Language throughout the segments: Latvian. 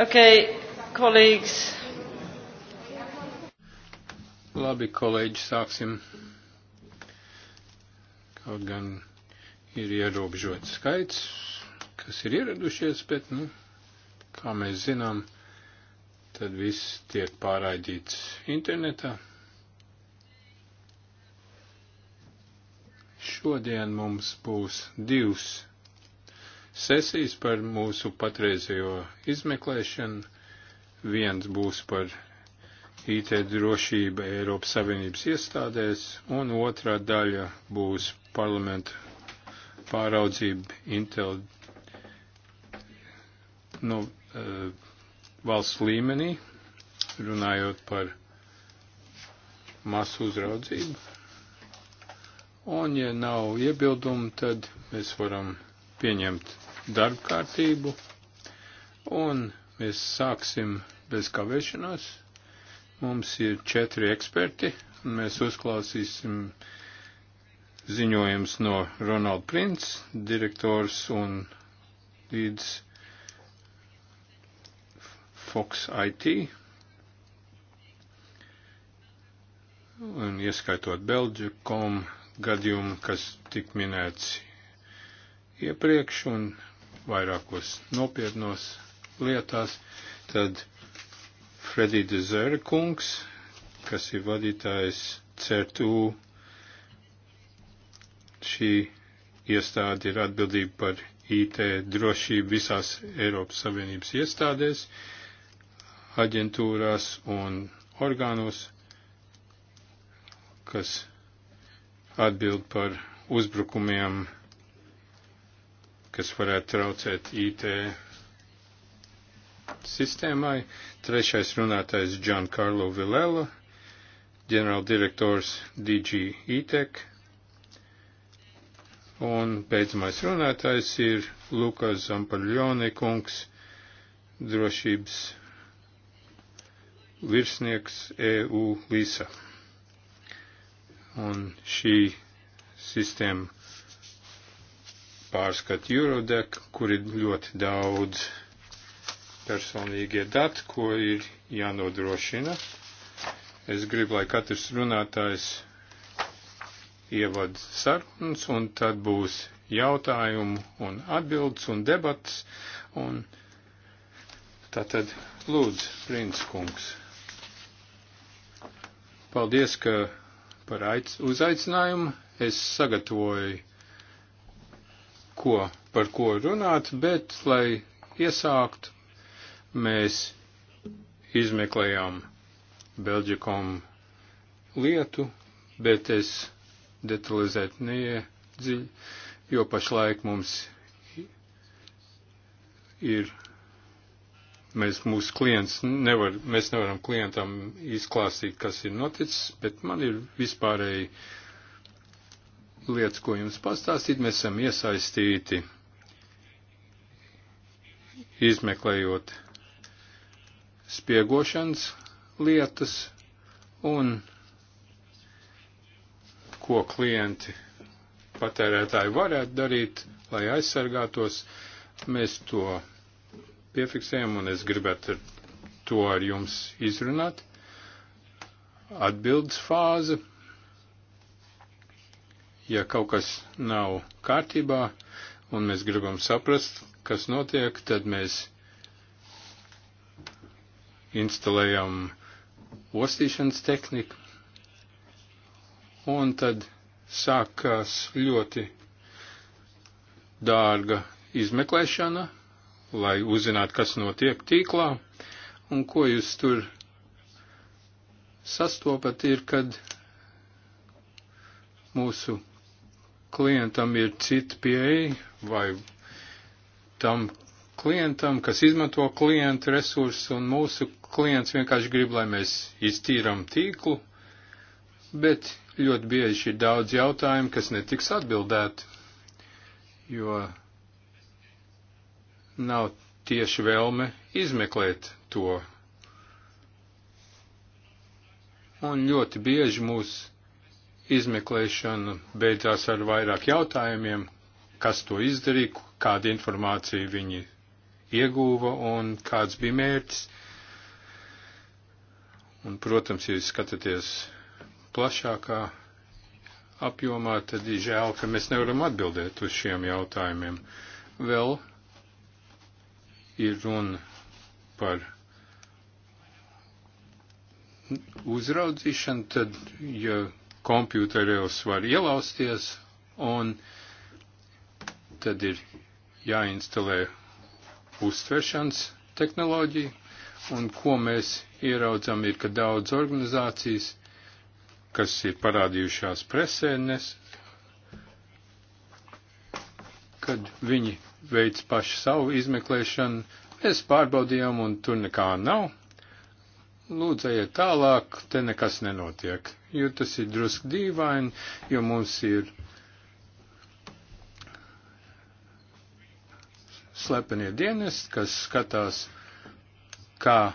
Okay, colleagues. Labi, kolēģi, sāksim. Kaut gan ir ierobežots skaits, kas ir ieradušies, bet, nu, kā mēs zinām, tad viss tiek pārraidīts internetā. Šodien mums būs divs sesijas par mūsu patreizējo izmeklēšanu. Viens būs par IT drošība Eiropas Savienības iestādēs, un otrā daļa būs parlamenta pāraudzība Intel no, nu, e, valsts līmenī, runājot par masu uzraudzību. Un, ja nav iebildumu, tad mēs varam pieņemt darba kārtību un mēs sāksim bez kavēšanās. Mums ir četri eksperti un mēs uzklausīsim ziņojums no Ronald Prince, direktors un līdz Fox IT, un ieskaitot Belģikom gadījumu, kas tik minēts iepriekš, un vairākos nopietnos lietās, tad Freddy Dezera kungs, kas ir vadītājs CERTU, šī iestāde ir atbildība par IT drošību visās Eiropas Savienības iestādēs, aģentūrās un orgānos, kas atbild par uzbrukumiem kas varētu traucēt IT sistēmai. Trešais runātājs Giancarlo Villela, ģenerāldirektors DG ITEC. E Un beidzamais runātājs ir Lukas Zampaļoni kungs, drošības virsnieks EU LISA. Un šī sistēma pārskatu Eurodek, kur ir ļoti daudz personīgie dati, ko ir jānodrošina. Es gribu, lai katrs runātājs ievad sarunas, un tad būs jautājumu un atbildes un debats. Un tātad lūdzu, Prins kungs. Paldies, ka par aic, uzaicinājumu es sagatavoju ko, par ko runāt, bet, lai iesākt, mēs izmeklējām Belģikom lietu, bet es detalizēt neiedziļ, jo pašlaik mums ir, mēs mūsu klients nevar, mēs nevaram klientam izklāstīt, kas ir noticis, bet man ir vispārēji uh, lietas, ko jums pastāstīt, mēs esam iesaistīti izmeklējot spiegošanas lietas un ko klienti patērētāji varētu darīt, lai aizsargātos. Mēs to piefiksējam un es gribētu to ar jums izrunāt. Atbildes fāze Ja kaut kas nav kārtībā un mēs gribam saprast, kas notiek, tad mēs instalējam ostīšanas tehniku un tad sākās ļoti dārga izmeklēšana, lai uzzinātu, kas notiek tīklā, un ko jūs tur sastopat ir, kad mūsu klientam ir cita pieeja vai tam klientam, kas izmanto klientu resursu, un mūsu klients vienkārši grib, lai mēs iztīram tīklu, bet ļoti bieži ir daudz jautājumu, kas netiks atbildēti, jo nav tieši vēlme izmeklēt to. Un ļoti bieži mūsu izmeklēšana beidzās ar vairāk jautājumiem, kas to izdarīja, kāda informācija viņi ieguva un kāds bija mērķis. Un, protams, ja skatāties plašākā apjomā, tad ir žēl, ka mēs nevaram atbildēt uz šiem jautājumiem. Vēl ir runa par uzraudzīšanu, tad, ja kompjūteros var ielausties, un tad ir jāinstalē uztveršanas tehnoloģija, un ko mēs ieraudzam ir, ka daudz organizācijas, kas ir parādījušās presēnes, kad viņi veids paši savu izmeklēšanu, mēs pārbaudījām, un tur nekā nav, lūdzu, ejiet tālāk, te nekas nenotiek, jo tas ir drusku dīvaini, jo mums ir slepenie dienesti, kas skatās, kā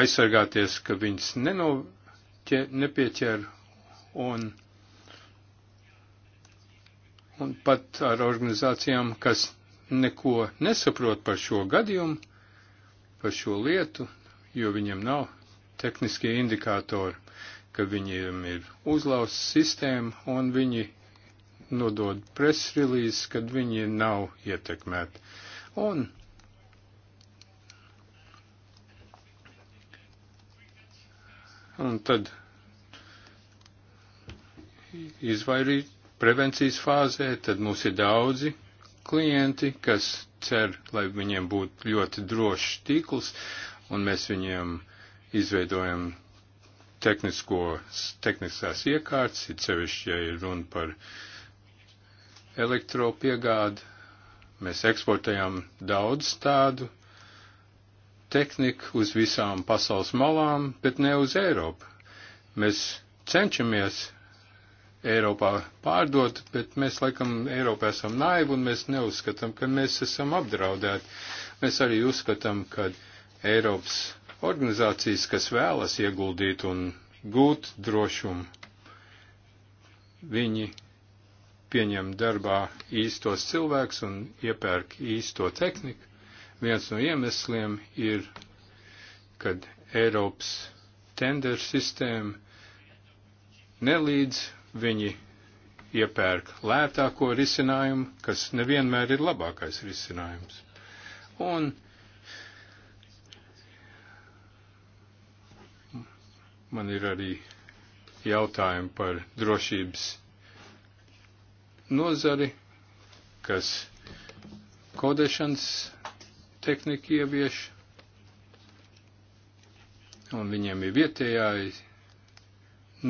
aizsargāties, ka viņas nenoķē, nepieķer un, un pat ar organizācijām, kas neko nesaprot par šo gadījumu, par šo lietu, jo viņiem nav tehniskie indikātori, ka viņiem ir uzlausa sistēma un viņi nodod press release, kad viņi nav ietekmēti. Un Un tad izvairīt prevencijas fāzē, tad mums ir daudzi klienti, kas cer, lai viņiem būtu ļoti drošs tīkls, un mēs viņiem uh, izveidojam tehniskās iekārtas, it sevišķi, ja ir runa par elektropiegādi. Mēs eksportējam daudz tādu tehniku uz visām pasaules malām, bet ne uz Eiropu. Mēs cenšamies Eiropā pārdot, bet mēs laikam Eiropā esam naivi un mēs neuzskatām, ka mēs esam apdraudēti. Mēs arī uzskatām, ka Eiropas Organizācijas, kas vēlas ieguldīt un gūt drošumu, viņi pieņem darbā īstos cilvēkus un iepērk īsto tehniku. Viens no iemesliem ir, kad Eiropas tender sistēma nelīdz, viņi iepērk lētāko risinājumu, kas nevienmēr ir labākais risinājums. Un Man ir arī jautājumi par drošības nozari, kas kodešanas tehniku ievieš, un viņiem ir vietējā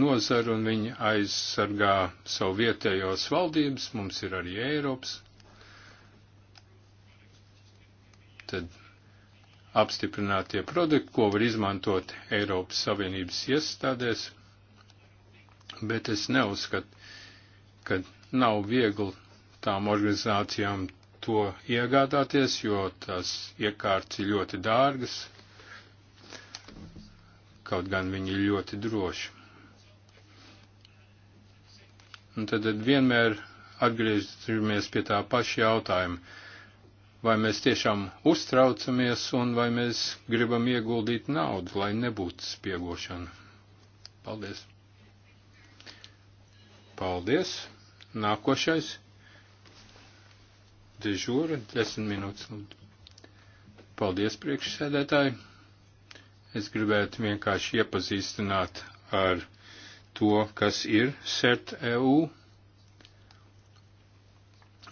nozara, un viņi aizsargā savu vietējos valdības, mums ir arī Eiropas. Tad apstiprinātie produkti, ko var izmantot Eiropas Savienības iestādēs, bet es neuzskatu, ka nav viegli tām organizācijām to iegādāties, jo tās iekārts ir ļoti dārgas, kaut gan viņi ir ļoti droši. Un tad vienmēr atgriežamies pie tā paša jautājuma vai mēs tiešām uztraucamies un vai mēs gribam ieguldīt naudu, lai nebūtu spiegošana. Paldies! Paldies! Nākošais. Dežūra, desmit minūtes. Paldies, priekšsēdētāji. Es gribētu vienkārši iepazīstināt ar to, kas ir CERT EU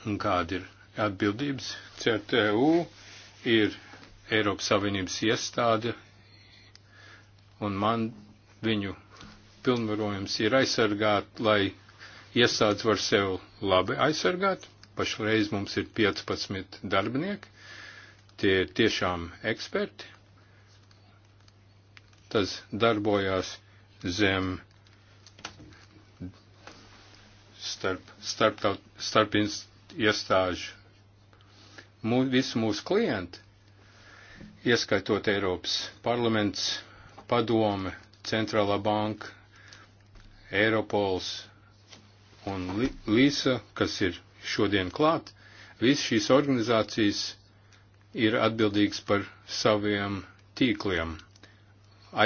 un kāda ir atbildības. CRTU ir Eiropas Savienības iestāde, un man viņu pilnvarojums ir aizsargāt, lai iestādes var sev labi aizsargāt. Pašreiz mums ir 15 darbinieki, tie ir tiešām eksperti. Tas darbojās zem starp, starp, starp iestāžu mū, visi mūsu klienti, ieskaitot Eiropas parlaments, padome, centrālā banka, Eiropols un Līsa, kas ir šodien klāt, visas šīs organizācijas ir atbildīgas par saviem tīkliem,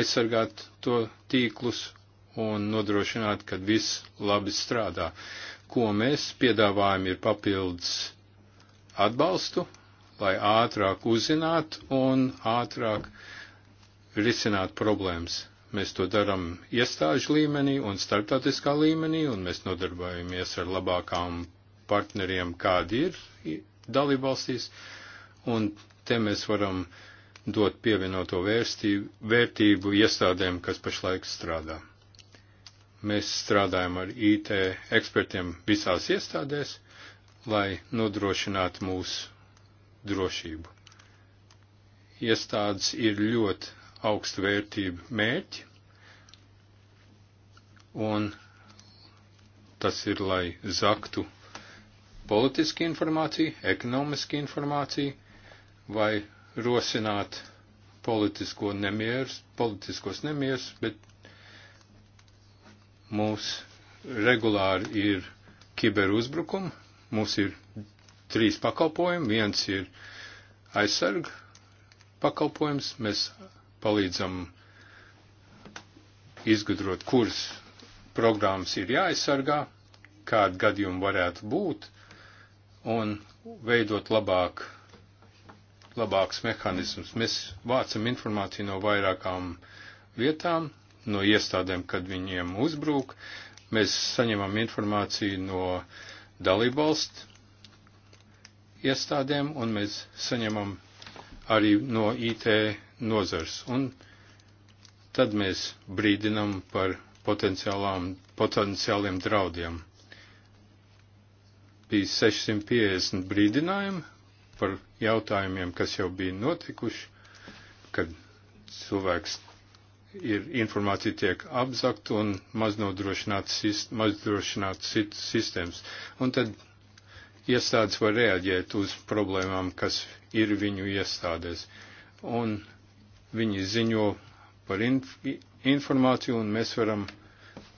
aizsargāt to tīklus un nodrošināt, ka viss labi strādā. Ko mēs piedāvājam ir papildus atbalstu, lai ātrāk uzzinātu un ātrāk risinātu problēmas. Mēs to darām iestāžu līmenī un starptautiskā līmenī, un mēs nodarbojamies ar labākām partneriem, kādi ir dalībvalstīs, un te mēs varam dot pievienoto vērstību, vērtību iestādēm, kas pašlaik strādā. Mēs strādājam ar IT ekspertiem visās iestādēs, lai nodrošinātu mūsu drošību. Iestādes ir ļoti augstu vērtību mērķi, un tas ir, lai zaktu politiski informāciju, ekonomiski informāciju, vai rosināt politisko nemierus, politiskos nemierus, bet mūs regulāri ir kiberuzbrukumi, Mums ir trīs pakalpojumi. Viens ir aizsarg pakalpojums. Mēs palīdzam izgudrot, kuras programmas ir jāaizsargā, kādi gadījumi varētu būt, un veidot labāk, labāks mehānisms. Mēs vācam informāciju no vairākām vietām, no iestādēm, kad viņiem uzbrūk. Mēs saņemam informāciju no uh, dalībvalstu iestādēm, un mēs saņemam arī no IT nozars. Un tad mēs brīdinam par potenciāliem draudiem. Bija 650 brīdinājumi par jautājumiem, kas jau bija notikuši, kad cilvēks ir informācija tiek apzakt un maznodrošināts maznodrošināt sistēmas. Un tad iestādes var reaģēt uz problēmām, kas ir viņu iestādēs. Un viņi ziņo par inf informāciju un mēs varam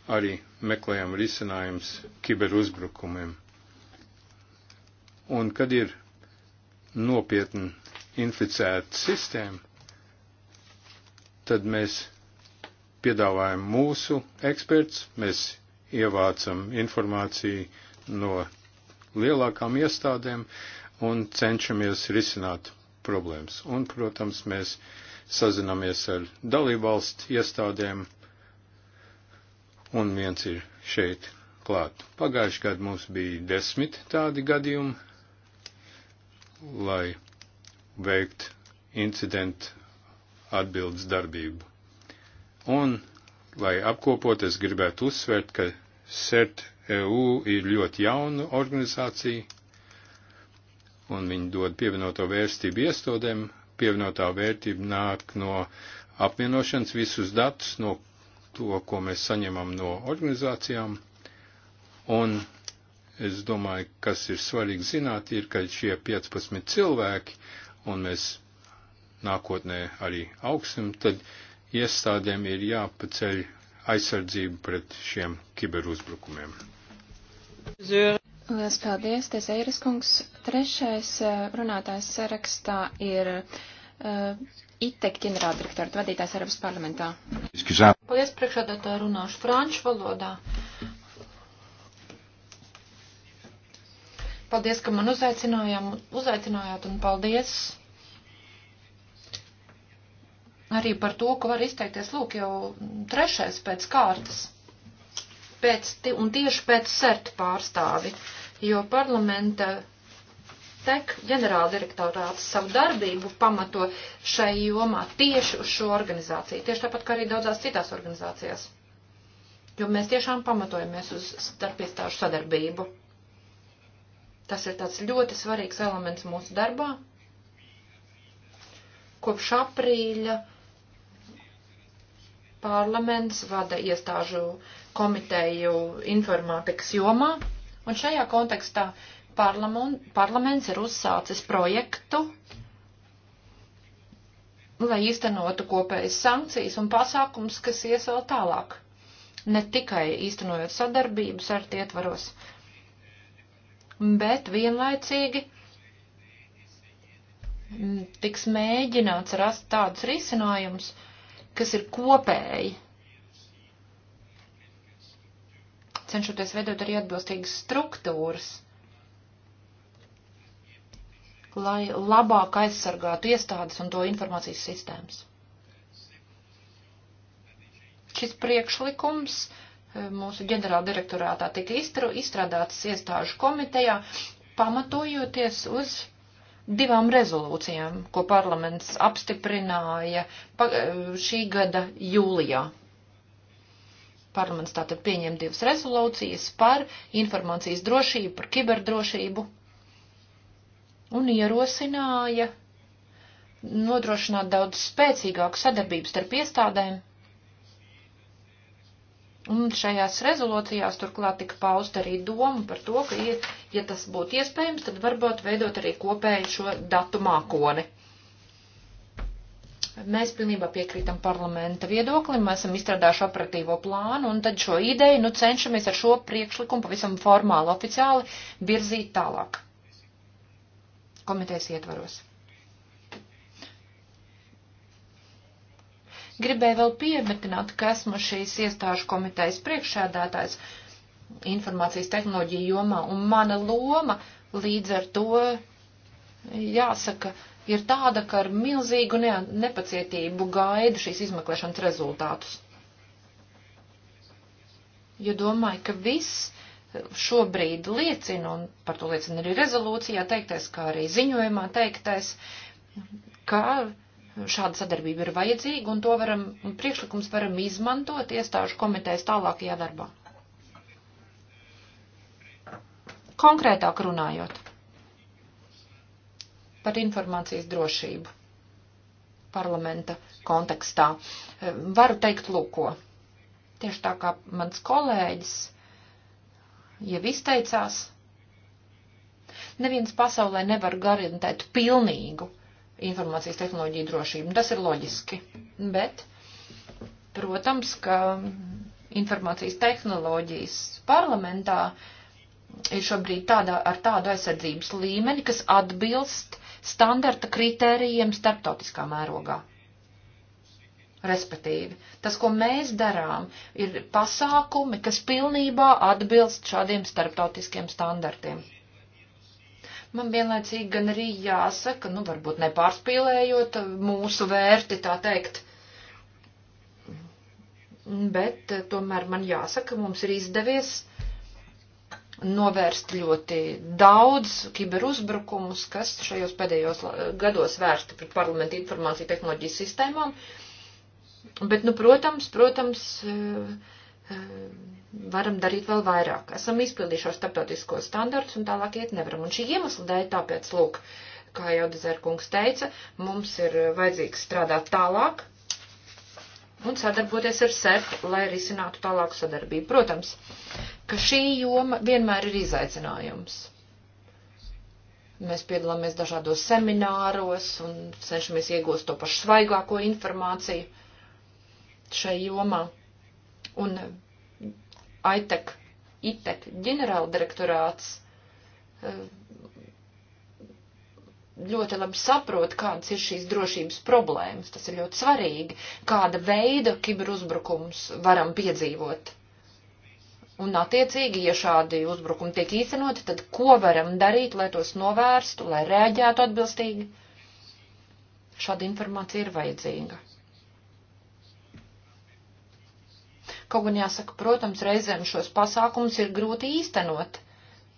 arī meklējam risinājums kiberuzbrukumiem. Un kad ir nopietni inficēta sistēma, tad mēs piedāvājam mūsu eksperts, mēs ievācam informāciju no lielākām iestādēm un cenšamies risināt problēmas. Un, protams, mēs sazinamies ar dalībvalstu iestādēm, un viens ir šeit klāt. Pagājuši gadu mums bija desmit tādi gadījumi, lai veikt incidentu atbildes darbību. Un, lai apkopot, es gribētu uzsvērt, ka CERT EU ir ļoti jauna organizācija, un viņi dod pievienoto vērtību iestādēm. Pievienotā vērtība nāk no apvienošanas visus datus, no to, ko mēs saņemam no organizācijām. Un es domāju, kas ir svarīgi zināt, ir, ka šie 15 cilvēki, un mēs nākotnē arī augsim, tad iestādēm ir jāpaceļ aizsardzību pret šiem kiberuzbrukumiem. Lielas paldies, Tezeiras kungs. Trešais eh, runātājs sarakstā ir uh, eh, ITEK ģenerāldirektors, vadītājs Eiropas parlamentā. Paldies, priekšādātāji, runāšu franču valodā. Paldies, ka man uzaicinājāt, uzaicinājāt un paldies arī par to, ka var izteikties, lūk, jau trešais pēc kārtas. Pēc, un tieši pēc serta pārstāvi, jo parlamenta tek ģenerāldirektorāts savu darbību pamato šai jomā tieši uz šo organizāciju, tieši tāpat kā arī daudzās citās organizācijās. Jo mēs tiešām pamatojamies uz starpiestāžu sadarbību. Tas ir tāds ļoti svarīgs elements mūsu darbā. Kopš aprīļa Parlaments vada iestāžu komiteju informātikas jomā, un šajā kontekstā parlaments ir uzsācis projektu, lai īstenotu kopējas sankcijas un pasākums, kas ies vēl tālāk, ne tikai īstenojot sadarbības ar ietvaros, bet vienlaicīgi tiks mēģināts rast tādus risinājumus, kas ir kopēji, cenšoties veidot arī atbilstīgas struktūras, lai labāk aizsargātu iestādes un to informācijas sistēmas. Šis priekšlikums eh, mūsu ģenerāldirektorātā tika izstrādāts iestāžu komitejā, pamatojoties uz divām rezolūcijām, ko parlaments apstiprināja eh, šī gada jūlijā. Parlaments tātad pieņem divas rezolūcijas par informācijas drošību, par kiberdrošību un ierosināja nodrošināt daudz spēcīgāku sadarbību starp iestādēm Un šajās rezolūcijās turklāt tika paust arī doma par to, ka, ja tas būtu iespējams, tad varbūt veidot arī kopēju šo datu mākoni. Mēs pilnībā piekrītam parlamenta viedoklim, mēs esam izstrādājuši operatīvo plānu un tad šo ideju, nu, cenšamies ar šo priekšlikumu pavisam formāli, oficiāli virzīt tālāk. Komitejas ietvaros. Gribēju vēl piemetināt, ka esmu šīs iestāžu komitejas priekšsēdētājs informācijas tehnoloģiju jomā, un mana loma līdz ar to, jāsaka, ir tāda, ka ar milzīgu ne nepacietību gaidu šīs izmeklēšanas rezultātus. Jo domāju, ka viss šobrīd liecina, un par to liecina arī rezolūcijā teiktais, kā arī ziņojumā teiktais, ka šāda sadarbība ir vajadzīga, un to varam, un priekšlikums varam izmantot iestāžu komitejas tālākajā darbā. Konkrētāk runājot par informācijas drošību parlamenta kontekstā, varu teikt lūko. Tieši tā kā mans kolēģis jau izteicās, neviens pasaulē nevar garantēt pilnīgu informācijas tehnoloģiju drošību. Tas ir loģiski, bet, protams, ka informācijas tehnoloģijas parlamentā ir šobrīd tādā, ar tādu aizsardzības līmeni, kas atbilst standarta kritērijiem starptautiskā mērogā. Respektīvi, tas, ko mēs darām, ir pasākumi, kas pilnībā atbilst šādiem starptautiskiem standartiem man vienlaicīgi gan arī jāsaka, nu varbūt nepārspīlējot mūsu vērti, tā teikt. Bet eh, tomēr man jāsaka, mums ir izdevies novērst ļoti daudz kiberuzbrukumus, kas šajos pēdējos gados vērsti pret parlamentu informāciju tehnoloģiju sistēmām. Bet, nu, protams, protams, uh, Ehm, varam darīt vēl vairāk. Esam izpildījušos starptautiskos standartus un tālāk iet nevaram. Un šī iemesla dēļ tāpēc, lūk, kā jau Dezerkungs teica, mums ir eh, vajadzīgs strādāt tālāk un sadarboties ar SEP, lai risinātu tālāku sadarbību. Protams, ka šī joma vienmēr ir izaicinājums. Mēs piedalāmies dažādos semināros un cenšamies iegūst to pašu svaigāko informāciju šai jomā un ITEK, ITEK ģenerāldirektorāts eh, ļoti labi saprot, kādas ir šīs drošības problēmas. Tas ir ļoti svarīgi, kāda veida kiberuzbrukums varam piedzīvot. Un, attiecīgi, ja šādi uzbrukumi tiek īstenoti, tad ko varam darīt, lai tos novērstu, lai rēģētu atbilstīgi? Šāda informācija ir vajadzīga. Kaut gan jāsaka, protams, reizēm šos pasākumus ir grūti īstenot.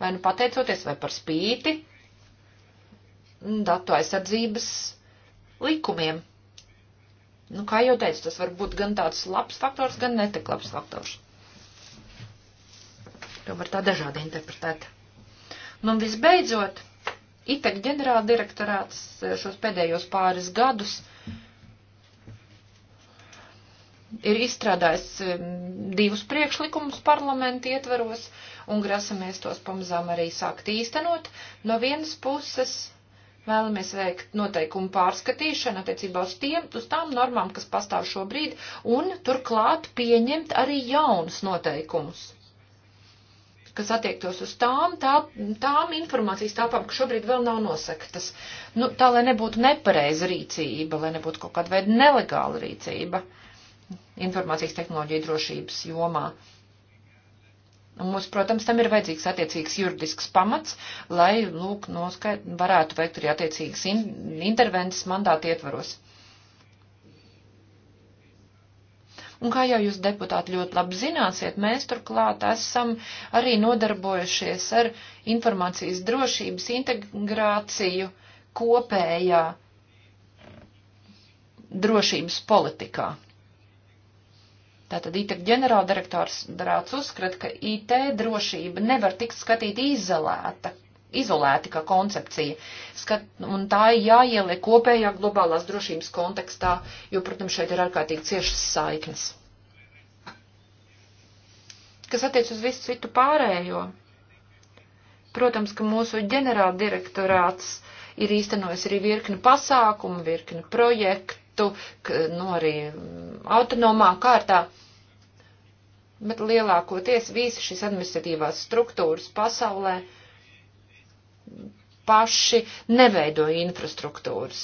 Vai nu pateicoties, vai par spīti datu aizsardzības likumiem. Nu, kā jau teicu, tas var būt gan tāds labs faktors, gan netik labs faktors. To var tā dažādi interpretēt. Nu, un visbeidzot, ITEK ģenerāldirektorāts eh, šos pēdējos pāris gadus ir izstrādājis divus priekšlikumus parlamentu ietvaros un grasamies tos pamazām arī sākt īstenot. No vienas puses vēlamies veikt noteikumu pārskatīšanu attiecībā uz, tiem, uz tām normām, kas pastāv šobrīd, un turklāt pieņemt arī jaunus noteikumus kas attiektos uz tām, tā, tām informācijas tāpām, kas šobrīd vēl nav nosaktas. Nu, tā, lai nebūtu nepareiza rīcība, lai nebūtu kaut kāda veida nelegāla rīcība. Uh, informācijas tehnoloģija drošības jomā. Un mums, protams, tam ir vajadzīgs attiecīgs juridisks pamats, lai, lūk, noskait, varētu veikt arī attiecīgas in, intervences mandāti ietvaros. Un kā jau jūs deputāti ļoti labi zināsiet, mēs turklāt esam arī nodarbojušies ar informācijas drošības integrāciju kopējā drošības politikā. Tātad ITEK ģenerāldirektors darāts uzskat, ka IT e drošība nevar tikt skatīta izolēta, izolēti kā koncepcija. Skat, un tā ir jāieliek kopējā globālās drošības kontekstā, jo, protams, šeit ir ārkārtīgi ciešas saiknes. Kas attiec uz visu citu pārējo? Protams, ka mūsu ģenerāldirektorāts ir īstenojis arī virkni pasākumu, virkni projektu, nu no arī mm, autonomā kārtā bet lielākoties visas šīs administratīvās struktūras pasaulē paši neveido infrastruktūras,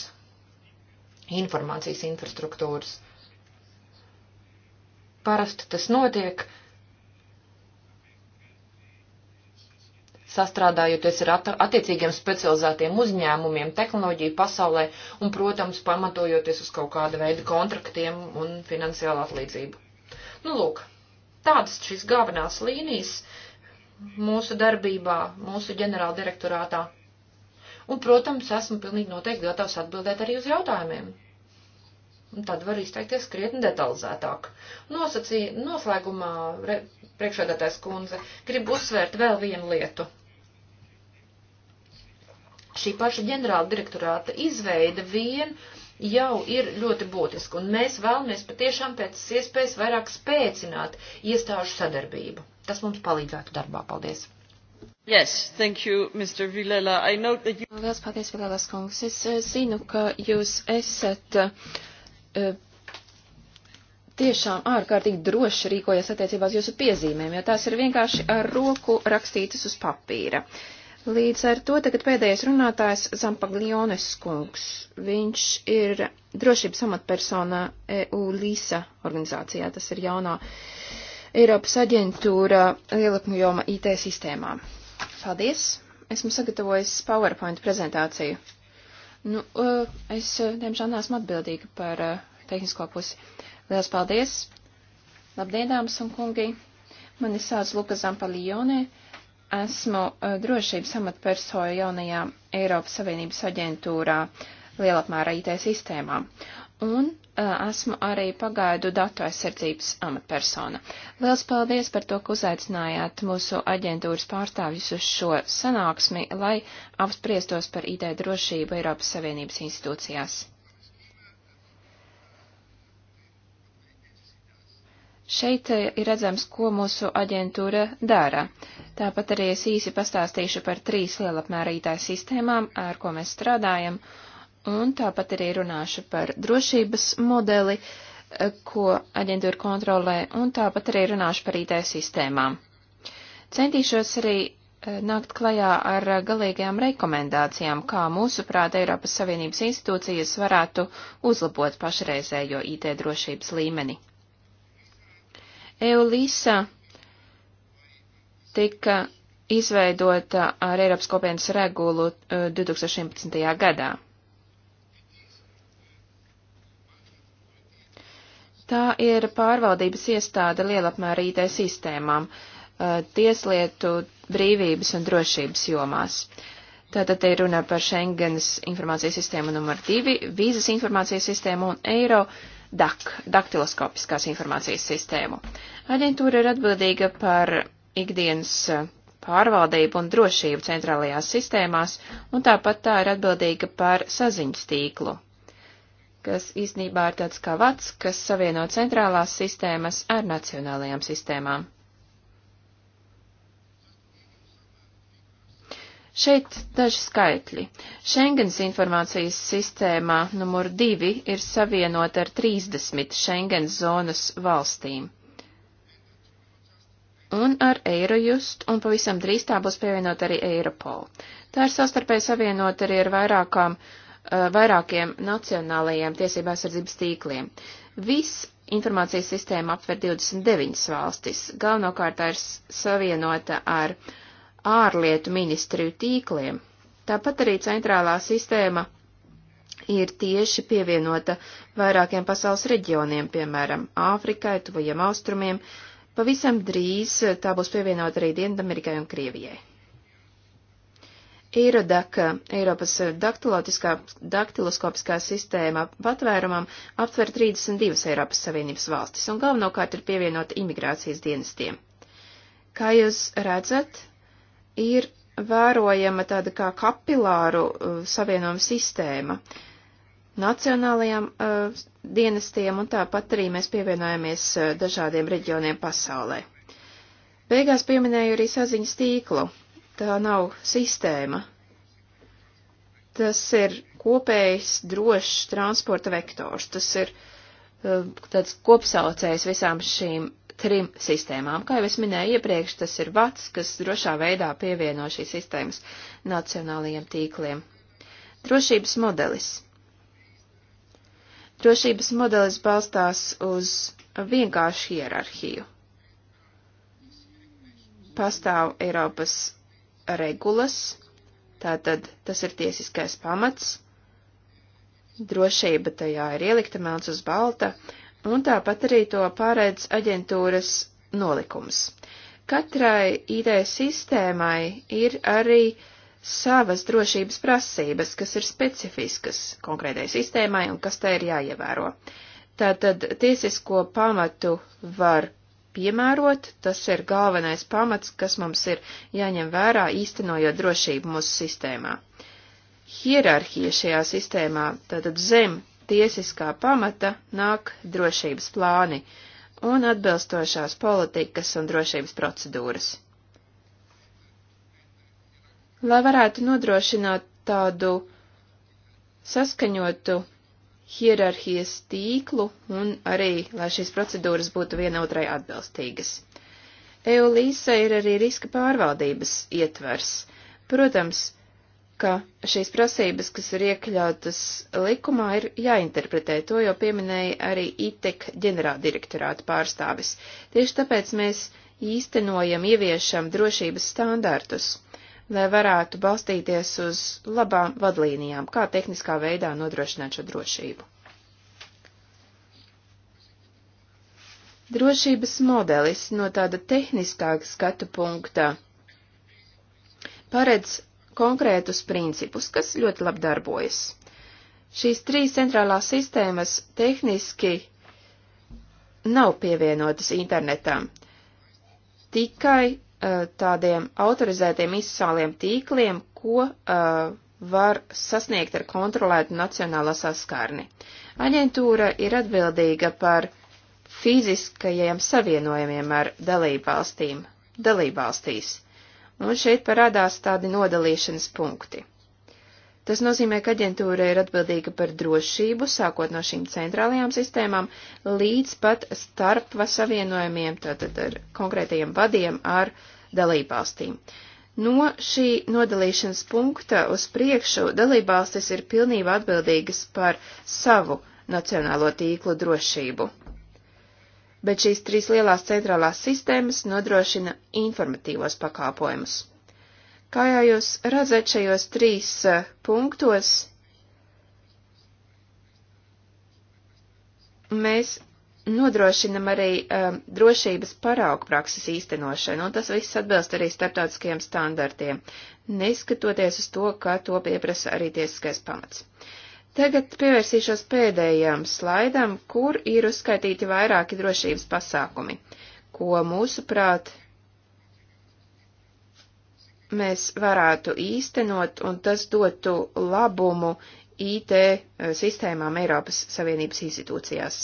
informācijas infrastruktūras. Parasti tas notiek sastrādājoties ar attiecīgiem specializētiem uzņēmumiem, tehnoloģiju pasaulē un, protams, pamatojoties uz kaut kāda veida kontraktiem un finansiālu atlīdzību. Nu, lūk, Tādas šīs galvenās līnijas mūsu darbībā, mūsu ģenerāldirektorātā. Un, protams, esmu pilnīgi noteikti gatavs atbildēt arī uz jautājumiem. Un tad var izteikties krietni detalizētāk. Nosacīja, noslēgumā re, priekšēdētais kundze grib uzsvērt vēl vienu lietu. Šī paša ģenerāla direktorāta izveida vien uh, jau ir ļoti būtiska, un mēs vēlamies patiešām pēc iespējas vairāk spēcināt iestāžu sadarbību. Tas mums palīdzētu darbā. Paldies! Yes, thank you, Mr. Vilela. I know that you... Lielas paldies, Vilelas kungs. Es eh, zinu, ka jūs esat uh, tiešām ārkārtīgi droši rīkojas attiecībās jūsu piezīmēm, jo tās ir vienkārši ar roku rakstītas uz papīra. Uh, Līdz ar to tagad pēdējais runātājs Zampagliones kungs. Viņš ir drošības amatpersonā EU LISA organizācijā, tas ir jaunā Eiropas aģentūra lielapjoma IT sistēmā. Paldies! Esmu sagatavojis PowerPoint prezentāciju. Nu, eh, es, eh, diemžēl, neesmu atbildīga par eh, tehnisko pusi. Liels paldies! Labdien, dāmas un kungi! Mani sauc Luka Zampaglionē. Esmu eh, drošības amatpersoja jaunajā Eiropas Savienības aģentūrā lielapmērā IT sistēmām. Un eh, esmu arī pagaidu datu aizsardzības amatpersona. Liels paldies par to, ka uzaicinājāt mūsu aģentūras pārstāvjus uz šo sanāksmi, lai apspriestos par IT drošību Eiropas Savienības institūcijās. Šeit eh, ir redzams, ko mūsu aģentūra dara. Tāpat arī es īsi pastāstīšu par trīs lielapmērītāju sistēmām, ar ko mēs strādājam, un tāpat arī runāšu par drošības modeli, eh, ko aģentūra kontrolē, un tāpat arī runāšu par IT sistēmām. Centīšos arī eh, nākt klajā ar galīgajām rekomendācijām, kā mūsuprāt Eiropas Savienības institūcijas varētu uzlabot pašreizējo IT drošības līmeni. Eulisa tika izveidota ar Eiropas kopienas regulu 2011. E, gadā. Tā ir pārvaldības iestāde lielapmēra IT sistēmām, e, tieslietu, brīvības un drošības jomās. Tātad te ir runa par Schengenas informācijas sistēmu numur 2, vīzas informācijas sistēmu un eiro DAK, daktiloskopiskās informācijas sistēmu. Aģentūra ir atbildīga par ikdienas pārvaldību un drošību centrālajās sistēmās, un tāpat tā ir atbildīga par saziņas tīklu, kas īsnībā ir tāds kā vats, kas savieno centrālās sistēmas ar nacionālajām sistēmām. Šeit daži skaitļi. Schengens informācijas sistēmā numur 2 ir savienota ar 30 Schengens zonas valstīm. Un ar Eirojust, un pavisam drīz tā būs pievienota arī Eiropol. Tā ir sastarpēji savienota arī ar vairākām, eh, vairākiem nacionālajiem tiesībā sardzības tīkliem. Viss informācijas sistēma aptver 29 valstis. Galvenokārt tā ir savienota ar uh, ārlietu ministriju tīkliem. Tāpat arī centrālā sistēma ir tieši pievienota vairākiem pasaules reģioniem, piemēram, Āfrikai, Tuvajiem Austrumiem. Pavisam drīz tā būs pievienota arī Dienvidamerikai un Krievijai. Eirodaka, Eiropas daktiloskopiskā sistēma patvērumam aptver 32 Eiropas Savienības valstis un galvenokārt ir pievienota imigrācijas dienestiem. Kā jūs redzat, ir vērojama tāda kā kapilāru uh, savienojuma sistēma nacionālajām uh, dienestiem, un tāpat arī mēs pievienojamies uh, dažādiem reģioniem pasaulē. Beigās pieminēju arī saziņas tīklu. Tā nav sistēma. Tas ir kopējs drošs transporta vektors. Tas ir uh, tāds kopsaucējs visām šīm trim sistēmām. Kā jau es minēju iepriekš, tas ir vats, kas drošā veidā pievieno šīs sistēmas nacionālajiem tīkliem. Drošības modelis. Drošības modelis balstās uz vienkāršu hierarhiju. Pastāv Eiropas regulas, tātad tas ir tiesiskais pamats, drošība tajā ir ielikta melns uz balta, uh, un tāpat arī to pārēdz aģentūras nolikums. Katrai IT sistēmai ir arī savas drošības prasības, kas ir specifiskas konkrētai sistēmai un kas tai ir jāievēro. Tātad tiesisko pamatu var piemērot, tas ir galvenais pamats, kas mums ir jāņem vērā īstenojot drošību mūsu sistēmā. Hierarhija šajā sistēmā, tātad zem tiesiskā pamata nāk drošības plāni un atbilstošās politikas un drošības procedūras. Lai varētu nodrošināt tādu saskaņotu hierarhijas tīklu un arī, lai šīs procedūras būtu vienotrai atbilstīgas. EULISA ir arī riska pārvaldības ietvers. Protams, ka šīs prasības, kas ir iekļautas likumā, ir jāinterpretē. To jau pieminēja arī ITEK ģenerāldirektorāta pārstāvis. Tieši tāpēc mēs īstenojam, ieviešam drošības standartus, lai varētu balstīties uz labām vadlīnijām, kā tehniskā veidā nodrošināt šo drošību. Drošības modelis no tāda tehniskāka skatu punktā paredz konkrētus principus, kas ļoti labi darbojas. Šīs trīs centrālās sistēmas tehniski nav pievienotas internetam. Tikai uh, tādiem autorizētiem izsāliem tīkliem, ko uh, var sasniegt ar kontrolētu nacionālo saskarni. Aģentūra ir atbildīga par fiziskajiem savienojumiem ar dalībvalstīm, dalībvalstīs un šeit parādās tādi nodalīšanas punkti. Tas nozīmē, ka aģentūra ir atbildīga par drošību, sākot no šīm centrālajām sistēmām līdz pat starpva savienojumiem, tātad ar konkrētajiem vadiem ar dalībvalstīm. No šī nodalīšanas punkta uz priekšu dalībvalstis ir pilnībā atbildīgas par savu nacionālo tīklu drošību bet šīs trīs lielās centrālās sistēmas nodrošina informatīvos pakāpojumus. Kā jau jūs redzat šajos trīs eh, punktos, mēs nodrošinam arī um, drošības paraugu prakses īstenošanu, un tas viss atbilst arī starptautiskajiem standartiem, neskatoties uz to, ka to pieprasa arī tiesiskais pamats. Uh, Tagad pievērsīšos pēdējām slaidām, kur ir uzskaitīti vairāki drošības pasākumi, ko mūsuprāt mēs varētu īstenot, un tas dotu labumu IT eh, sistēmām Eiropas Savienības institūcijās.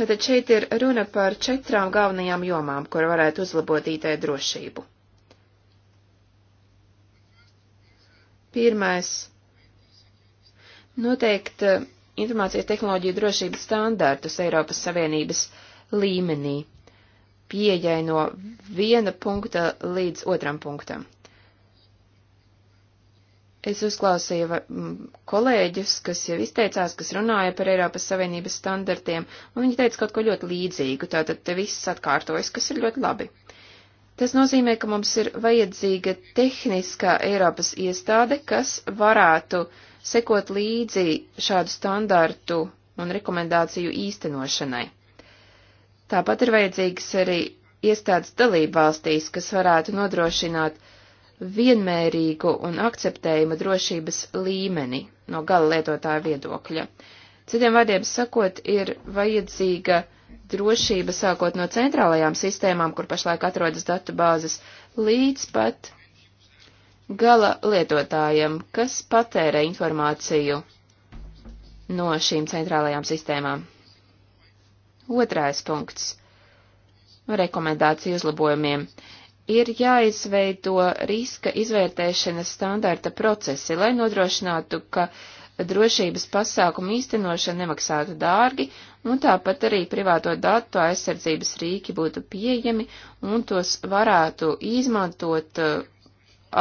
Tātad šeit ir runa par četrām galvenajām jomām, kur varētu uzlabot IT drošību. Pirmais. Noteikt eh, informācijas tehnoloģiju drošības standārtus Eiropas Savienības līmenī pieejai no viena punkta līdz otram punktam. Es uzklausīju kolēģus, kas jau izteicās, kas runāja par Eiropas Savienības standartiem, un viņi teica kaut ko ļoti līdzīgu, tātad te viss atkārtojas, kas ir ļoti labi. Tas nozīmē, ka mums ir vajadzīga tehniskā Eiropas iestāde, kas varētu sekot līdzi šādu standartu un rekomendāciju īstenošanai. Tāpat ir vajadzīgas arī iestādes dalību valstīs, kas varētu nodrošināt vienmērīgu un akceptējumu drošības līmeni no gala lietotāja viedokļa. Citiem vārdiem sakot, ir vajadzīga drošība sākot no centrālajām sistēmām, kur pašlaik atrodas datu bāzes, līdz pat gala lietotājiem, kas patērē informāciju no šīm centrālajām sistēmām. Otrais punkts - rekomendācija uzlabojumiem. Ir jāizveido riska izvērtēšanas standarta procesi, lai nodrošinātu, ka drošības pasākumu īstenošana nemaksātu dārgi un tāpat arī privāto datu aizsardzības rīki būtu pieejami un tos varētu izmantot uh,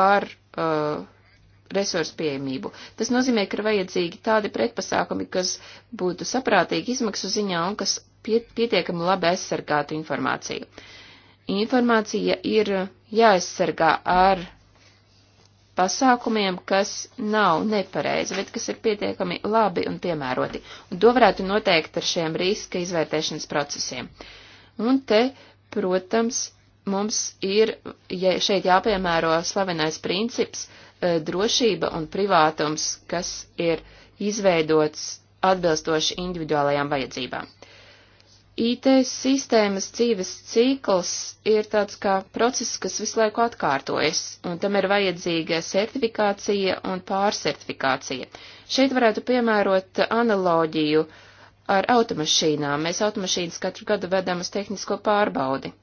ar uh, resursu pieejamību. Tas nozīmē, ka ir vajadzīgi tādi pretpasākumi, kas būtu saprātīgi izmaksu ziņā un kas pietiekami labi aizsargātu informāciju. Informācija ir jāaizsargā ar pasākumiem, kas nav nepareizi, bet kas ir pietiekami labi un piemēroti. Un to varētu noteikt ar šiem riska izvērtēšanas procesiem. Un te, protams, mums ir ja šeit jāpiemēro slavenais princips e, drošība un privātums, kas ir izveidots atbilstoši individuālajām vajadzībām. IT sistēmas dzīves cikls ir tāds kā process, kas visu laiku atkārtojas, un tam ir vajadzīga certifikācija un pārsertifikācija. Šeit varētu piemērot analoģiju ar automašīnām. Mēs automašīnas katru gadu vedam uz tehnisko pārbaudi.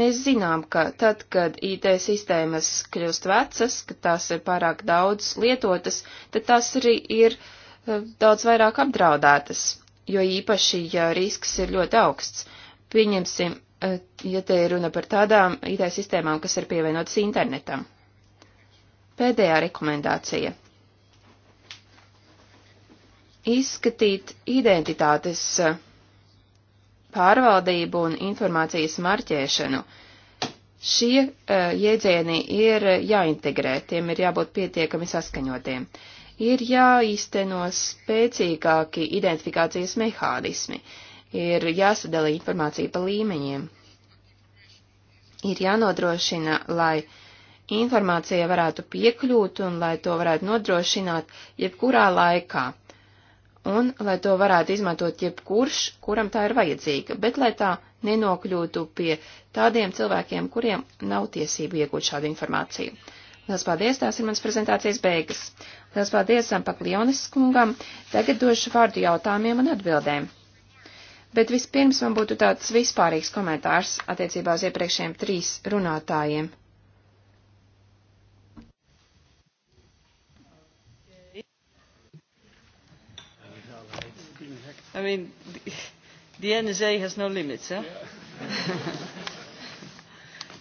Mēs zinām, ka tad, kad IT sistēmas kļūst vecas, ka tās ir pārāk daudz lietotas, tad tās arī ir uh, daudz vairāk apdraudētas, jo īpaši, ja risks ir ļoti augsts. Pieņemsim, eh, ja te ir runa par tādām IT sistēmām, kas ir pievienotas internetam. Pēdējā rekomendācija. Izskatīt identitātes eh, pārvaldību un informācijas marķēšanu. Šie uh, jēdzieni ir jāintegrē, tiem ir jābūt pietiekami saskaņotiem. Uh, ir jāīsteno spēcīgāki identifikācijas mehānismi, ir jāsadala informācija pa līmeņiem, ir jānodrošina, lai informācija varētu piekļūt un lai to varētu nodrošināt jebkurā laikā, un lai to varētu izmantot jebkurš, kuram tā ir vajadzīga, bet lai tā nenokļūtu pie tādiem cilvēkiem, kuriem nav tiesību iegūt šādu informāciju. Lielas paldies, tās ir manas prezentācijas beigas. Lielas paldies Ampaklionis kungam. Tagad došu vārdu jautājumiem un atbildēm. Bet vispirms man būtu tāds vispārīgs komentārs attiecībā uz iepriekšējiem trīs runātājiem. I mean, the NSA has no limits, eh?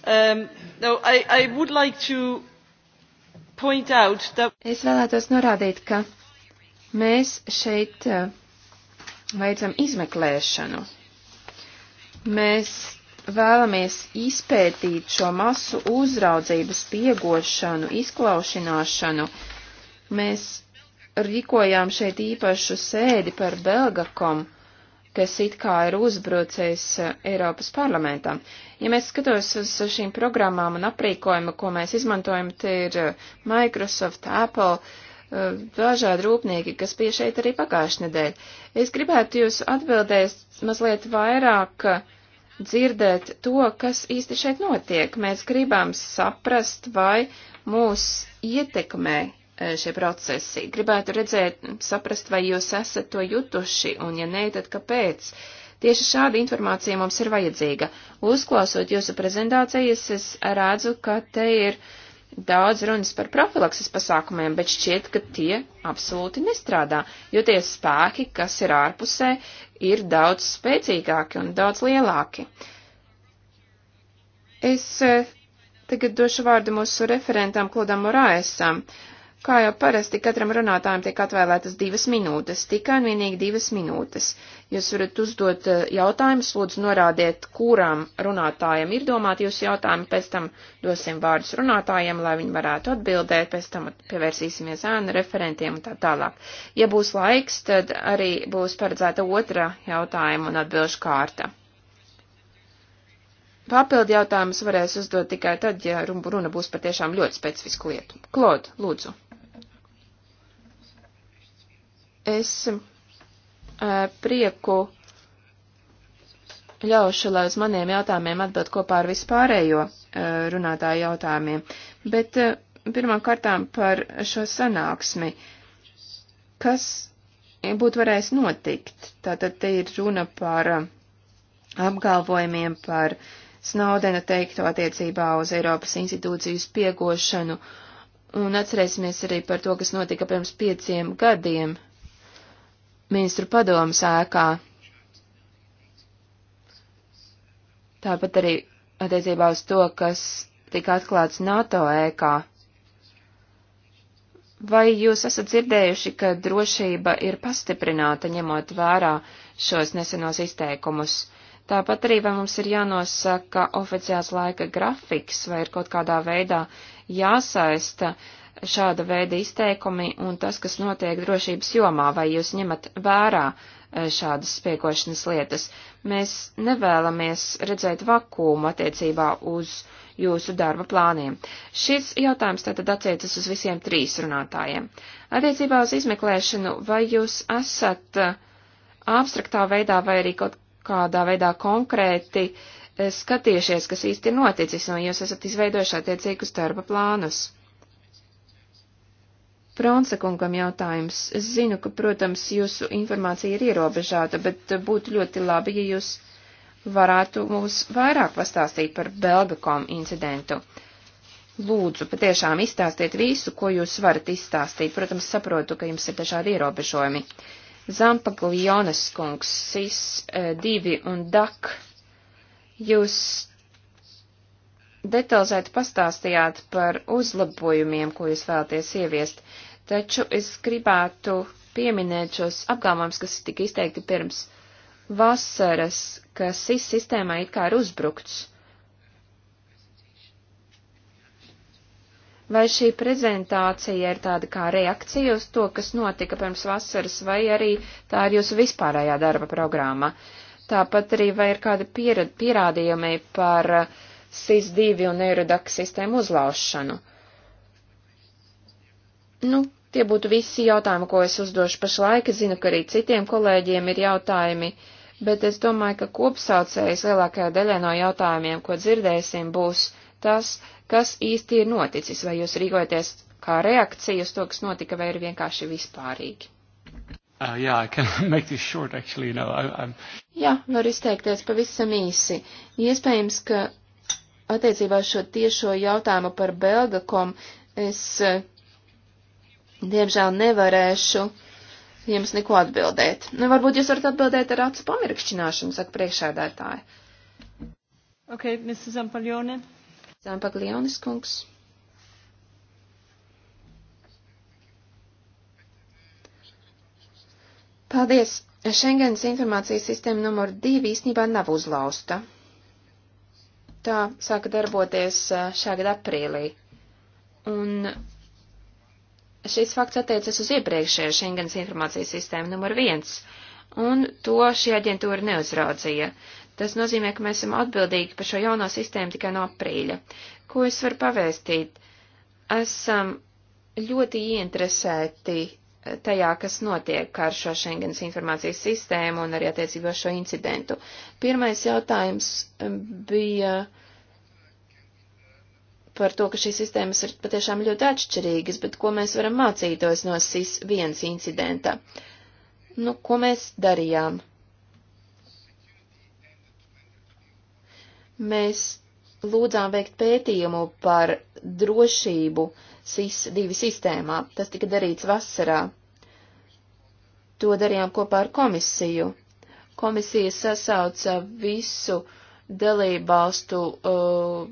um, no, I, I would like to Es vēlētos norādīt, ka mēs šeit eh, veicam izmeklēšanu. Mēs vēlamies izpētīt šo masu uzraudzības piegošanu, izklaušināšanu. Mēs rīkojām šeit īpašu sēdi par Belgakom kas it kā ir uzbrucējs eh, Eiropas parlamentam. Ja mēs skatos uz šīm programmām un aprīkojumu, ko mēs izmantojam, tie ir eh, Microsoft, Apple, eh, dažādi rūpnieki, kas bija šeit arī pagājušajā nedēļā. Es gribētu jūs atbildēt mazliet vairāk dzirdēt to, kas īsti šeit notiek. Mēs gribam saprast, vai mūs ietekmē E, šie procesi. Gribētu redzēt, saprast, vai jūs esat to jutuši, un ja nē, tad kāpēc? Tieši šāda informācija mums ir vajadzīga. Uzklausot jūsu prezentācijas, es redzu, ka te ir daudz runas par profilakses pasākumiem, bet šķiet, ka tie absolūti nestrādā, jo tie spēki, kas ir ārpusē, ir daudz spēcīgāki un daudz lielāki. Es e, tagad došu vārdu mūsu referentam Klodam Morāesam. Uh, Kā jau parasti, katram runātājam tiek atvēlētas divas minūtes, tikai un vienīgi divas minūtes. Jūs varat uzdot eh, jautājumus, lūdzu norādiet, kuram runātājam ir domāti jūsu jautājumi, pēc tam dosim vārdus runātājiem, lai viņi varētu atbildēt, pēc tam pievērsīsimies ēnu referentiem un tā tālāk. Ja būs laiks, tad arī būs paredzēta otra jautājuma un atbilžu kārta. Papildu jautājumus varēs uzdot tikai tad, ja runa būs par tiešām ļoti specifisku lietu. Klod, lūdzu. Es prieku ļaušu, lai uz maniem jautājumiem atbild kopā ar vispārējo runātāju jautājumiem. Bet pirmām kārtām par šo sanāksmi. Kas būtu varējis notikt? Tātad te ir runa par apgalvojumiem par Snaudena teikto attiecībā uz Eiropas institūciju spiegošanu, un atcerēsimies arī par to, kas notika pirms pieciem gadiem ministru padomas ēkā. Tāpat arī attiecībā uz to, kas tika atklāts NATO ēkā. Vai jūs esat dzirdējuši, ka drošība ir pastiprināta, ņemot vērā šos nesenos izteikumus? Tāpat arī vai mums ir jānosaka oficiāls laika grafiks, vai ir kaut kādā veidā jāsaista uh, šāda veida izteikumi un tas, kas notiek drošības jomā, vai jūs ņemat vērā e, šādas spiegošanas lietas. Mēs nevēlamies redzēt vakumu attiecībā uz jūsu darba plāniem. Šis jautājums tātad attiecas uz visiem trīs runātājiem. Attiecībā uz izmeklēšanu, vai jūs esat e, abstraktā veidā vai arī kaut kādā veidā konkrēti e, skatījušies, kas īsti ir noticis, un jūs esat izveidojuši attiecīgus darba plānus? Pronsakungam jautājums. Es zinu, ka, protams, jūsu informācija ir ierobežāta, bet eh, būtu ļoti labi, ja jūs varētu mums vairāk pastāstīt par Belgakom incidentu. Lūdzu, patiešām izstāstiet visu, ko jūs varat izstāstīt. Protams, saprotu, ka jums ir dažādi ierobežojumi. Zampaglionas kungs, SIS 2 eh, un DAK. Jūs detalizēti pastāstījāt par uzlabojumiem, ko jūs vēlaties ieviest, taču es gribētu pieminēt šos apgalvojumus, kas tika izteikti pirms vasaras, ka SIS sistēmā it kā ir uzbrukts. Vai šī prezentācija ir tāda kā reakcija uz to, kas notika pirms vasaras, vai arī tā ir jūsu vispārējā darba programma? Tāpat arī vai ir kādi pierādījumi par uh, SIS-2 un Eirodaka sistēmu uzlaušanu. Nu, tie būtu visi jautājumi, ko es uzdošu pašlaik. Es zinu, ka arī citiem kolēģiem ir jautājumi, bet es domāju, ka kopsaucējs lielākajā daļā no jautājumiem, ko dzirdēsim, būs tas, kas īsti ir noticis, vai jūs rīkojaties kā reakcija uz to, kas notika, vai ir vienkārši vispārīgi. Uh, yeah, I can make this short, actually, no, I, I'm... Jā, var izteikties pavisam īsi. Iespējams, ka attiecībā šo tiešo jautājumu par Belgakom es eh, diemžēl nevarēšu jums neko atbildēt. Nu, varbūt jūs varat atbildēt ar acu pamirkšķināšanu, saka priekšēdētāja. Ok, Mr. Zampaglione. Zampaglionis kungs. Paldies! Šengens informācijas sistēma numur divi īstenībā nav uzlausta. Tā sāka darboties šā gada aprīlī. Un šis fakts attiecas uz iepriekšējo Schengens informācijas sistēmu numur viens, un to šī aģentūra neuzraudzīja. Tas nozīmē, ka mēs esam atbildīgi par šo jauno sistēmu tikai no aprīļa. Ko es varu pavēstīt? Esam ļoti ieinteresēti tajā, kas notiek ar šo Schengens informācijas sistēmu un arī attiecībā šo incidentu. Pirmais jautājums um, bija par to, ka šīs sistēmas ir patiešām ļoti atšķirīgas, bet ko mēs varam mācītos no SIS viens incidenta? Nu, ko mēs darījām? Mēs lūdzām veikt pētījumu par drošību SIS-2 sistēmā. Tas tika darīts vasarā. To darījām kopā ar komisiju. Komisija sasauca visu dalībvalstu uh,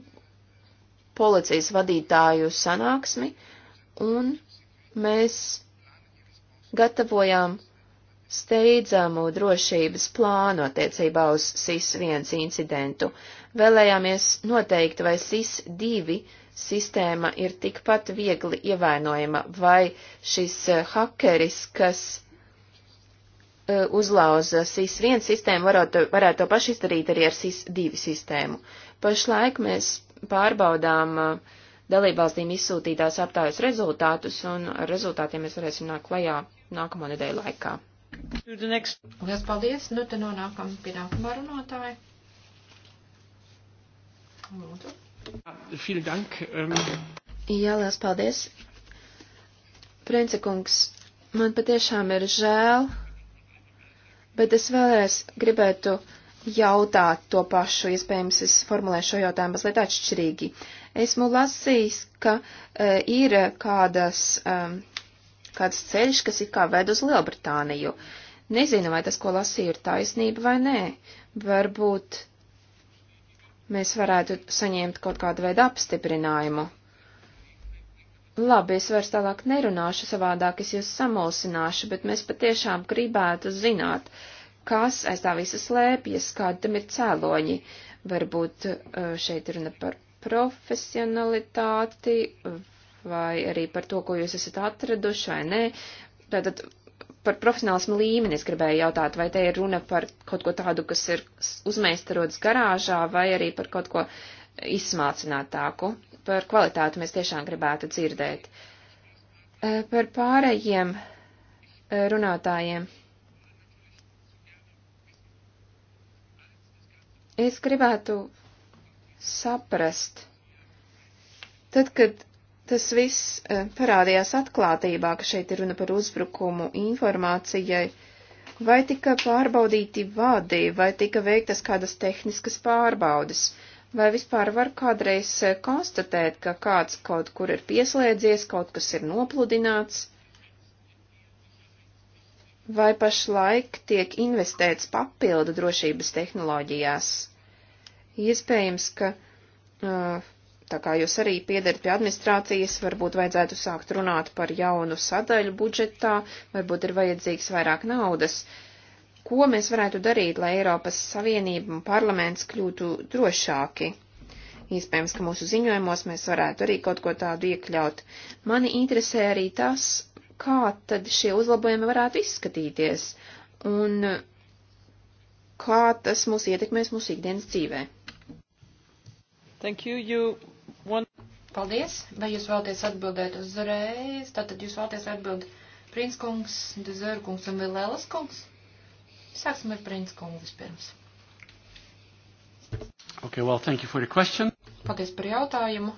policijas vadītāju sanāksmi, un mēs gatavojām steidzamu drošības plānu attiecībā uz SIS-1 incidentu. Vēlējāmies noteikt, vai SIS-2 sistēma ir tikpat viegli ievainojama, vai šis eh, hakeris, kas eh, uzlauza SIS-1 sistēmu, varētu, varētu to pašu izdarīt arī ar SIS-2 sistēmu. Pašlaik mēs pārbaudām eh, dalībvalstīm izsūtītās aptājas rezultātus, un ar rezultātiem mēs varēsim nākt klajā nākamo nedēļu laikā. Lielas paldies! Nu, te nonākam pie nākamā runātāja. Lūdzu. Ähm. Jā, liels paldies. Prence kungs, man patiešām ir žēl, bet es vēlreiz gribētu jautāt to pašu, iespējams, es formulēju šo jautājumu mazliet atšķirīgi. Esmu lasījis, ka e, ir kādas, e, kāds ceļš, kas it kā ved uz Lielbritāniju. Nezinu, vai tas, ko lasīju, ir taisnība vai nē. Varbūt mēs varētu saņemt kaut kādu veidu apstiprinājumu. Labi, es vairs tālāk nerunāšu, savādāk es jūs samulsināšu, bet mēs patiešām gribētu zināt, kas aiz tā visa slēpjas, kādi tam ir cēloņi. Varbūt šeit runa par profesionalitāti, vai arī par to, ko jūs esat atraduši vai nē. Tātad par profesionālismu līmeni es gribēju jautāt, vai te ir runa par kaut ko tādu, kas ir uzmeistarots garāžā, vai arī par kaut ko izsmalcinātāku. Par kvalitāti mēs tiešām gribētu dzirdēt. E, par pārējiem e, runātājiem. Es gribētu saprast, tad, kad Tas viss eh, parādījās atklātībā, ka šeit ir runa par uzbrukumu informācijai, vai tika pārbaudīti vadi, vai tika veiktas kādas tehniskas pārbaudes, vai vispār var kādreiz eh, konstatēt, ka kāds kaut kur ir pieslēdzies, kaut kas ir nopludināts, vai pašlaik tiek investēts papildu drošības tehnoloģijās. Iespējams, ka uh, Tā kā jūs arī piedarat pie administrācijas, varbūt vajadzētu sākt runāt par jaunu sadaļu budžetā, varbūt ir vajadzīgs vairāk naudas. Ko mēs varētu darīt, lai Eiropas Savienība un parlaments kļūtu drošāki? Iespējams, ka mūsu ziņojumos mēs varētu arī kaut ko tādu iekļaut. Mani interesē arī tas, kā tad šie uzlabojumi varētu izskatīties un kā tas mūs ietekmēs mūsu ikdienas dzīvē. Thank you. You Paldies. Vai jūs vēlaties atbildēt uzreiz? Tātad jūs vēlaties atbildēt Prinskungs, Dezerkungs un Vilēlas kungs? Sāksim ar Prinskungu vispirms. Okay, well, thank you for your question. Paldies par jautājumu.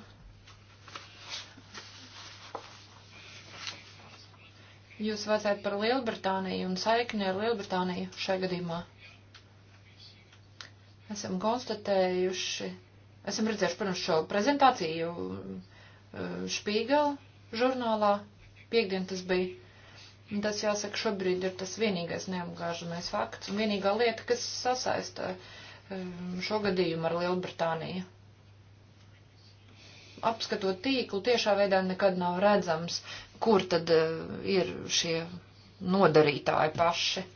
Jūs vajadzētu par Lielbritāniju un saikni ar Lielbritāniju šajā gadījumā. Esam konstatējuši Esam redzējuši, protams, šo prezentāciju eh, Špīgela žurnālā. Piektdien tas bija. Un tas jāsaka, šobrīd ir tas vienīgais neapgāžamais fakts un vienīgā lieta, kas sasaista eh, šo gadījumu ar Lielbritāniju. Apskatot tīklu, tiešā veidā nekad nav redzams, kur tad eh, ir šie nodarītāji paši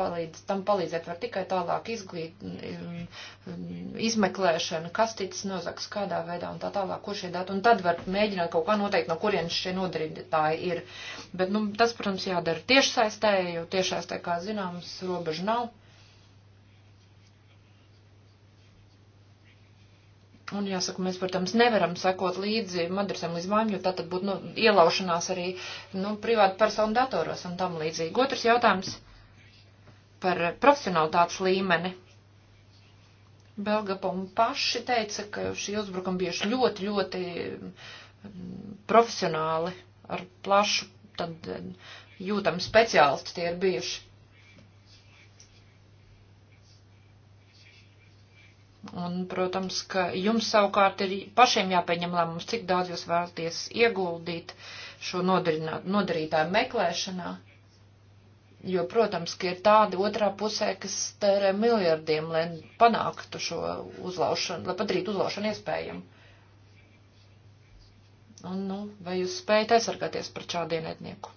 palīdz, tam palīdzēt var tikai tālāk izglīt, mm, mm, izmeklēšana, kas ticis nozaks, kādā veidā un tā tālāk, kur šie dati. Un tad var mēģināt kaut kā noteikt, no kurienes šie nodarītāji ir. Bet, nu, tas, protams, jādara tiešsaistē, jo tiešsaistē, kā zināms, robežu nav. Un jāsaka, mēs, protams, nevaram sekot līdzi madrasam līdz mājām, jo tā tad būtu nu, ielaušanās arī nu, privātu personu datoros un tam līdzīgi. Otrs jautājums par profesionālitātes līmeni. Belgapom paši teica, ka šī uzbrukuma bijuši ļoti, ļoti mm, profesionāli ar plašu, tad mm, jūtam speciālisti tie ir bijuši. Un, protams, ka jums savukārt ir pašiem jāpieņem lēmums, cik daudz jūs vēlaties ieguldīt šo nodarītāju meklēšanā. Jo, protams, ka ir tādi otrā pusē, kas tērē miljardiem, lai panāktu šo uzlaušanu, lai padarītu uzlaušanu iespējamu. Un, nu, vai jūs spējat aizsargāties pret šādu ienētnieku?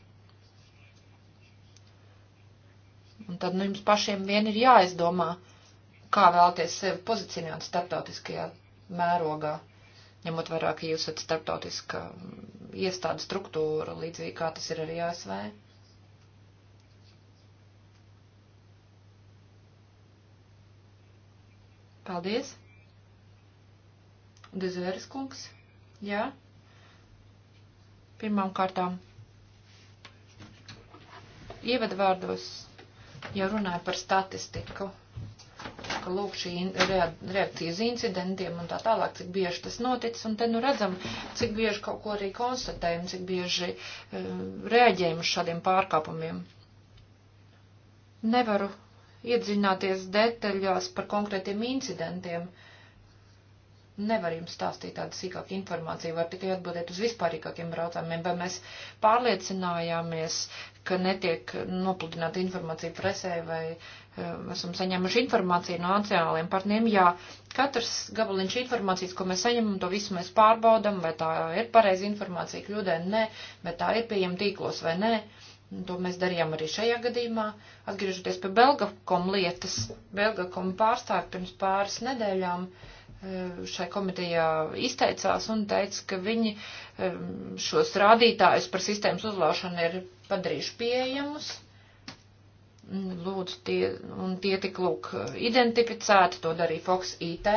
Un tad, nu, jums pašiem vien ir jāizdomā, kā vēlties sevi pozicionēt starptautiskajā mērogā, ņemot vairāk, ka jūs esat starptautiska iestāde struktūra, līdzīgi kā tas ir arī ASV. Paldies. Dezveres kungs. Jā. Pirmām kārtām. Ievadvārdos jau runāja par statistiku, ka lūk šī reakcija uz incidentiem un tā tālāk, cik bieži tas notic, un te nu redzam, cik bieži kaut ko arī konstatējam, cik bieži uh, reaģējam uz šādiem pārkāpumiem. Nevaru iedzināties detaļās par konkrētiem incidentiem. Nevar jums stāstīt tādu sīkāku informāciju, var tikai atbildēt uz vispārīgākiem jautājumiem, vai mēs pārliecinājāmies, ka netiek nopludināta informācija presē, vai um, esam saņēmuši informāciju no nacionāliem partneriem. Jā, katrs gabaliņš informācijas, ko mēs saņemam, to visu mēs pārbaudam, vai tā ir pareiza informācija kļūdē, nē, vai tā ir pieejama tīklos vai nē. Uh, Un to mēs darījām arī šajā gadījumā. Atgriežoties pie Belgakom lietas, Belgakom pārstāvi pirms pāris nedēļām e, šai komitejā izteicās un teica, ka viņi e, šos rādītājus par sistēmas uzlaušanu ir padarījuši pieejamus. Lūdzu, tie, un tie tik lūk identificēti, to darīja Fox IT.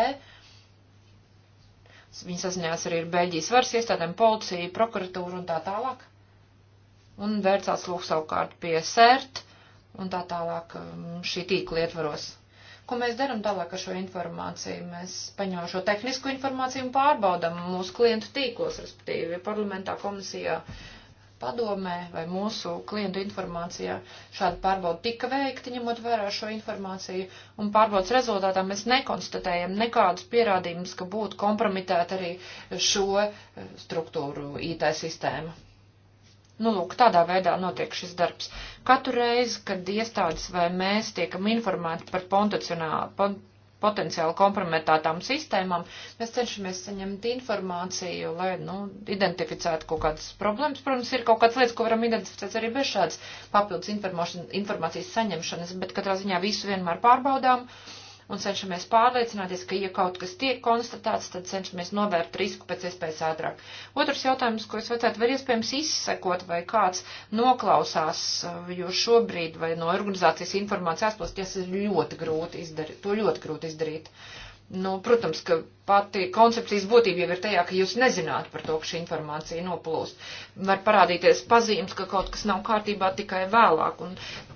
Viņi sazinājās arī ar Beļģijas varas iestādēm, policiju, prokuratūru un tā tālāk un vērsās lūk savukārt pie sērt un tā tālāk um, šī tīkla ietvaros. Ko mēs darām tālāk ar šo informāciju? Mēs paņemam šo tehnisko informāciju un pārbaudam mūsu klientu tīklos, respektīvi parlamentā, komisijā, padomē vai mūsu klientu informācijā. Šāda pārbauda tika veikta, ņemot vērā šo informāciju, un pārbaudas rezultātā mēs nekonstatējam nekādus pierādījumus, ka būtu kompromitēta arī šo eh, struktūru IT sistēma. Nu, lūk, tādā veidā notiek šis darbs. Katru reizi, kad iestādes vai mēs tiekam informēti par potenciāli kompromitētām sistēmām, mēs cenšamies saņemt informāciju, lai, nu, identificētu kaut kādas problēmas. Protams, ir kaut kādas lietas, ko varam identificēt arī bez šādas papildus informācijas saņemšanas, bet katrā ziņā visu vienmēr pārbaudām. Uh, un cenšamies pārliecināties, ka, ja kaut kas tiek konstatēts, tad cenšamies novērt risku pēc iespējas ātrāk. Otrs jautājums, ko es vajadzētu, var iespējams izsekot, vai kāds noklausās, eh, jo šobrīd vai no organizācijas informācijas atplūst, tas ir ļoti grūti izdarīt, to ļoti grūti izdarīt. Uh, Nu, protams, ka pati koncepcijas būtība jau ir tajā, ka jūs nezināt par to, ka šī informācija noplūst. Var parādīties pazīmes, ka kaut kas nav kārtībā tikai vēlāk, un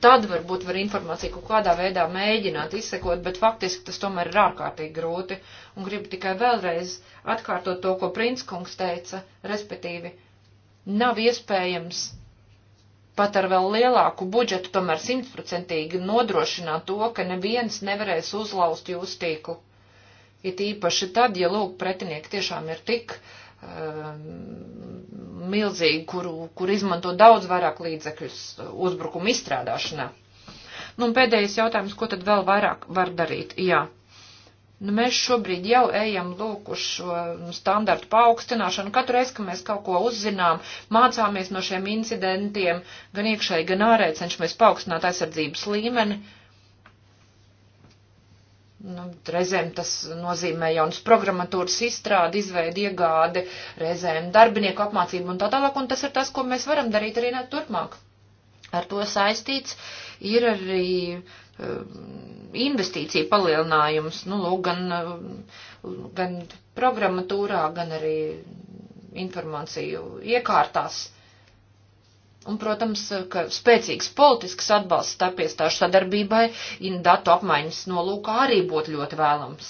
tad varbūt var informāciju kaut kādā veidā mēģināt izsekot, bet faktiski tas tomēr ir ārkārtīgi grūti. Un gribu tikai vēlreiz atkārtot to, ko Prinskungs teica, respektīvi, nav iespējams pat ar vēl lielāku budžetu tomēr simtprocentīgi nodrošināt to, ka neviens nevarēs uzlaust jūsu tīklu It īpaši tad, ja lūk pretinieki tiešām ir tik uh, milzīgi, kur, kur izmanto daudz vairāk līdzekļus uzbrukuma izstrādāšanā. Nu, un pēdējais jautājums, ko tad vēl vairāk var darīt? Jā. Nu, mēs šobrīd jau ejam lūk uz šo nu, standartu paaugstināšanu. Katru reizi, kad mēs kaut ko uzzinām, mācāmies no šiem incidentiem, gan iekšēji, gan ārēji cenšamies paaugstināt aizsardzības līmeni. Uh, Nu, reizēm tas nozīmē jaunas programmatūras izstrādi, izveidi, iegādi, reizēm darbinieku apmācību un tā tālāk, un tas ir tas, ko mēs varam darīt arī turpmāk. Ar to saistīts ir arī um, investīcija palielinājums, nu, lūk, gan, um, gan programmatūrā, gan arī informāciju iekārtās. Uh, Un, protams, ka spēcīgs politisks atbalsts starp iestāžu sadarbībai un datu apmaiņas nolūkā arī būtu ļoti vēlams.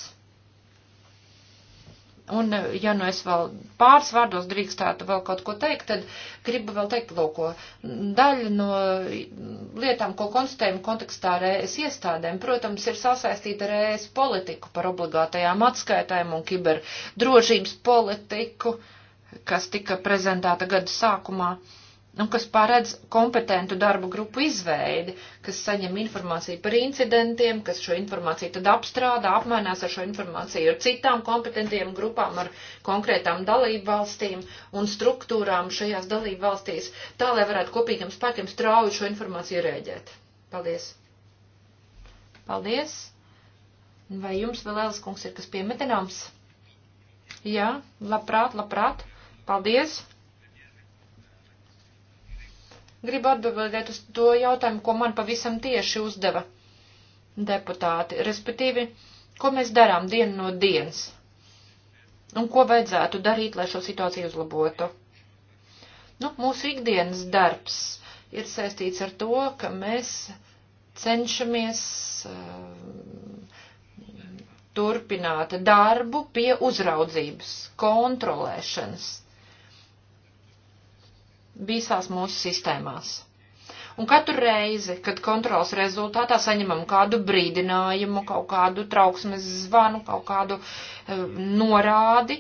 Un, ja nu es vēl pāris vārdos drīkstētu vēl kaut ko teikt, tad gribu vēl teikt, lūk, daļa no lietām, ko konstatējumu kontekstā ar ES iestādēm, protams, ir sasaistīta ar ES politiku par obligātajām atskaitēm un kiberdrošības politiku, kas tika prezentēta gada sākumā. Uh, un kas paredz kompetentu darbu grupu izveidi, kas saņem informāciju par incidentiem, kas šo informāciju tad apstrādā, apmainās ar šo informāciju ar citām kompetentiem grupām, ar konkrētām dalību valstīm un struktūrām šajās dalību valstīs, tā lai varētu kopīgiem spēkiem strauji šo informāciju rēģēt. Paldies! Paldies! Vai jums vēl, Elis kungs, ir kas piemetināms? Jā, labprāt, labprāt. Paldies! Gribu atbildēt uz to jautājumu, ko man pavisam tieši uzdeva deputāti, respektīvi, ko mēs darām dienu no dienas un ko vajadzētu darīt, lai šo situāciju uzlabotu. Nu, mūsu ikdienas darbs ir saistīts ar to, ka mēs cenšamies uh, turpināt darbu pie uzraudzības, kontrolēšanas visās mūsu sistēmās. Un katru reizi, kad kontrols rezultātā saņemam kādu brīdinājumu, kaut kādu trauksmes zvanu, kaut kādu e, norādi,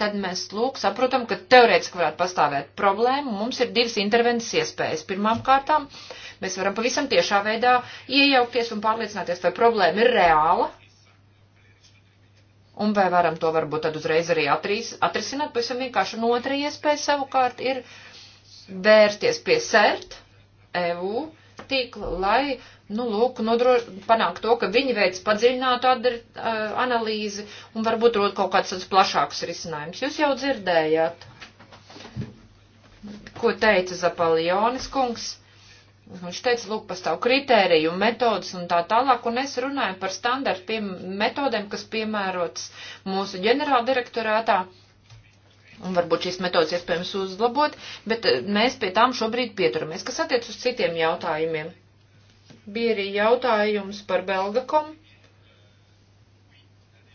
tad mēs lūk saprotam, ka teorētiski varētu pastāvēt problēma, un mums ir divas intervences iespējas. Pirmām kārtām mēs varam pavisam tiešā veidā iejaukties un pārliecināties, vai problēma ir reāla, un vai varam to varbūt tad uzreiz arī atris, atrisināt pavisam vienkārši. Un otra iespēja savukārt ir. Uh, vērties pie CERT, EU tīkla, lai, nu, lūk, nodroš, panāk to, ka viņi veic padziļinātu adri, analīzi un varbūt rod kaut kāds tāds plašāks risinājums. Jūs jau dzirdējāt, ko teica Zapaljonis kungs. Viņš teica, lūk, pastāv kritēriju, metodas un tā tālāk, un es runāju par standartu pie metodēm, kas piemērotas mūsu ģenerāldirektorētā. direktorētā Un varbūt šīs metodas iespējams uzlabot, bet eh, mēs pie tām šobrīd pieturamies. Kas attiec uz citiem jautājumiem? Bija arī jautājums par Belgakom.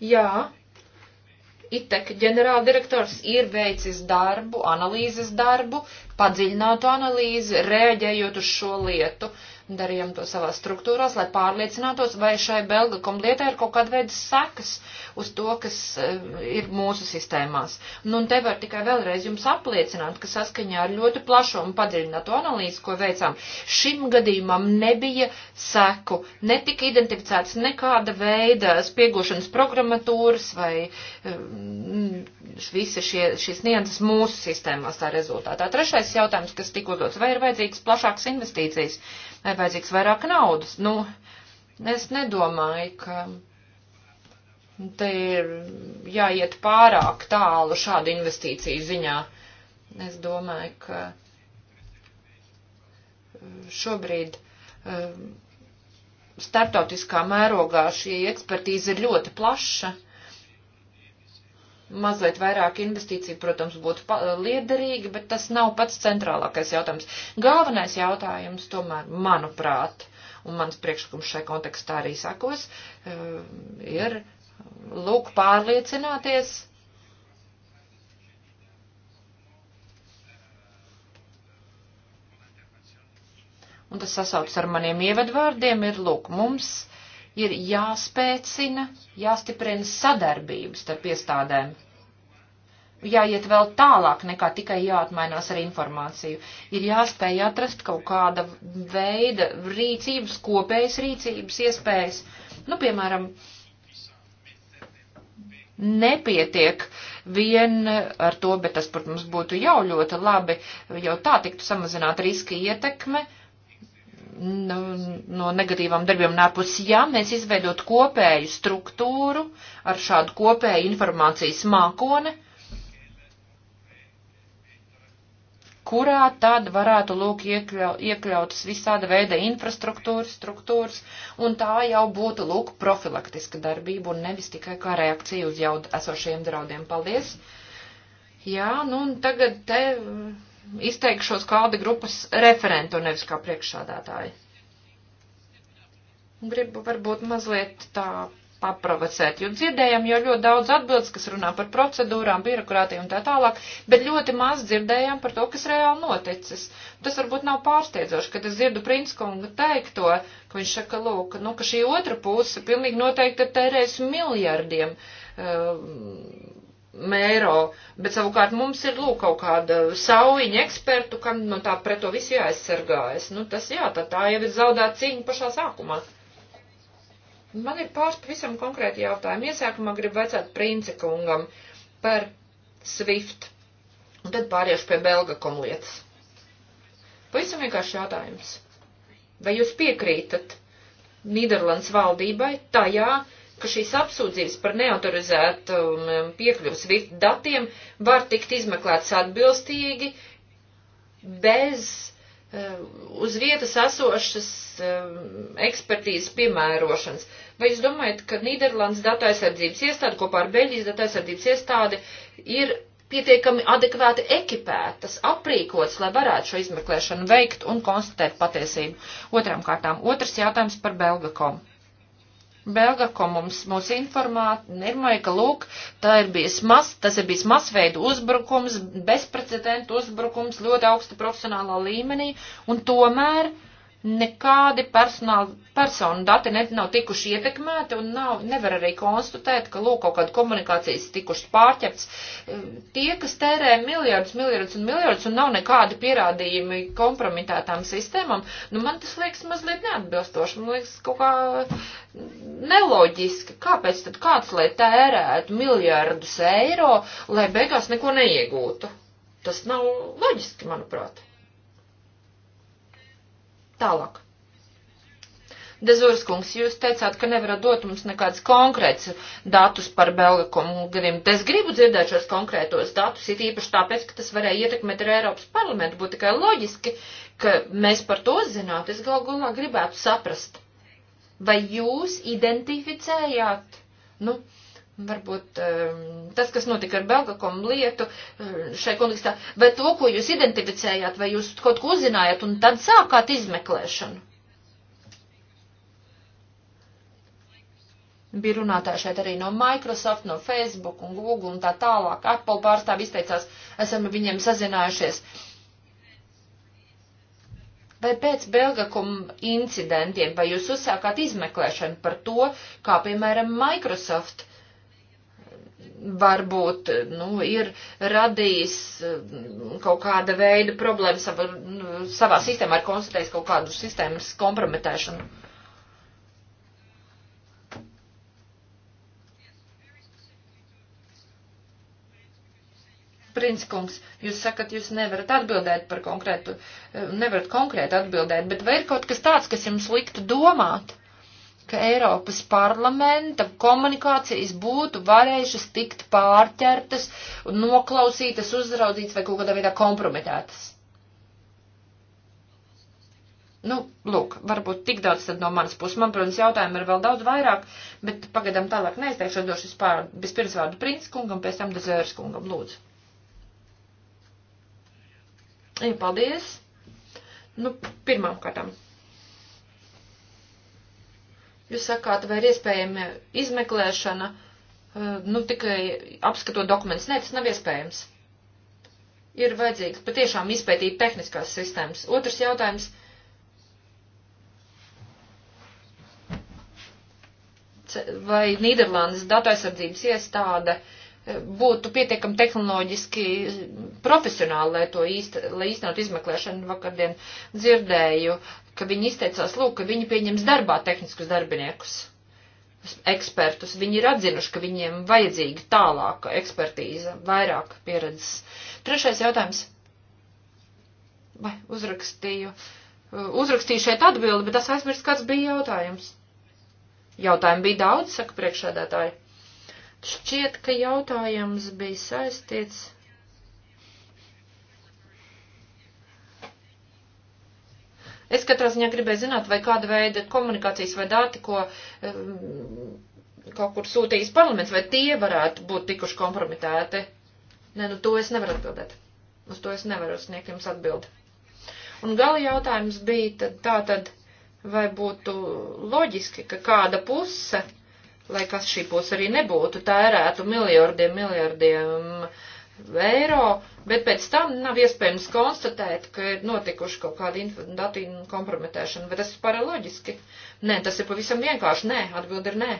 Jā, ITEK ģenerāldirektors ir veicis darbu, analīzes darbu, padziļinātu analīzi, rēģējot uz šo lietu. Uh, darījām to savā struktūrās, lai pārliecinātos, vai šai Belgakom lietai ir kaut kāda veida sekas uz to, kas eh, ir mūsu sistēmās. Nu, un te var tikai vēlreiz jums apliecināt, ka saskaņā ar ļoti plašo un padziļinātu analīzi, ko veicām, šim gadījumam nebija seku, netika identificēts nekāda veida spiegošanas programmatūras vai eh, visi šie, šīs nianses mūsu sistēmās tā rezultātā. Trešais jautājums, kas tika uzdots, vai ir vajadzīgas plašākas investīcijas? vajadzīgs vairāk naudas. Nu, es nedomāju, ka te ir jāiet pārāk tālu šādu investīciju ziņā. Es domāju, ka eh, šobrīd eh, starptautiskā mērogā šī ekspertīze ir ļoti plaša mazliet vairāk investīciju, protams, būtu eh, liederīgi, bet tas nav pats centrālākais jautājums. Galvenais jautājums tomēr, manuprāt, un mans priekšlikums šai kontekstā arī sakos, eh, ir lūk pārliecināties. Un tas sasaucas ar maniem ievadvārdiem, ir lūk, mums uh, ir jāspēcina, jāstiprina sadarbības starp iestādēm. Jāiet vēl tālāk nekā tikai jāatmainās ar informāciju. Ir jāspēj atrast kaut kāda veida rīcības, kopējas rīcības iespējas. Nu, piemēram, nepietiek vien ar to, bet tas, protams, būtu jau ļoti labi, jau tā tiktu samazināt riska ietekme, uh, no, nu, no negatīvām darbiem un ārpus. Ja mēs izveidot kopēju struktūru ar šādu kopēju informācijas mākoni, kurā tad varētu lūk iekļau, iekļautas visāda veida infrastruktūras, struktūras, un tā jau būtu lūk profilaktiska darbība un nevis tikai kā reakcija uz jau esošiem draudiem. Paldies! Jā, nu un tagad te izteikšos kā Alde grupas referentu, nevis kā priekšsādātāji. Gribu varbūt mazliet tā paprovocēt, jo dzirdējam jau ļoti daudz atbildes, kas runā par procedūrām, birokrātiju un tā tālāk, bet ļoti maz dzirdējām par to, kas reāli noticis. Tas varbūt nav pārsteidzoši, kad es dzirdu prinskungu teikto, ka viņš saka, lūk, nu, ka šī otra puse pilnīgi noteikti ir tērējis miljardiem. Uh, eiro, bet savukārt mums ir lūk kaut kāda saujiņa ekspertu, kam no tā pret to visu jāaizsargājas. Nu tas jā, tad tā jau ir zaudēta cīņa pašā sākumā. Man ir pāris pavisam konkrēti jautājumi. Iesākumā gribu vecāt princikungam par Swift, un tad pāriešu pie Belgakom lietas. Pavisam vienkārši jautājums. Vai jūs piekrītat Nīderlandes valdībai tajā, ja, ka šīs apsūdzības par neautorizētu piekļuvas datiem var tikt izmeklētas atbilstīgi bez eh, uz vietas esošas eh, ekspertīzes piemērošanas. Vai jūs domājat, ka Nīderlandes datu aizsardzības iestāde kopā ar Beļģijas datu aizsardzības iestādi ir pietiekami adekvāti ekipētas, aprīkots, lai varētu šo izmeklēšanu veikt un konstatēt patiesību? Otram kārtām, otrs jautājums par Belgakomu Belga, ko mums, mums informēja, ka lūk, ir mas, tas ir bijis masveida uzbrukums, bezprecedenta uzbrukums ļoti augsta profesionālā līmenī, un tomēr uh, nekādi personu dati ne, nav tikuši ietekmēti un nav, nevar arī konstatēt, ka lūk, kaut kāda komunikācijas tikušas pārķerts. E, tie, kas tērē miljardus, miljardus un miljardus un nav nekādi pierādījumi kompromitētām sistēmām, nu man tas liekas mazliet neatbilstoši, man liekas kaut kā neloģiski. Kāpēc tad kāds, lai tērētu miljardus eiro, lai beigās neko neiegūtu? Tas nav loģiski, manuprāt. Tālāk. Dezūras kungs, jūs teicāt, ka nevarat dot mums nekādus konkrētus datus par Belgakumu gadījumu. Es gribu dzirdēt šos konkrētos datus, it īpaši tāpēc, ka tas varēja ietekmēt arī Eiropas parlamentu. Būtu tikai loģiski, ka mēs par to zinātu. Es galu galā gribētu saprast, vai jūs identificējāt, nu, uh, Varbūt ehm, tas, kas notika ar Belgakom lietu eh, šai kontekstā, vai to, ko jūs identificējāt, vai jūs kaut ko uzzinājāt un tad sākāt izmeklēšanu? Bija runātāji šeit arī no Microsoft, no Facebook un Google un tā tālāk. Apple pārstāvi izteicās, esam ar viņiem sazinājušies. Vai pēc Belgakum incidentiem, vai jūs uzsākāt izmeklēšanu par to, kā piemēram Microsoft varbūt nu, ir radījis mm, kaut kāda veida problēmu savā, nu, savā sistēmā, ir konstatējis kaut kādu sistēmas kompromitēšanu. Prinskungs, jūs sakat, jūs nevarat atbildēt par konkrētu, nevarat konkrēti atbildēt, bet vai ir kaut kas tāds, kas jums liktu domāt? ka Eiropas parlamenta komunikācijas būtu varējušas tikt pārķertas, noklausītas, uzraudzītas vai kaut kādā veidā kompromitētas. Nu, lūk, varbūt tik daudz tad no manas puses. Man, protams, jautājumu ir vēl daudz vairāk, bet pagadam tālāk neizteikšu, došu vispār, vispirms vārdu Prins kungam, pēc tam Dezērs kungam, lūdzu. Jā, paldies. Nu, pirmām kārtām Jūs sakāt, vai ir iespējama izmeklēšana, eh, nu tikai apskatot dokumentus. Nē, tas nav iespējams. Ir vajadzīgs patiešām izpētīt tehniskās sistēmas. Otrs jautājums. Vai Nīderlandes dataisardzības iestāde eh, būtu pietiekami tehnoloģiski profesionāli, lai to īst, lai īstenot izmeklēšanu vakardien dzirdēju ka viņi izteicās, lūk, ka viņi pieņems darbā tehniskus darbiniekus, ekspertus. Viņi ir atzinuši, ka viņiem vajadzīga tālāka ekspertīza, vairāk pieredzes. Trešais jautājums. Vai uzrakstīju? Uzrakstīju šeit atbildi, bet es aizmirstu, kāds bija jautājums. Jautājumu bija daudz, saka priekšādātāji. Šķiet, ka jautājums bija saistīts Es katrā ziņā gribēju zināt, vai kāda veida komunikācijas vai dati, ko um, kaut kur sūtījis parlaments, vai tie varētu būt tikuši kompromitēti. Nē, nu to es nevaru atbildēt. Uz to es nevaru sniegt jums atbildi. Un gala jautājums bija tad, tā tad, vai būtu loģiski, ka kāda puse, lai kas šī puse arī nebūtu, tērētu miljardiem, miljardiem uh, eiro, bet pēc tam nav iespējams konstatēt, ka ir notikuši kaut kāda datu kompromitēšana, vai tas ir paraloģiski? Nē, tas ir pavisam vienkārši. Nē, atbildi ir nē.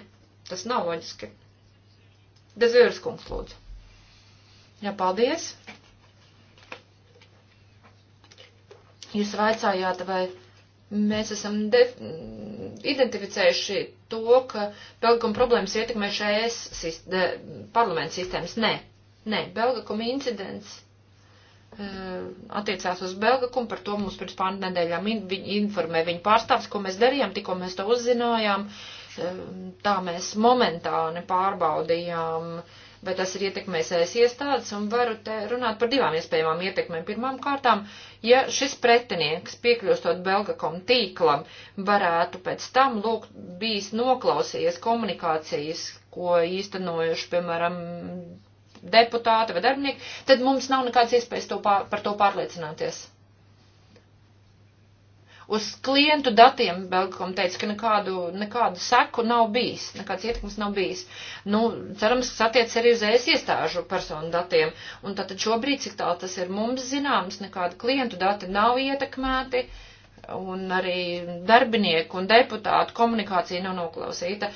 Tas nav loģiski. Dezvīrs kungs, lūdzu. Jā, paldies. Jūs vaicājāt, vai mēs esam identificējuši to, ka Pelgam problēmas ietekmē šajās sist parlamentu sistēmas. Nē, Nē, Belgakuma incidents eh, attiecās uz Belgakumu, par to mums pirms pār nedēļām informē viņa pārstāvs, ko mēs darījām, tikko mēs to uzzinājām, eh, tā mēs momentāni pārbaudījām, vai tas ir ietekmēsēs iestādes, un varu te runāt par divām iespējamām ietekmēm. Pirmām kārtām, ja šis pretinieks, piekļūstot Belgakom tīklam, varētu pēc tam, lūk, bijis noklausījies komunikācijas, ko īstenojuši, piemēram, deputāti vai darbinieki, tad mums nav nekādas iespējas to pār, par to pārliecināties. Uz klientu datiem Belgkom teica, ka nekādu, nekādu seku nav bijis, nekāds ietekmes nav bijis. Nu, cerams, tas attiec arī uz ēs iestāžu personu datiem. Un tātad šobrīd, cik tālu tas ir mums zināms, nekādu klientu dati nav ietekmēti. Uh, un arī darbinieku un deputātu komunikācija nav noklausīta.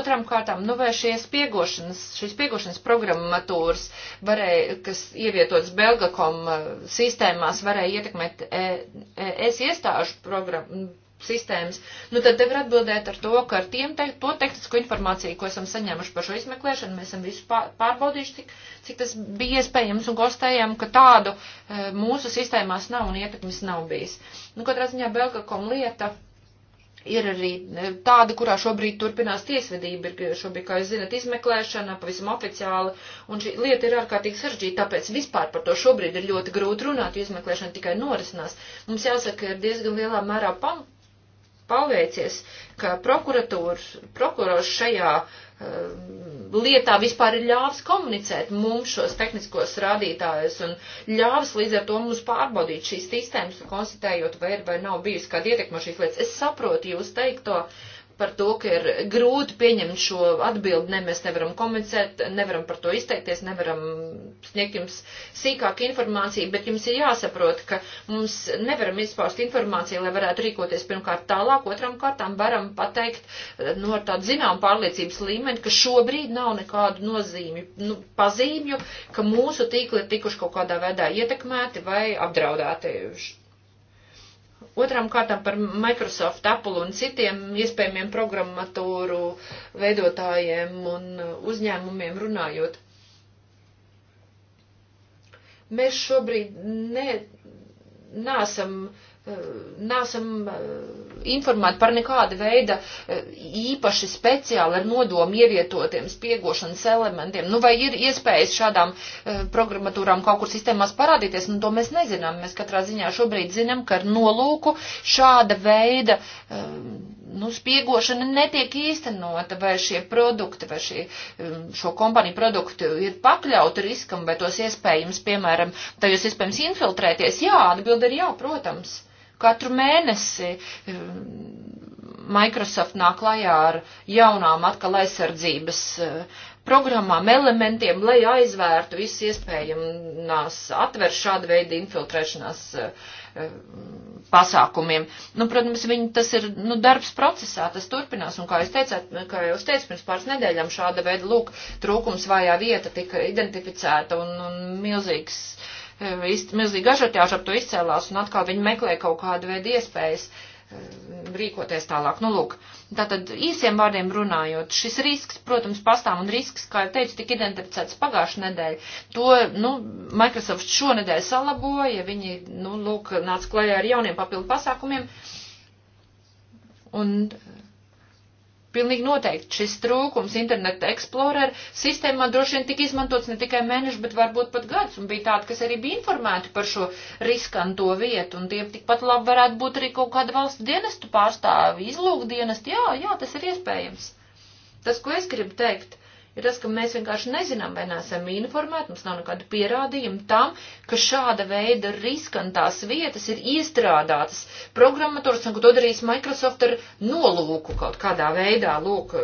Otram kārtām, nu vai šie spiegošanas, šīs spiegošanas programmatūras, varēja, kas ievietots Belgakom eh, sistēmās, varēja ietekmēt ES eh, e iestāžu programmu sistēmas, nu tad te var atbildēt ar to, ka ar tiem te, to tehnisko informāciju, ko esam saņēmuši par šo izmeklēšanu, mēs esam visu pārbaudījuši, cik, cik tas bija iespējams un konstatējām, ka tādu e, mūsu sistēmās nav un ietekmes nav bijis. Nu, katrā ziņā Belgakom lieta ir arī e, tāda, kurā šobrīd turpinās tiesvedība, ir šobrīd, kā jūs zinat, izmeklēšana pavisam oficiāli, un šī lieta ir ārkārtīgi saržģīta, tāpēc vispār par to šobrīd ir ļoti grūti runāt, jo izmeklēšana tikai norisinās. Mums jāsaka, ir diezgan lielā mērā pam paveicies, ka prokurors šajā uh, lietā vispār ir ļāvis komunicēt mums šos tehniskos rādītājus un ļāvis līdz ar to mums pārbaudīt šīs sistēmas, konstatējot, vai ir vai nav bijusi kāda ietekma šīs lietas. Es saprotu jūs teikto, uh, par to, ka ir grūti pieņemt šo atbildi, ne mēs nevaram komunicēt, nevaram par to izteikties, nevaram sniegt jums sīkāku informāciju, bet jums ir jāsaprot, ka mums nevaram izpaust informāciju, lai varētu rīkoties pirmkārt tālāk, otram kārtām varam pateikt no eh, nu, tāda zinām pārliecības līmeni, ka šobrīd nav nekādu nozīmi, nu, pazīmju, ka mūsu tīkli ir tikuši kaut kādā veidā ietekmēti vai apdraudēti Otram kārtam par Microsoft, Apple un citiem iespējamiem programmatūru veidotājiem un uzņēmumiem runājot. Mēs šobrīd ne, nesam uh, Nāsam informēti par nekāda veida īpaši speciāli ar nodomu ievietotiem spiegošanas elementiem. Nu, vai ir iespējas šādām programmatūrām kaut kur sistēmās parādīties? Nu, to mēs nezinām. Mēs katrā ziņā šobrīd zinām, ka ar nolūku šāda veida nu, spiegošana netiek īstenota, vai šie produkti, vai šie, šo kompāniju produkti ir pakļauti riskam, vai tos iespējams, piemēram, tajos iespējams infiltrēties. Jā, atbildi ir jā, protams. Katru mēnesi eh, Microsoft nāk klajā ar jaunām atkal aizsardzības eh, programmām, elementiem, lai aizvērtu visu iespējamās, atver šādu veidu infiltrēšanās eh, pasākumiem. Nu, protams, viņi, tas ir nu, darbs procesā, tas turpinās, un kā jūs teicāt, kā jūs teicat, pirms pāris nedēļām šāda veida lūk, trūkums vājā vieta tika identificēta un, un milzīgs uh, milzīga ažotāža ap to izcēlās, un atkal viņi meklē kaut kādu veidu iespējas rīkoties tālāk. Nu, lūk, tātad īsiem vārdiem runājot, šis risks, protams, pastāv un risks, kā jau teicu, tika identificēts pagājušajā nedēļā. To, nu, Microsoft šonedēļ salaboja, viņi, nu, lūk, nāca klajā ar jauniem papildu pasākumiem. Un Pilnīgi noteikti šis trūkums interneta Explorer sistēmā droši vien tika izmantots ne tikai mēnešu, bet varbūt pat gads, un bija tādi, kas arī bija informēti par šo riskanto vietu, un tiem tikpat labi varētu būt arī kaut kāda valsts dienestu pārstāvi, izlūk dienestu, jā, jā, tas ir iespējams. Tas, ko es gribu teikt, ir tas, ka mēs vienkārši nezinām vai neesam informēti, mums nav nekādu pierādījumu tam, ka šāda veida riskantās vietas ir iestrādātas programmatūras, un ka to darīs Microsoft ar nolūku kaut kādā veidā, lūk,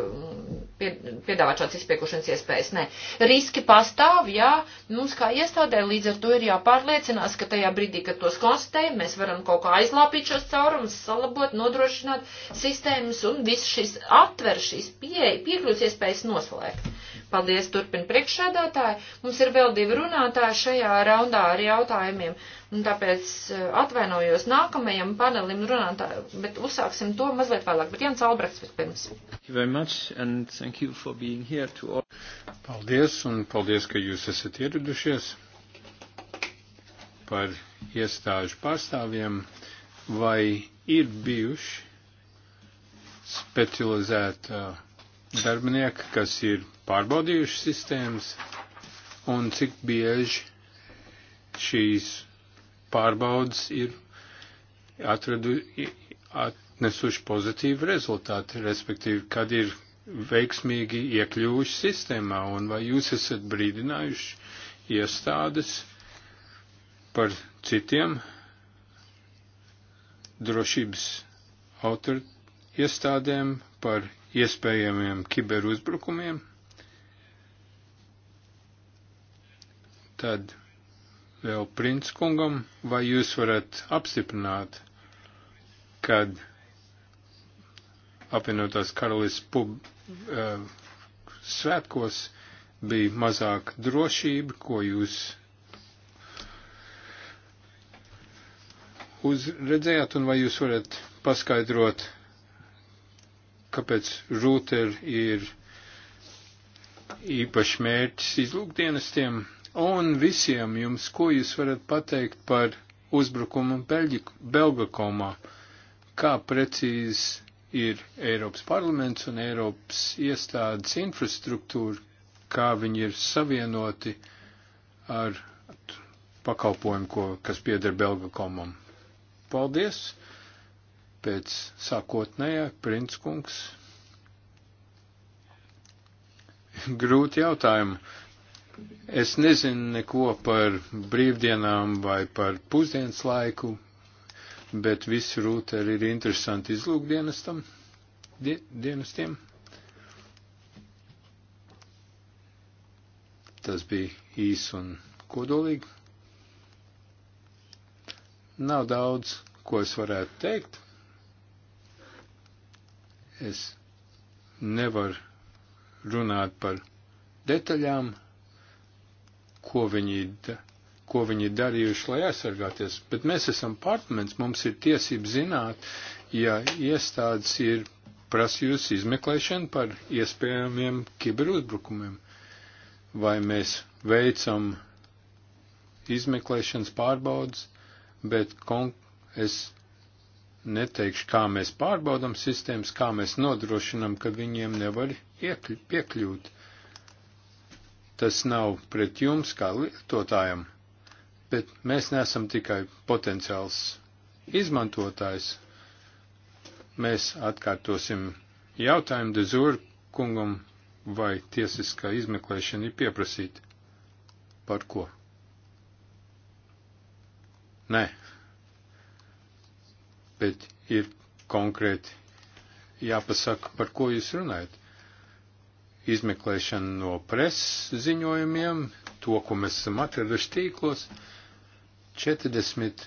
piedāvāt šādas izpiekušanas iespējas. Nē, riski pastāv, jā, mums kā iestādē līdz ar to ir jāpārliecinās, ka tajā brīdī, kad tos konstatējam, mēs varam kaut kā aizlāpīt šos caurumus, salabot, nodrošināt sistēmas un visu šis atver šīs pie, piekļūs iespējas noslēgt. Paldies, turpin priekšsēdētāji. Mums ir vēl divi runātāji šajā raundā ar jautājumiem. Un tāpēc eh, atvainojos nākamajam panelim runāt, bet uzsāksim to mazliet vēlāk. Bet Jans Albrechts vispirms. All... Paldies un paldies, ka jūs esat ieradušies par iestāžu pārstāvjiem. Vai ir bijuši specializēta darbinieki, kas ir pārbaudījuši sistēmas un cik bieži šīs pārbaudas ir atradu, atnesuši pozitīvu rezultātu, respektīvi, kad ir veiksmīgi iekļuvuši sistēmā, un vai jūs esat brīdinājuši iestādes par citiem drošības autor iestādēm par iespējamiem kiberuzbrukumiem? Tad vēl princkungam, vai jūs varat apstiprināt, kad apvienotās karalis pub, uh, svētkos bija mazāk drošība, ko jūs uzredzējāt, un vai jūs varat paskaidrot, kāpēc rūteri ir īpaši mērķis izlūkdienestiem, un visiem jums, ko jūs varat pateikt par uzbrukumu Belģiku, Belgakomā, kā precīzi ir Eiropas parlaments un Eiropas iestādes infrastruktūra, kā viņi ir savienoti ar pakalpojumu, ko, kas pieder Belgakomam. Paldies! Pēc sākotnējā princkungs. Grūti jautājumu. Es nezinu neko par brīvdienām vai par pusdienas laiku, bet visi rūteri ir interesanti izlūkdienestam, die, dienestiem. Tas bija īs un kodolīgi. Nav daudz, ko es varētu teikt. Es nevaru runāt par detaļām, ko viņi, da, ko viņi darījuši, lai aizsargāties. Bet mēs esam parlaments, mums ir tiesības zināt, ja iestādes ir prasījusi izmeklēšanu par iespējamiem kiberuzbrukumiem. Vai mēs veicam izmeklēšanas pārbaudas, bet es neteikšu, kā mēs pārbaudam sistēmas, kā mēs nodrošinam, ka viņiem nevar piekļūt. Tas nav pret jums kā lietotājam, bet mēs neesam tikai potenciāls izmantotājs. Mēs atkārtosim jautājumu dezūru kungam, vai tiesiskā izmeklēšana ir pieprasīta. Par ko? Nē. Bet ir konkrēti jāpasaka, par ko jūs runājat izmeklēšanu no preses ziņojumiem, to, ko mēs esam atraduši tīklos, 40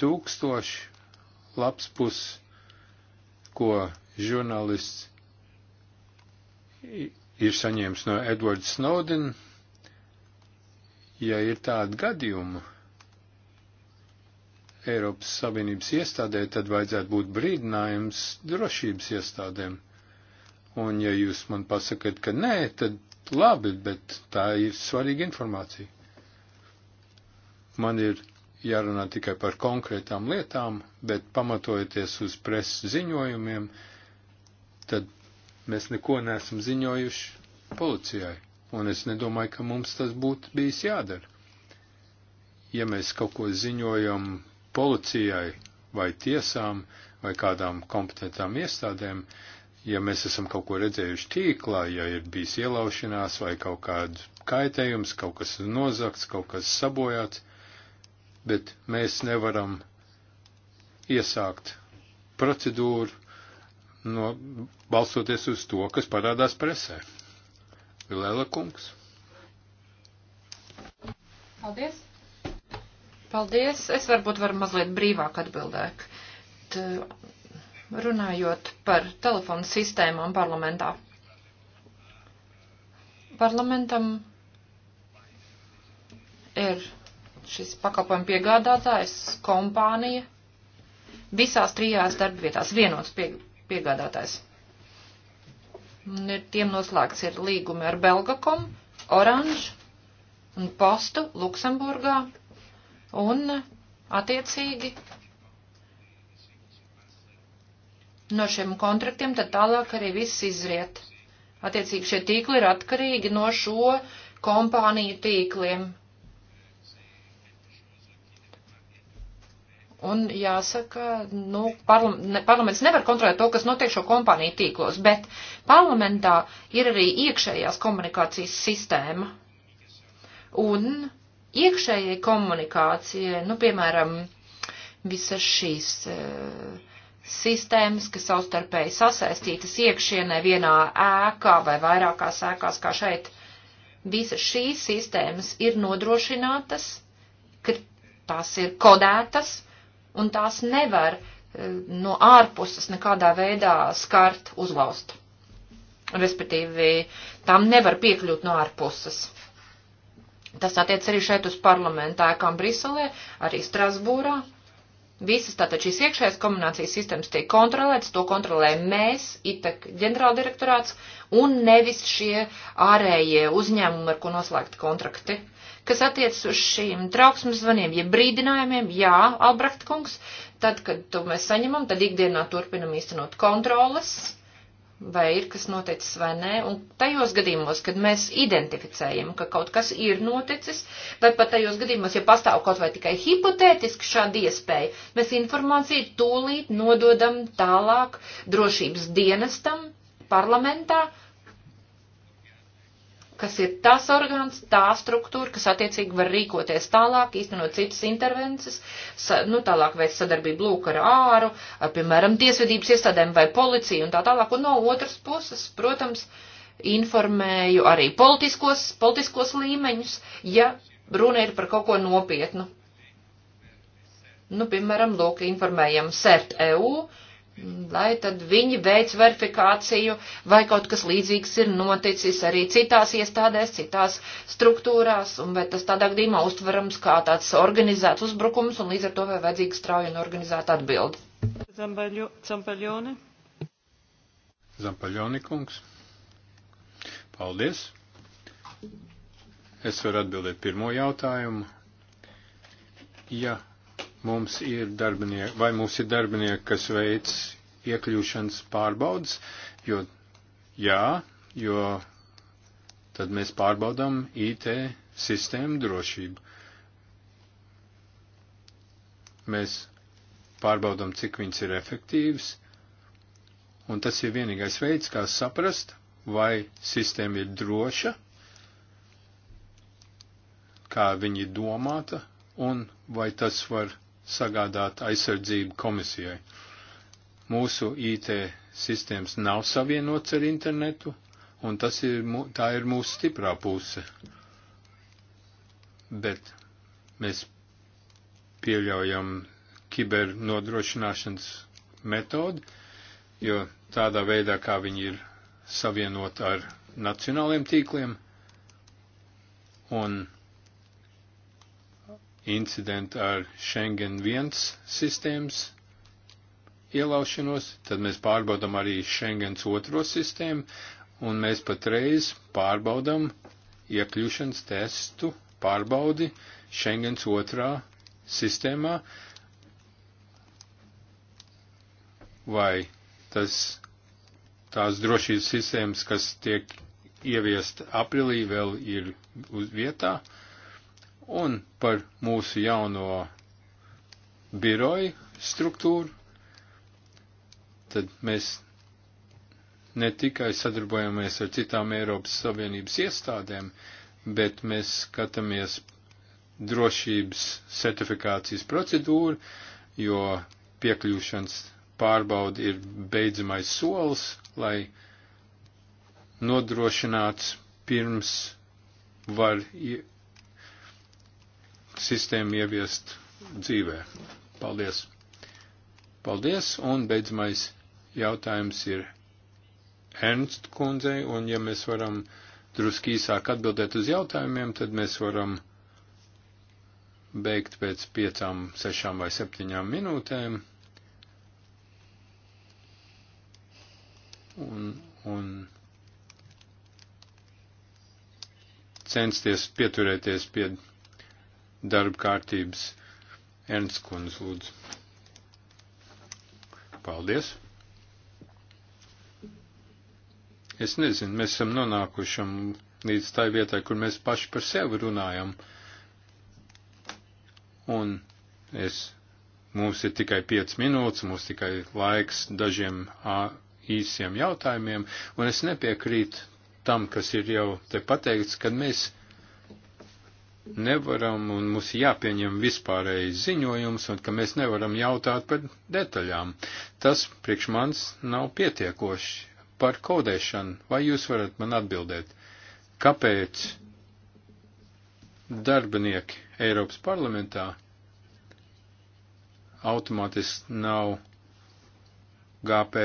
tūkstoši lapspus, ko žurnālists ir saņēmis no Edward Snowden, ja ir tāda gadījuma Eiropas Savienības iestādē, tad vajadzētu būt brīdinājums drošības iestādēm Un ja jūs man pasakat, ka nē, tad labi, bet tā ir svarīga informācija. Man ir jārunā tikai par konkrētām lietām, bet pamatojoties uz preses ziņojumiem, tad mēs neko neesam ziņojuši policijai. Un es nedomāju, ka mums tas būtu bijis jādara. Ja mēs kaut ko ziņojam policijai vai tiesām vai kādām kompetentām iestādēm, ja mēs esam kaut ko redzējuši tīklā, ja ir bijis ielaušanās vai kaut kāda kaitējums, kaut kas nozakts, kaut kas sabojāts, bet mēs nevaram iesākt procedūru, no, balstoties uz to, kas parādās presē. Vilēla kungs. Paldies. Paldies. Es varbūt varu mazliet brīvāk atbildēt runājot par telefonu sistēmām parlamentā. Parlamentam ir šis pakalpojumu piegādātājs, kompānija, visās trijās darbvietās vienots pie, piegādātājs. Un ir, tiem noslēgts ir līgumi ar Belgakom, Oranž un Postu Luksemburgā un attiecīgi no šiem kontraktiem, tad tālāk arī viss izriet. Attiecīgi šie tīkli ir atkarīgi no šo kompāniju tīkliem. Un jāsaka, nu, parlam, ne, parlaments nevar kontrolēt to, kas notiek šo kompāniju tīklos, bet parlamentā ir arī iekšējās komunikācijas sistēma. Un iekšējai komunikācijai, nu, piemēram, visas šīs uh, sistēmas, kas savstarpēji sasaistītas iekšienē vienā ēkā vai vairākās ēkās, kā šeit. Visas šīs sistēmas ir nodrošinātas, ka tās ir kodētas, un tās nevar eh, no ārpuses nekādā veidā skart uzlaust. Respektīvi, tām nevar piekļūt no ārpuses. Tas attiec arī šeit uz parlamentā, kā Briselē, arī Strasbūrā, Visas tātad šīs iekšējās kombinācijas sistēmas tiek kontrolētas, to kontrolē mēs, ITEK ģenerāldirektorāts, un nevis šie ārējie uzņēmumi, ar ko noslēgti kontrakti. Kas attiecas uz šīm trauksmes zvaniem, ja brīdinājumiem, jā, Albrecht kungs, tad, kad to mēs saņemam, tad ikdienā turpinam īstenot kontroles, vai ir kas noticis vai nē, un tajos gadījumos, kad mēs identificējam, ka kaut kas ir noticis, vai pat tajos gadījumos, ja pastāv kaut vai tikai hipotētiski šāda iespēja, mēs informāciju tūlīt nododam tālāk drošības dienestam parlamentā, kas ir tas orgāns, tā struktūra, kas attiecīgi var rīkoties tālāk, īstenot citas intervences, sa, nu tālāk veids sadarbību lūk ar āru, ar, piemēram, tiesvedības iestādēm vai policiju un tā tālāk. Un no otras puses, protams, informēju arī politiskos, politiskos līmeņus, ja runa ir par kaut ko nopietnu. Nu, piemēram, lūk, informējam CERT EU, uh, lai tad viņi veic verifikāciju, vai kaut kas līdzīgs ir noticis arī citās iestādēs, citās struktūrās, un vai tas tādā gadījumā uztverams kā tāds organizēts uzbrukums, un līdz ar to vai vajadzīga strauja un organizēta atbildi. Zampaļoni. Zampaļoni kungs. Paldies. Es varu atbildēt pirmo jautājumu. Ja mums ir darbinieki, vai mums ir darbinieki, kas veic iekļūšanas pārbaudas, jo jā, jo tad mēs pārbaudām IT sistēmu drošību. Mēs pārbaudām, cik viņas ir efektīvas, un tas ir vienīgais veids, kā saprast, vai sistēma ir droša, kā viņa ir domāta, un vai tas var sagādāt aizsardzību komisijai. Mūsu IT sistēmas nav savienots ar internetu, un tas ir, tā ir mūsu stiprā puse. Bet mēs pieļaujam kibernodrošināšanas metodi, jo tādā veidā, kā viņi ir savienot ar nacionāliem tīkliem, un incidentu ar Schengen 1 sistēmas ielaušanos, tad mēs pārbaudam arī Schengens otro sistēmu, un mēs patreiz pārbaudam iekļūšanas testu pārbaudi Schengens otrā sistēmā, vai tas tās drošības sistēmas, kas tiek ieviest aprilī, vēl ir uz vietā un par mūsu jauno biroju struktūru, tad mēs ne tikai sadarbojamies ar citām Eiropas Savienības iestādēm, bet mēs skatāmies drošības certifikācijas procedūru, jo piekļūšanas pārbaudi ir beidzamais solis, lai nodrošināts pirms var sistēmu ieviest dzīvē. Paldies! Paldies! Un beidzamais jautājums ir Ernst kundzei, un ja mēs varam druski īsāk atbildēt uz jautājumiem, tad mēs varam beigt pēc piecām, sešām vai septiņām minūtēm. Un, un censties pieturēties pie darba kārtības. Ernsts Kundz, lūdzu. Paldies. Es nezinu, mēs esam nonākušam līdz tai vietai, kur mēs paši par sevi runājam. Un es, mums ir tikai 5 minūtes, mums tikai laiks dažiem īsiem jautājumiem, un es nepiekrītu tam, kas ir jau te pateikts, kad mēs nevaram un mums jāpieņem vispārēji ziņojums un ka mēs nevaram jautāt par detaļām. Tas priekš mans nav pietiekoši. Par kodēšanu, vai jūs varat man atbildēt, kāpēc darbinieki Eiropas parlamentā automātiski nav GP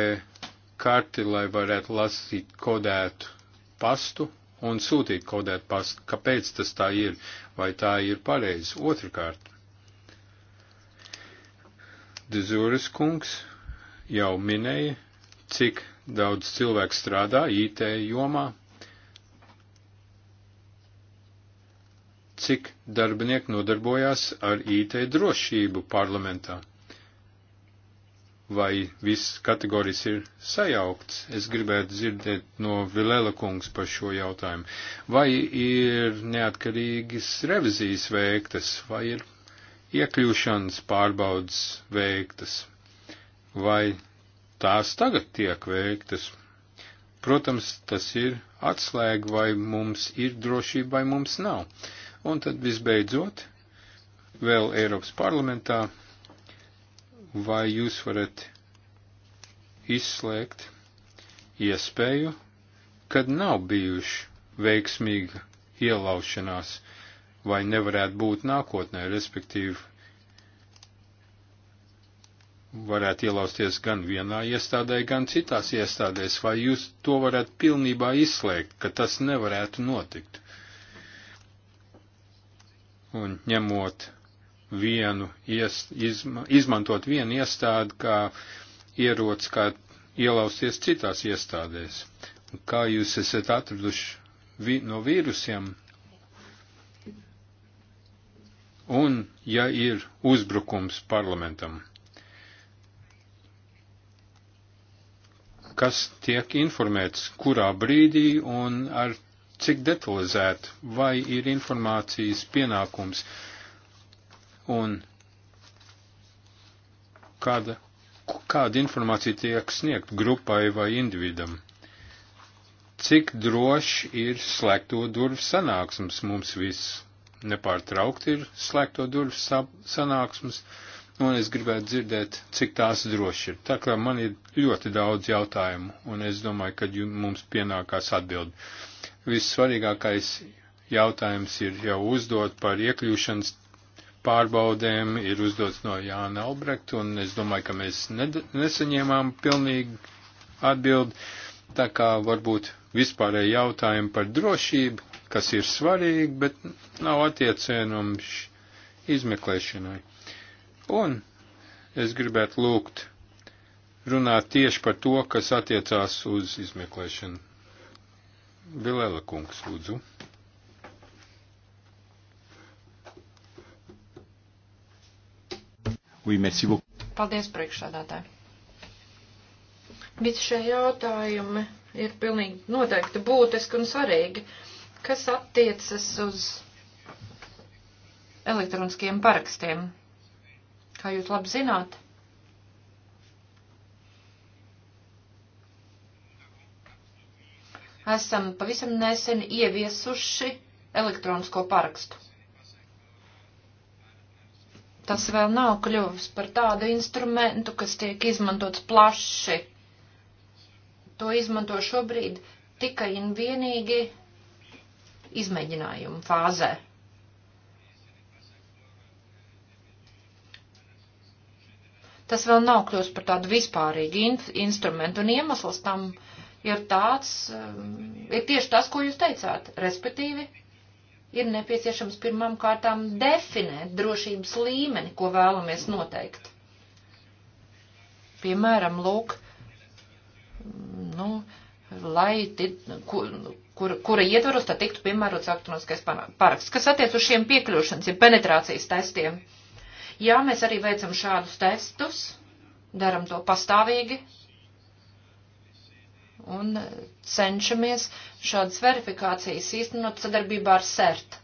karti, lai varētu lasīt kodētu pastu un sūtīt kodētu pastu. Kāpēc tas tā ir? vai tā ir pareizi. Otrakārt, Dezūras kungs jau minēja, cik daudz cilvēku strādā IT jomā, cik darbinieki nodarbojās ar IT drošību parlamentā vai viss kategorijas ir sajaukts. Es gribētu dzirdēt no Vilela kungs par šo jautājumu. Vai ir neatkarīgas revizijas veiktas, vai ir iekļūšanas pārbaudas veiktas, vai tās tagad tiek veiktas. Protams, tas ir atslēga, vai mums ir drošība, vai mums nav. Un tad visbeidzot, vēl Eiropas parlamentā vai jūs varat izslēgt iespēju, kad nav bijuši veiksmīga ielaušanās, vai nevarētu būt nākotnē, respektīvi, varētu ielausties gan vienā iestādē, gan citās iestādēs, vai jūs to varētu pilnībā izslēgt, ka tas nevarētu notikt. Un ņemot vienu, ies, izma, izmantot vienu iestādi kā ierots, kā ielausties citās iestādēs. Un kā jūs esat atraduši vi, no vīrusiem? Un, ja ir uzbrukums parlamentam, kas tiek informēts, kurā brīdī un ar cik detalizēt, vai ir informācijas pienākums, uh, un kāda, kāda informācija tiek sniegt grupai vai individam. Cik droši ir slēgto durvju sanāksmes mums viss? Nepārtraukti ir slēgto durvju sanāksmes, un es gribētu dzirdēt, cik tās droši ir. Tā kā man ir ļoti daudz jautājumu, un es domāju, ka mums pienākās atbildi. Vissvarīgākais jautājums ir jau uzdot par iekļūšanas pārbaudēm ir uzdots no Jāna Albrekta, un es domāju, ka mēs nesaņēmām pilnīgi atbildi. Tā kā varbūt vispārēji jautājumi par drošību, kas ir svarīgi, bet nav attiecinums izmeklēšanai. Un es gribētu lūgt runāt tieši par to, kas attiecās uz izmeklēšanu. Vilela kungs, lūdzu. Oui, merci beaucoup. Paldies, priekšsādātāji. Visi šie jautājumi ir pilnīgi noteikti būtiski un svarīgi, kas attiecas uz elektroniskiem parakstiem. Kā jūs labi zināt, esam pavisam nesen ieviesuši elektronisko parakstu. Tas vēl nav kļuvis par tādu instrumentu, kas tiek izmantots plaši. To izmanto šobrīd tikai un vienīgi izmēģinājumu fāzē. Tas vēl nav kļūst par tādu vispārīgu in instrumentu, un iemesls tam ir tāds, um, ir tieši tas, ko jūs teicāt, respektīvi ir nepieciešams pirmām kārtām definēt drošības līmeni, ko vēlamies noteikt. Piemēram, lūk, nu, lai, kur, kur, kura ietvaros tad tiktu piemērots elektroniskais paraksts, kas attiec uz šiem piekļūšanas, ja penetrācijas testiem. Jā, mēs arī veicam šādus testus, daram to pastāvīgi, un cenšamies šādas verifikācijas īstenot sadarbībā ar CERT.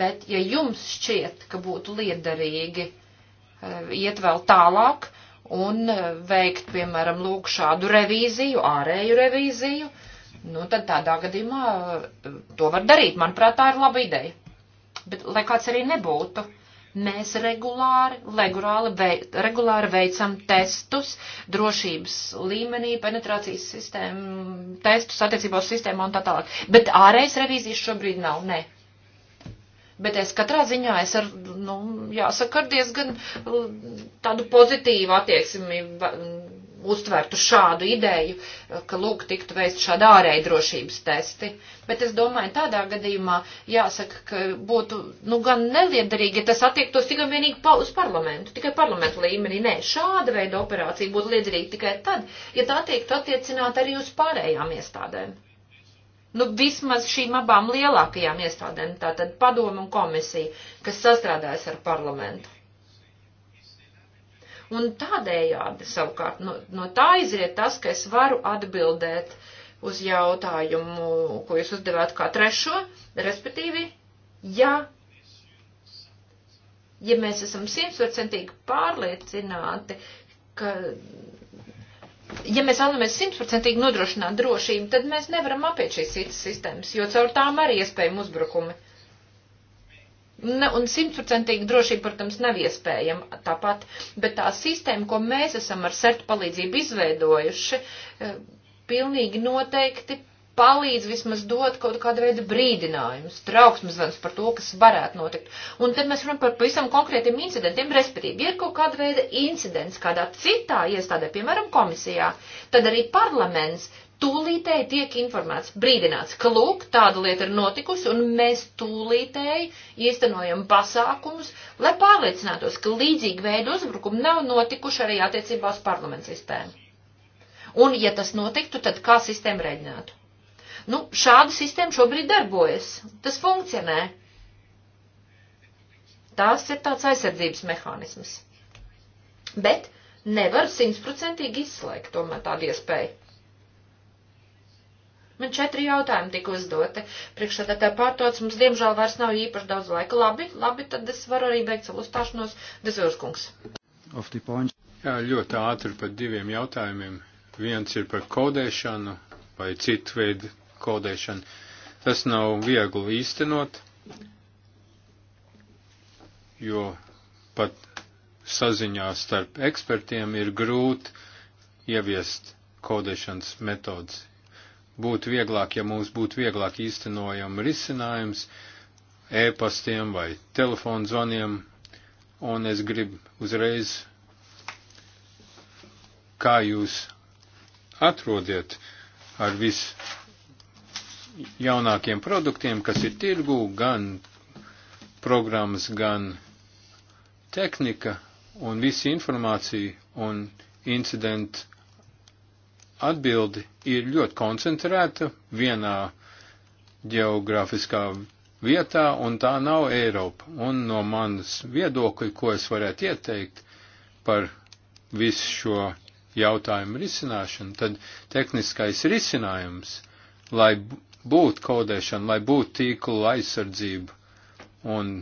Bet, ja jums šķiet, ka būtu liederīgi eh, iet vēl tālāk un eh, veikt, piemēram, lūk šādu revīziju, ārēju revīziju, nu tad tādā gadījumā eh, to var darīt. Manuprāt, tā ir laba ideja. Bet, lai kāds arī nebūtu, uh, Mēs regulāri, regulāri, vei, regulāri veicam testus, drošības līmenī, penetrācijas sistēmu, testus attiecībā uz sistēmām un tā tālāk. Bet ārējas revīzijas šobrīd nav, nē. Bet es katrā ziņā es ar, nu, jāsaka, ar diezgan uh, tādu pozitīvu attieksmi uztvertu šādu ideju, eh, ka lūk, tiktu veist šādi ārēji drošības testi. Bet es domāju, tādā gadījumā jāsaka, ka būtu, nu, gan neliederīgi, ja tas attiektos tikai vienīgi pa, uz parlamentu, tikai parlamentu līmenī. Nē, šāda veida operācija būtu liederīga tikai tad, ja tā tiektu attiecināt arī uz pārējām iestādēm. Nu, vismaz šīm abām lielākajām iestādēm, tātad padomu un komisiju, kas sastrādājas ar parlamentu. Un tādējādi savukārt no, no tā izriet tas, ka es varu atbildēt uz jautājumu, ko jūs uzdevāt kā trešo, respektīvi, ja ja mēs esam simtprocentīgi pārliecināti, ka, ja mēs vēlamies simtprocentīgi nodrošināt drošību, tad mēs nevaram apiet šīs citas sistēmas, jo caur tām arī iespējami uzbrukumi. Ne, un simtprocentīga drošība, protams, nav iespējama tāpat, bet tā sistēma, ko mēs esam ar sertu palīdzību izveidojuši, eh, pilnīgi noteikti palīdz vismaz dot kaut kādu veidu brīdinājumus, trauksmes zvans par to, kas varētu notikt. Un tad mēs runājam par pavisam konkrētiem incidentiem, respektīvi, ja ir kaut kāda veida incidents kādā citā iestādē, piemēram, komisijā, tad arī parlaments tūlītēji tiek informēts, brīdināts, ka lūk, tāda lieta ir notikusi, un mēs tūlītēji īstenojam pasākumus, lai pārliecinātos, ka līdzīgi veidu uzbrukumi nav notikuši arī attiecībā uz parlamentu sistēmu. Un, ja tas notiktu, tad kā sistēma rēģinātu? Nu, šāda sistēma šobrīd darbojas, tas funkcionē. Tās ir tāds aizsardzības mehānisms. Bet nevar simtprocentīgi izslēgt tomēr tādu iespēju Man četri jautājumi tika uzdoti. Priekšsēdētāji pārtots, mums diemžēl vairs nav īpaši daudz laika. Labi, labi, tad es varu arī beigt savu uzstāšanos. Dezūrskungs. Jā, ļoti ātri par diviem jautājumiem. Viens ir par kodēšanu vai citu veidu kodēšanu. Tas nav viegli īstenot, jo pat saziņā starp ekspertiem ir grūti ieviest kodēšanas metodas būtu vieglāk, ja mums būtu vieglāk īstenojama risinājums ēpastiem e vai telefonu zvaniem, un es gribu uzreiz, kā jūs atrodiet ar vis jaunākiem produktiem, kas ir tirgū, gan programmas, gan tehnika, un visa informācija un incidentu Atbildi ir ļoti koncentrēta vienā geogrāfiskā vietā, un tā nav Eiropa. Un no manas viedokļa, ko es varētu ieteikt par visu šo jautājumu risināšanu, tad tehniskais risinājums, lai būtu kodēšana, lai būtu tīklu aizsardzība un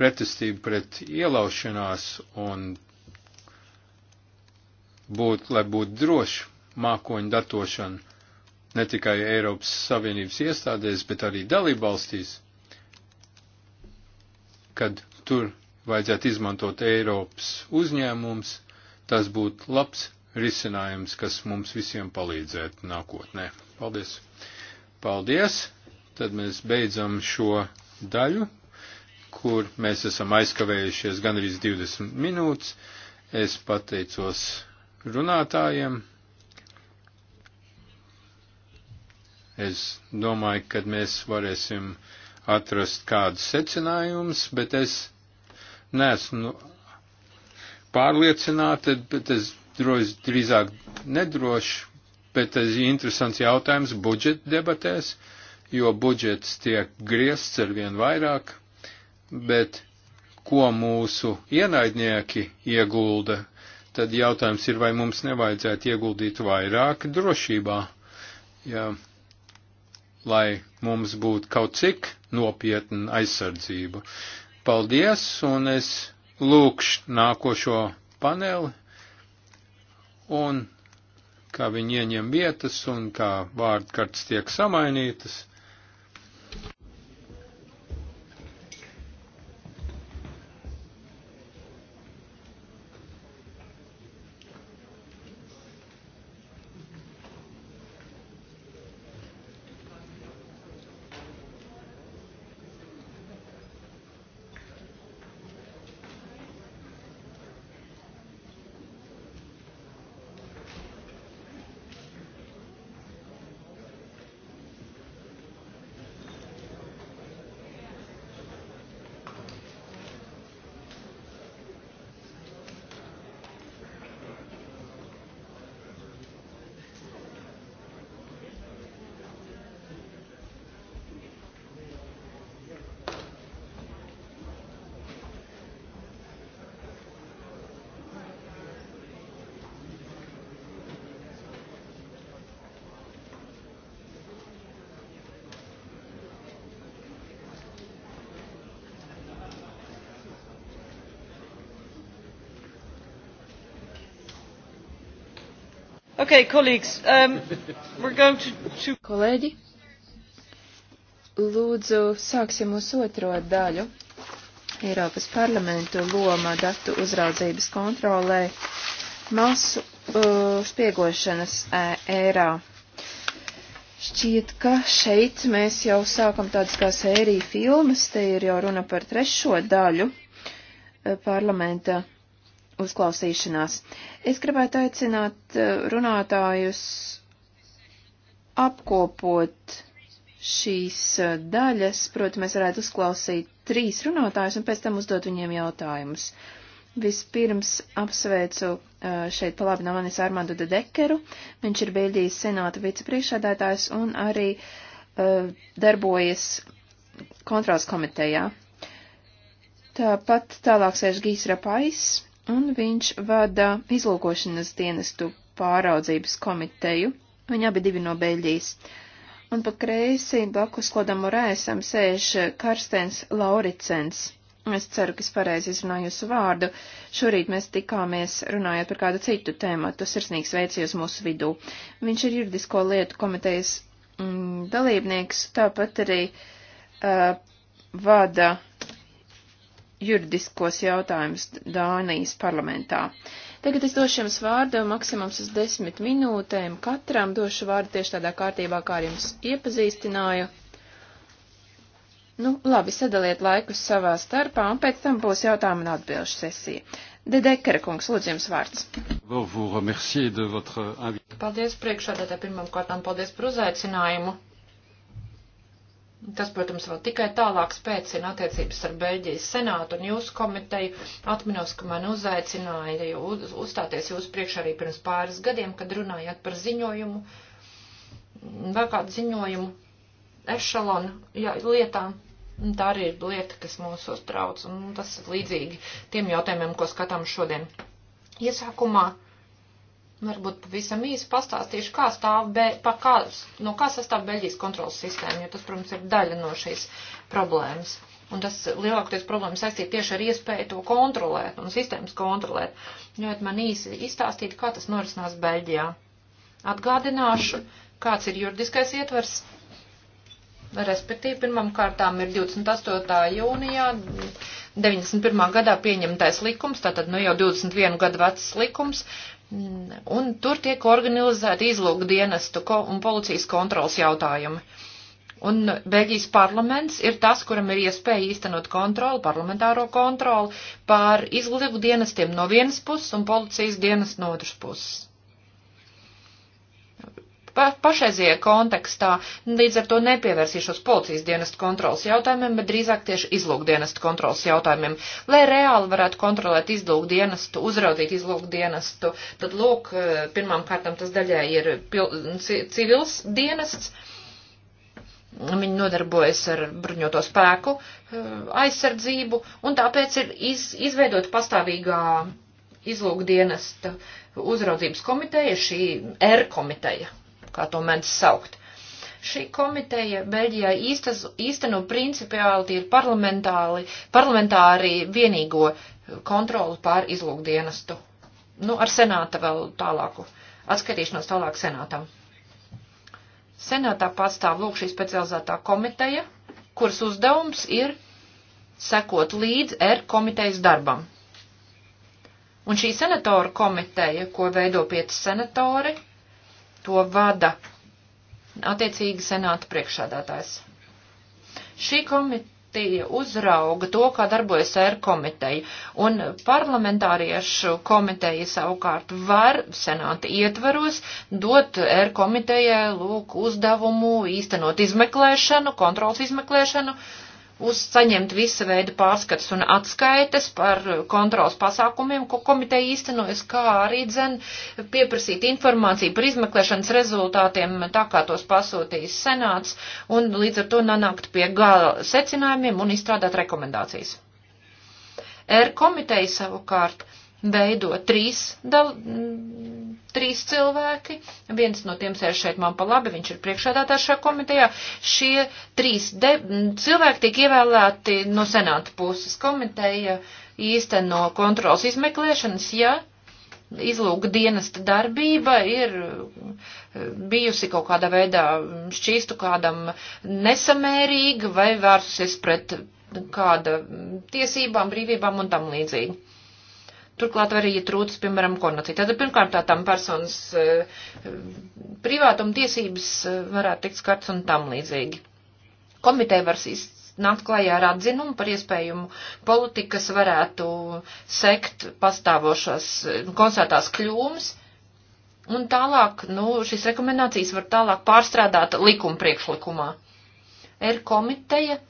pretestība pret ielaušanās un būt, lai būtu droši mākoņu datošanu ne tikai Eiropas Savienības iestādēs, bet arī dalībvalstīs, kad tur vajadzētu izmantot Eiropas uzņēmums, tas būtu labs risinājums, kas mums visiem palīdzētu nākotnē. Paldies! Paldies! Tad mēs beidzam šo daļu, kur mēs esam aizkavējušies gandrīz 20 minūtes. Es pateicos runātājiem. Es domāju, ka mēs varēsim atrast kādus secinājumus, bet es neesmu nu, pārliecināta, bet es droši, drīzāk nedroši, bet tas ir interesants jautājums budžeta debatēs, jo budžets tiek griezts ar vien vairāk, bet ko mūsu ienaidnieki iegulda, tad jautājums ir, vai mums nevajadzētu ieguldīt vairāk drošībā. Ja lai mums būtu kaut cik nopietna aizsardzība. Paldies, un es lūkšu nākošo paneli, un kā viņi ieņem vietas, un kā vārdkarts tiek samainītas. Okay, colleagues, um, we're going to, to... Kolēģi, lūdzu, sāksim mūsu otro daļu. Eiropas parlamentu loma datu uzraudzības kontrolē masu uh, spiegošanas uh, ērā. Šķiet, ka šeit mēs jau sākam tādas kā sēriju filmas, te ir jau runa par trešo daļu uh, parlamenta uzklausīšanās. Es gribētu aicināt eh, runātājus apkopot šīs eh, daļas, proti mēs varētu uzklausīt trīs runātājus un pēc tam uzdot viņiem jautājumus. Vispirms apsveicu eh, šeit pa labi no manis Armandu de Dekeru, viņš ir Beļģijas senāta vicepriekšādātājs un arī uh, darbojas kontrols komitejā. Tāpat tālāk sēž Gīs Rapais, un viņš vada izlūkošanas dienestu pāraudzības komiteju. Viņi abi divi no Beļģijas. Un pa kreisi blakus Klodam Morēsam sēž Karstens Lauricens. Es ceru, ka es pareizi izrunāju jūsu vārdu. Šorīt mēs tikāmies runājot par kādu citu tēmu. Tas sirsnīgs veicījos mūsu vidū. Viņš ir juridisko lietu komitejas mm, dalībnieks, tāpat arī uh, vada juridiskos jautājumus Dānijas parlamentā. Tagad es došu jums vārdu maksimums uz desmit minūtēm. Katram došu vārdu tieši tādā kārtībā, kā ar jums iepazīstināju. Nu, labi, sadaliet laikus savā starpā, un pēc tam būs jautājuma un atbilžu sesija. Dedekara kungs, lūdzu jums vārds. Paldies priekšādā, pirmam kārtām paldies par uzaicinājumu. Tas, protams, vēl tikai tālāk spēcina attiecības ar Beļģijas senātu un jūsu komiteju. Atminos, ka man uzaicināja uz, uzstāties jūsu priekš arī pirms pāris gadiem, kad runājāt par ziņojumu, vēl kādu ziņojumu, ešalonu jā, lietām. Tā arī ir lieta, kas mūs uztrauc, un tas ir līdzīgi tiem jautājumiem, ko skatām šodien. Iesākumā. Ja Varbūt pavisam īsi pastāstīšu, kā stāv, be, pa kā, no kā sastāv Beļģijas kontrolas sistēma, jo tas, protams, ir daļa no šīs problēmas. Un tas lielākoties problēma saistīta tieši ar iespēju to kontrolēt un sistēmas kontrolēt. Ļaujiet man īsi izstāstīt, kā tas norisinās Beļģijā. Atgādināšu, kāds ir juridiskais ietvers. Respektīvi, pirmam kārtām ir 28. jūnijā 91. gadā pieņemtais likums, tātad nu jau 21 gadu vecs likums, Mm, un tur tiek organizēti izlūku dienestu un policijas kontrols jautājumi. Un Beļģijas parlaments ir tas, kuram ir iespēja īstenot kontroli, parlamentāro kontroli pār izlūku dienestiem no vienas puses un policijas dienestu no otras puses pa, pašreizie kontekstā, līdz ar to nepievērsīšos policijas dienestu kontrolas jautājumiem, bet drīzāk tieši izlūkdienestu kontrolas jautājumiem. Lai reāli varētu kontrolēt izlūkdienestu, uzraudīt izlūkdienestu, tad lūk, eh, pirmām kārtām tas daļai ir pil, civils dienests. Viņi nodarbojas ar bruņoto spēku eh, aizsardzību, un tāpēc ir iz, izveidota pastāvīgā izlūkdienesta uzraudzības komiteja, šī R komiteja kā to mēdz saukt. Šī komiteja Beļģijā īstas, īsteno principiāli ir parlamentāri vienīgo kontroli pār izlūkdienestu. Nu, ar senāta vēl tālāku, atskatīšanos tālāk senātam. Senātā pastāv lūk šī specializētā komiteja, kuras uzdevums ir sekot līdz R komitejas darbam. Un šī senatora komiteja, ko veido pieci senatori, To vada attiecīgi senāta priekšādātājs. Šī komiteja uzrauga to, kā darbojas ēr komiteja, un parlamentāriešu komiteja savukārt var senāta ietvaros dot ēr komitejai lūk uzdevumu īstenot izmeklēšanu, kontrols izmeklēšanu, uh, uz saņemt visa veida pārskats un atskaites par kontrols pasākumiem, ko komiteja īstenojas, kā arī dzen pieprasīt informāciju par izmeklēšanas rezultātiem, tā kā tos pasūtījis senāts, un līdz ar to nanākt pie gala secinājumiem un izstrādāt rekomendācijas. R komiteja savukārt veido trīs, dal, trīs cilvēki. Viens no tiem sēž šeit man pa labi, viņš ir priekšādātājs šajā komitejā. Šie trīs de, cilvēki tiek ievēlēti no senāta puses. Komiteja īsteno kontrols izmeklēšanas, ja izlūka dienesta darbība ir eh, bijusi kaut kādā veidā šķīstu kādam nesamērīga vai vērsusies pret kāda tiesībām, brīvībām un tam līdzīgi turklāt arī ir trūcis, piemēram, konocija. Tātad pirmkārt tā tam personas eh, privātuma tiesības eh, varētu tikt skarts un tam līdzīgi. Komiteja var nākt klajā ar atzinumu par iespējumu politiku, kas varētu sekt pastāvošās eh, konstatās kļūmes. Un tālāk, nu, šīs rekomendācijas var tālāk pārstrādāt likuma priekšlikumā. Ir komiteja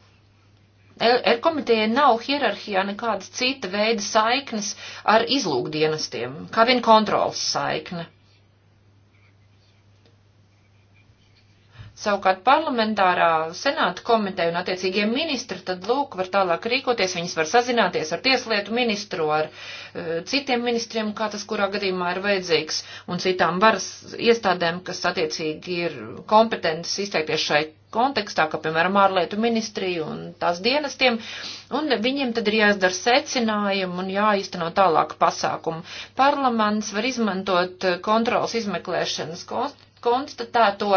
Er komitejai nav hierarhijā nekāda cita veida saiknes ar izlūkdienestiem, kā vien kontrols saikne. Savukārt parlamentārā senāta komiteja un attiecīgie ministri tad lūk var tālāk rīkoties, viņas var sazināties ar tieslietu ministru, ar uh, citiem ministriem, kā tas kurā gadījumā ir vajadzīgs, un citām varas iestādēm, kas attiecīgi ir kompetentas izteikties šai kontekstā, kā piemēram ārlietu ministriju un tās dienestiem, un viņiem tad ir jāizdara secinājumi un jāīsteno tālāk pasākumu. Parlaments var izmantot eh, kontrols izmeklēšanas konstatēto,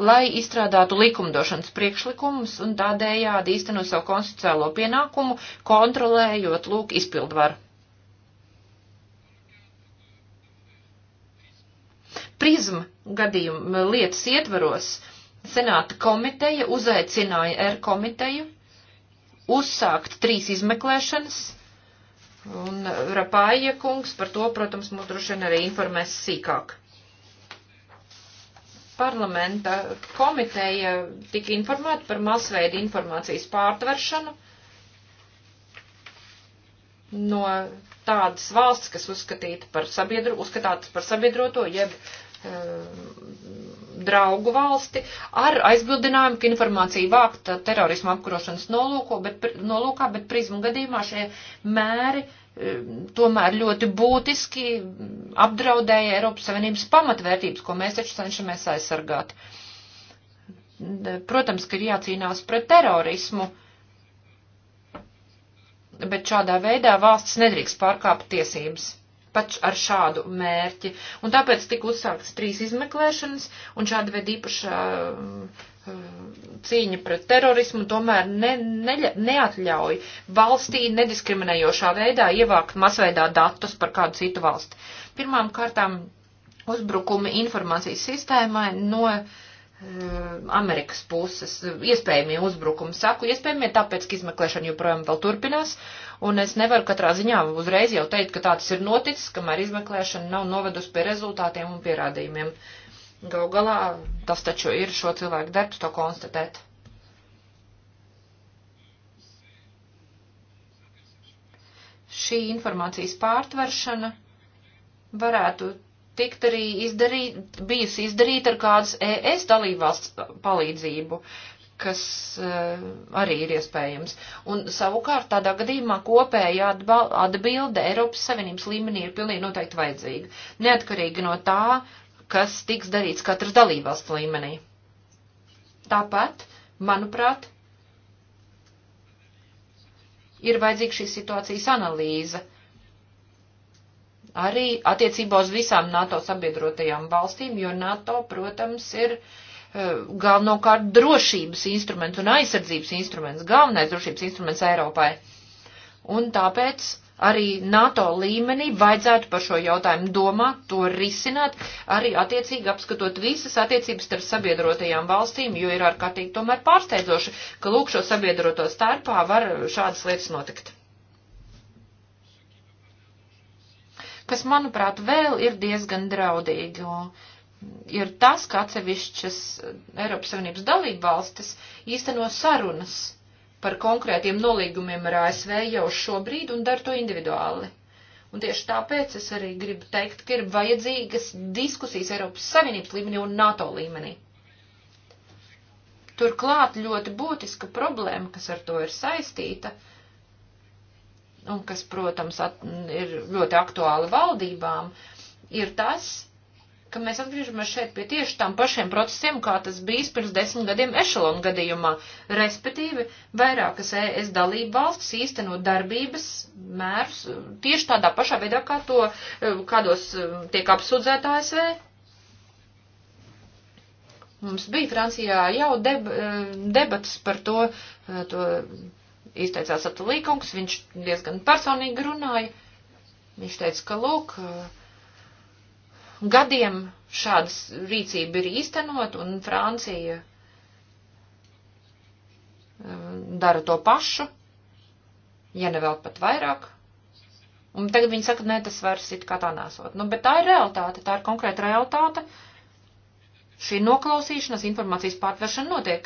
lai izstrādātu likumdošanas priekšlikumus un tādējādi īsteno savu konstitucionālo pienākumu, kontrolējot lūk izpildvaru. Prizma gadījuma lietas ietvaros uh, Senāta komiteja uzaicināja R komiteju uzsākt trīs izmeklēšanas, un uh, Rapāja kungs par to, protams, mūs droši vien arī informēs sīkāk. Parlamenta komiteja tika informēta par masveida informācijas pārtveršanu no tādas valsts, kas uzskatīta par sabiedro, uzskatātas par sabiedroto, jeb um, draugu valsti ar aizbildinājumu, ka informācija vākta terorisma apkarošanas nolūko, bet, nolūkā, bet prizmu gadījumā šie mēri eh, tomēr ļoti būtiski mm, apdraudēja Eiropas Savienības pamatvērtības, ko mēs taču cenšamies aizsargāt. Protams, ka ir jācīnās pret terorismu bet šādā veidā valsts nedrīkst pārkāpt tiesības pat ar šādu mērķi. Un tāpēc tika uzsāktas trīs izmeklēšanas, un šāda veida īpašā um, um, cīņa pret terorismu tomēr ne, ne, neatļauj valstī nediskriminējošā veidā ievākt masveidā datus par kādu citu valsti. Pirmām kārtām uzbrukumi informācijas sistēmai no uh, Amerikas puses iespējamie uzbrukumi. Saku iespējamie, tāpēc, ka izmeklēšana joprojām vēl turpinās, un es nevaru katrā ziņā uzreiz jau teikt, ka tā tas ir noticis, kamēr izmeklēšana nav novedusi pie rezultātiem un pierādījumiem. Gau galā tas taču ir šo cilvēku darbs to konstatēt. Šī informācijas pārtveršana varētu tikt arī izdarīt, bijusi izdarīta ar kādas ES dalībvalsts palīdzību. Uh, kas uh, arī ir iespējams. Un savukārt tādā gadījumā kopēja atbilde Eiropas Savienības līmenī ir pilnīgi noteikti vajadzīga, neatkarīgi no tā, kas tiks darīts katras dalībvalsts līmenī. Tāpat, manuprāt, ir vajadzīga šīs situācijas analīze arī attiecībā uz visām NATO sabiedrotajām valstīm, jo NATO, protams, ir uh, Eh, galvenokārt drošības instruments un aizsardzības instruments, galvenais drošības instruments Eiropai. Un tāpēc arī NATO līmenī vajadzētu par šo jautājumu domāt, to risināt, arī attiecīgi apskatot visas attiecības starp sabiedrotajām valstīm, jo ir ārkārtīgi tomēr pārsteidzoši, ka lūk šo sabiedroto starpā var šādas lietas notikt. Kas, manuprāt, vēl ir diezgan draudīgi. Un ir tas, ka atsevišķas Eiropas Savienības dalībvalstis īsteno sarunas par konkrētiem nolīgumiem ar ASV jau šobrīd un dara to individuāli. Un tieši tāpēc es arī gribu teikt, ka ir vajadzīgas diskusijas Eiropas Savienības līmenī un NATO līmenī. Turklāt ļoti būtiska problēma, kas ar to ir saistīta, un kas, protams, at, ir ļoti aktuāla valdībām, ir tas, ka mēs atgriežamies šeit pie tieši tām pašiem procesiem, kā tas bijis pirms desmit gadiem ešalonu gadījumā, respektīvi vairākas ES dalība valstis īstenot darbības mērus uh, tieši tādā pašā veidā, kā to, uh, kādos uh, tiek apsūdzēta ASV. Mums bija Francijā jau deb, debats par to, to izteicās Atalīkungs, viņš diezgan personīgi runāja. Viņš teica, ka lūk, uh, Gadiem šādas rīcība ir īstenot, un Francija eh, dara to pašu, ja ne vēl pat vairāk. Un tagad viņi saka, nē, tas vairs it kā tā nesot. Nu, bet tā ir realitāte, tā ir konkrēta realitāte. Šī noklausīšanas informācijas pārtveršana notiek.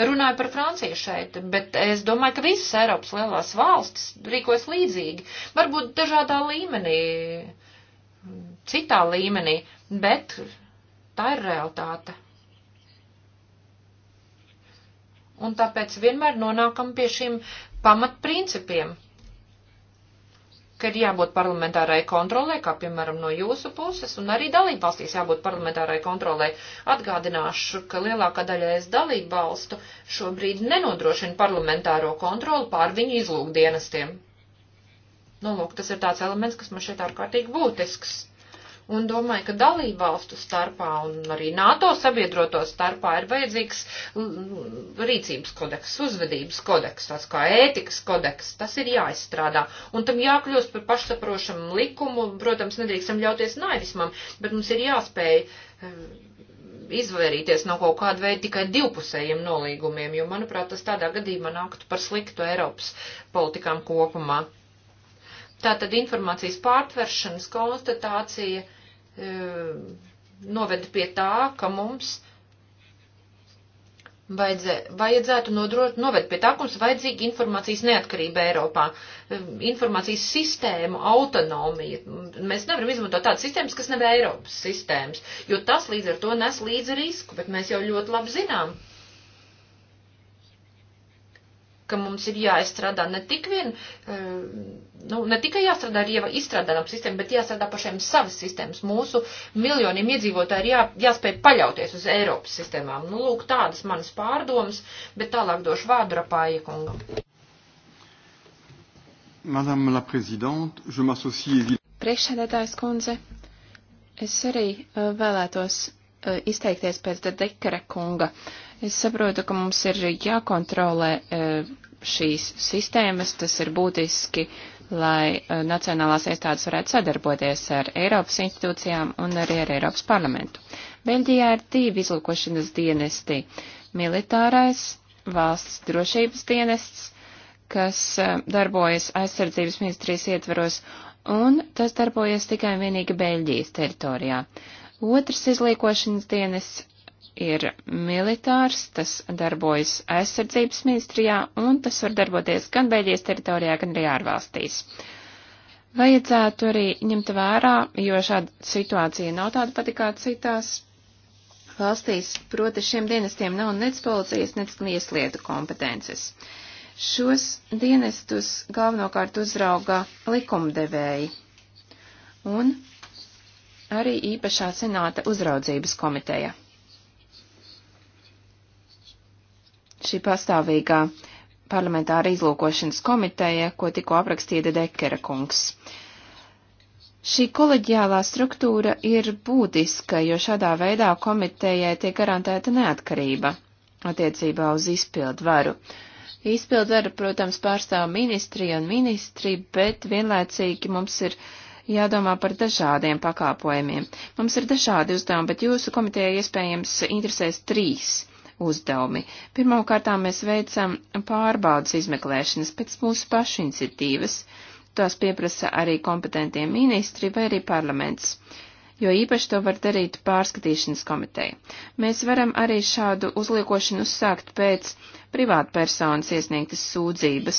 Runāju par Franciju šeit, bet es domāju, ka visas Eiropas lielās valstis rīkojas līdzīgi. Varbūt dažādā līmenī citā līmenī, bet tā ir realitāte. Un tāpēc vienmēr nonākam pie šiem pamatprincipiem, ka ir jābūt parlamentārai kontrolē, kā piemēram no jūsu puses, un arī dalībvalstīs jābūt parlamentārai kontrolē. Atgādināšu, ka lielākā daļa es dalībvalstu šobrīd nenodrošina parlamentāro kontroli pār viņu izlūkdienestiem. Nu, lūk, tas ir tāds elements, kas man šeit ārkārtīgi būtisks un domāju, ka dalībvalstu starpā un arī NATO sabiedroto starpā ir vajadzīgs mm, rīcības kodeks, uzvedības kodeks, tāds kā ētikas kodeks. Tas ir jāizstrādā. Un tam jākļūst par pašsaprošamu likumu. Protams, nedrīkstam ļauties naivismam, bet mums ir jāspēj mm, izvairīties no kaut kāda veida tikai divpusējiem nolīgumiem, jo, manuprāt, tas tādā gadījumā nāktu par sliktu Eiropas politikām kopumā. Tātad informācijas pārtveršanas konstatācija Eh, noveda pie tā, ka mums vajadzē, vajadzētu nodrot, noved pie tā, ka mums vajadzīga informācijas neatkarība Eiropā, eh, informācijas sistēmu autonomija. Mēs nevaram izmantot tādas sistēmas, kas nav Eiropas sistēmas, jo tas līdz ar to nes līdzi risku, bet mēs jau ļoti labi zinām, uh, ka mums ir jāizstrādā ne tik vien, eh, nu, ne tikai jāstrādā ar jau izstrādātām sistēmām, bet jāstrādā pašiem savas sistēmas. Mūsu miljoniem iedzīvotāji ir jā, jāspēj paļauties uz Eiropas sistēmām. Nu, lūk, tādas manas pārdomas, bet tālāk došu vārdu Rapāja kungam. Madame la Présidente, je m'associe évidemment. Priekšsēdētājs kundze, es arī uh, vēlētos uh, izteikties pēc Dekara kunga. Uh, Es saprotu, ka mums ir jākontrolē e, šīs sistēmas, tas ir būtiski, lai e, nacionālās iestādes varētu sadarboties ar Eiropas institūcijām un arī ar Eiropas parlamentu. Beļģijā ir divi izlūkošanas dienesti - militārais, valsts drošības dienests, kas e, darbojas aizsardzības ministrijas ietveros, un tas darbojas tikai un vienīgi Beļģijas teritorijā. Otrs izlīkošanas dienests ir militārs, tas darbojas aizsardzības ministrijā, un tas var darboties gan Beļģijas teritorijā, gan arī ārvalstīs. Vajadzētu arī ņemt vērā, jo šāda situācija nav tāda pati kā citās valstīs, proti šiem dienestiem nav nec policijas, nec ieslietu kompetences. Šos dienestus galvenokārt uzrauga likumdevēji un arī īpašā senāta uzraudzības komiteja. šī pastāvīgā parlamentāra izlūkošanas komiteja, ko tikko aprakstīja Dekera kungs. Šī koleģiālā struktūra ir būtiska, jo šādā veidā komitejai tiek garantēta neatkarība attiecībā uz izpildu varu. Izpildu varu, protams, pārstāv ministri un ministri, bet vienlaicīgi mums ir jādomā par dažādiem pakāpojumiem. Mums ir dažādi uzdevumi, bet jūsu komitejai iespējams interesēs trīs uzdevumi. Pirmkārtām mēs veicam pārbaudas izmeklēšanas pēc mūsu pašu iniciatīvas. Tās pieprasa arī kompetentie ministri vai arī parlaments, jo īpaši to var darīt pārskatīšanas komiteja. Mēs varam arī šādu uzliekošanu uzsākt pēc privātpersonas iesniegtas sūdzības.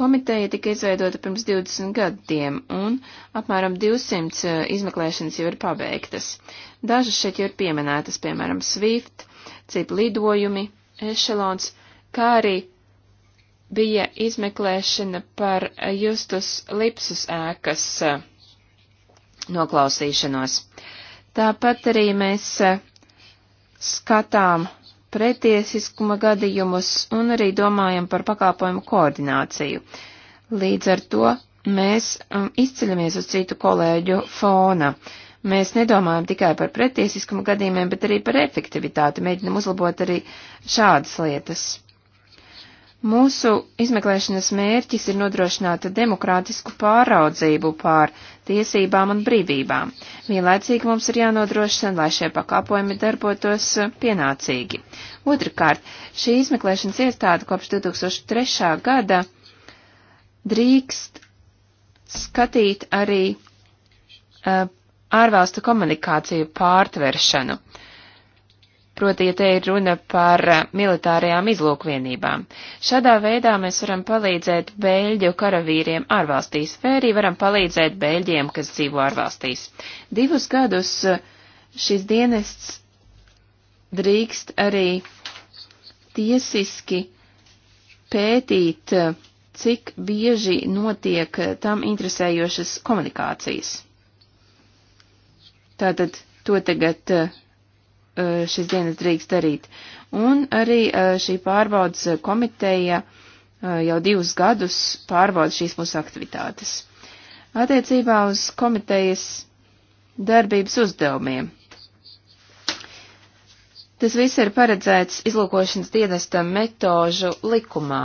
Komiteja tika izveidota pirms 20 gadiem, un apmēram 200 eh, izmeklēšanas jau ir pabeigtas. Dažas šeit jau ir pieminētas, piemēram, SWIFT, cip lidojumi, ešelons, kā arī bija izmeklēšana par Justus Lipsus ēkas eh, noklausīšanos. Tāpat arī mēs eh, skatām pretiesiskuma gadījumus un arī domājam par pakāpojumu koordināciju. Līdz ar to mēs mm, izceļamies uz citu kolēģu fona. Uh, Mēs nedomājam tikai par pretiesiskuma gadījumiem, bet arī par efektivitāti, mēģinam uzlabot arī šādas lietas. Mūsu izmeklēšanas mērķis ir nodrošināt demokrātisku pāraudzību pār tiesībām un brīvībām. Vienlaicīgi mums ir jānodrošina, lai šie pakāpojumi darbotos pienācīgi. Otrakārt, šī izmeklēšanas iestāde kopš 2003. gada drīkst skatīt arī uh, ārvalstu komunikāciju pārtveršanu. Proti, ja te ir runa par eh, militārajām izlūkvienībām. Šādā veidā mēs varam palīdzēt beļģu karavīriem ārvalstīs, vai arī varam palīdzēt beļģiem, kas dzīvo ārvalstīs. Divus gadus eh, šis dienests drīkst arī tiesiski pētīt, eh, cik bieži notiek tam interesējošas komunikācijas. Tātad to tagad uh, uh, šis dienas drīkst darīt. Un arī uh, šī pārbaudas komiteja jau divus gadus pārbauda šīs mūsu aktivitātes. Attiecībā uz komitejas darbības uzdevumiem. Tas viss ir paredzēts izlūkošanas dienesta metožu likumā.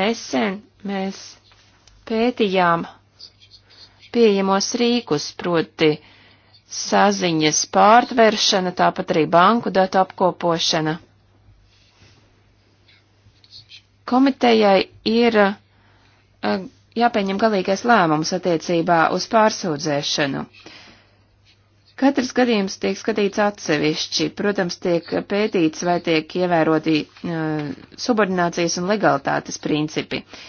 Nesen mēs pētījām pieejamos rīkus, proti uh, saziņas pārtveršana, tāpat arī banku datu apkopošana. Komitejai ir eh, jāpieņem galīgais lēmums attiecībā uz pārsūdzēšanu. Katrs gadījums tiek skatīts atsevišķi, protams, tiek pētīts, vai tiek ievēroti uh, subordinācijas un legalitātes principi. Uh,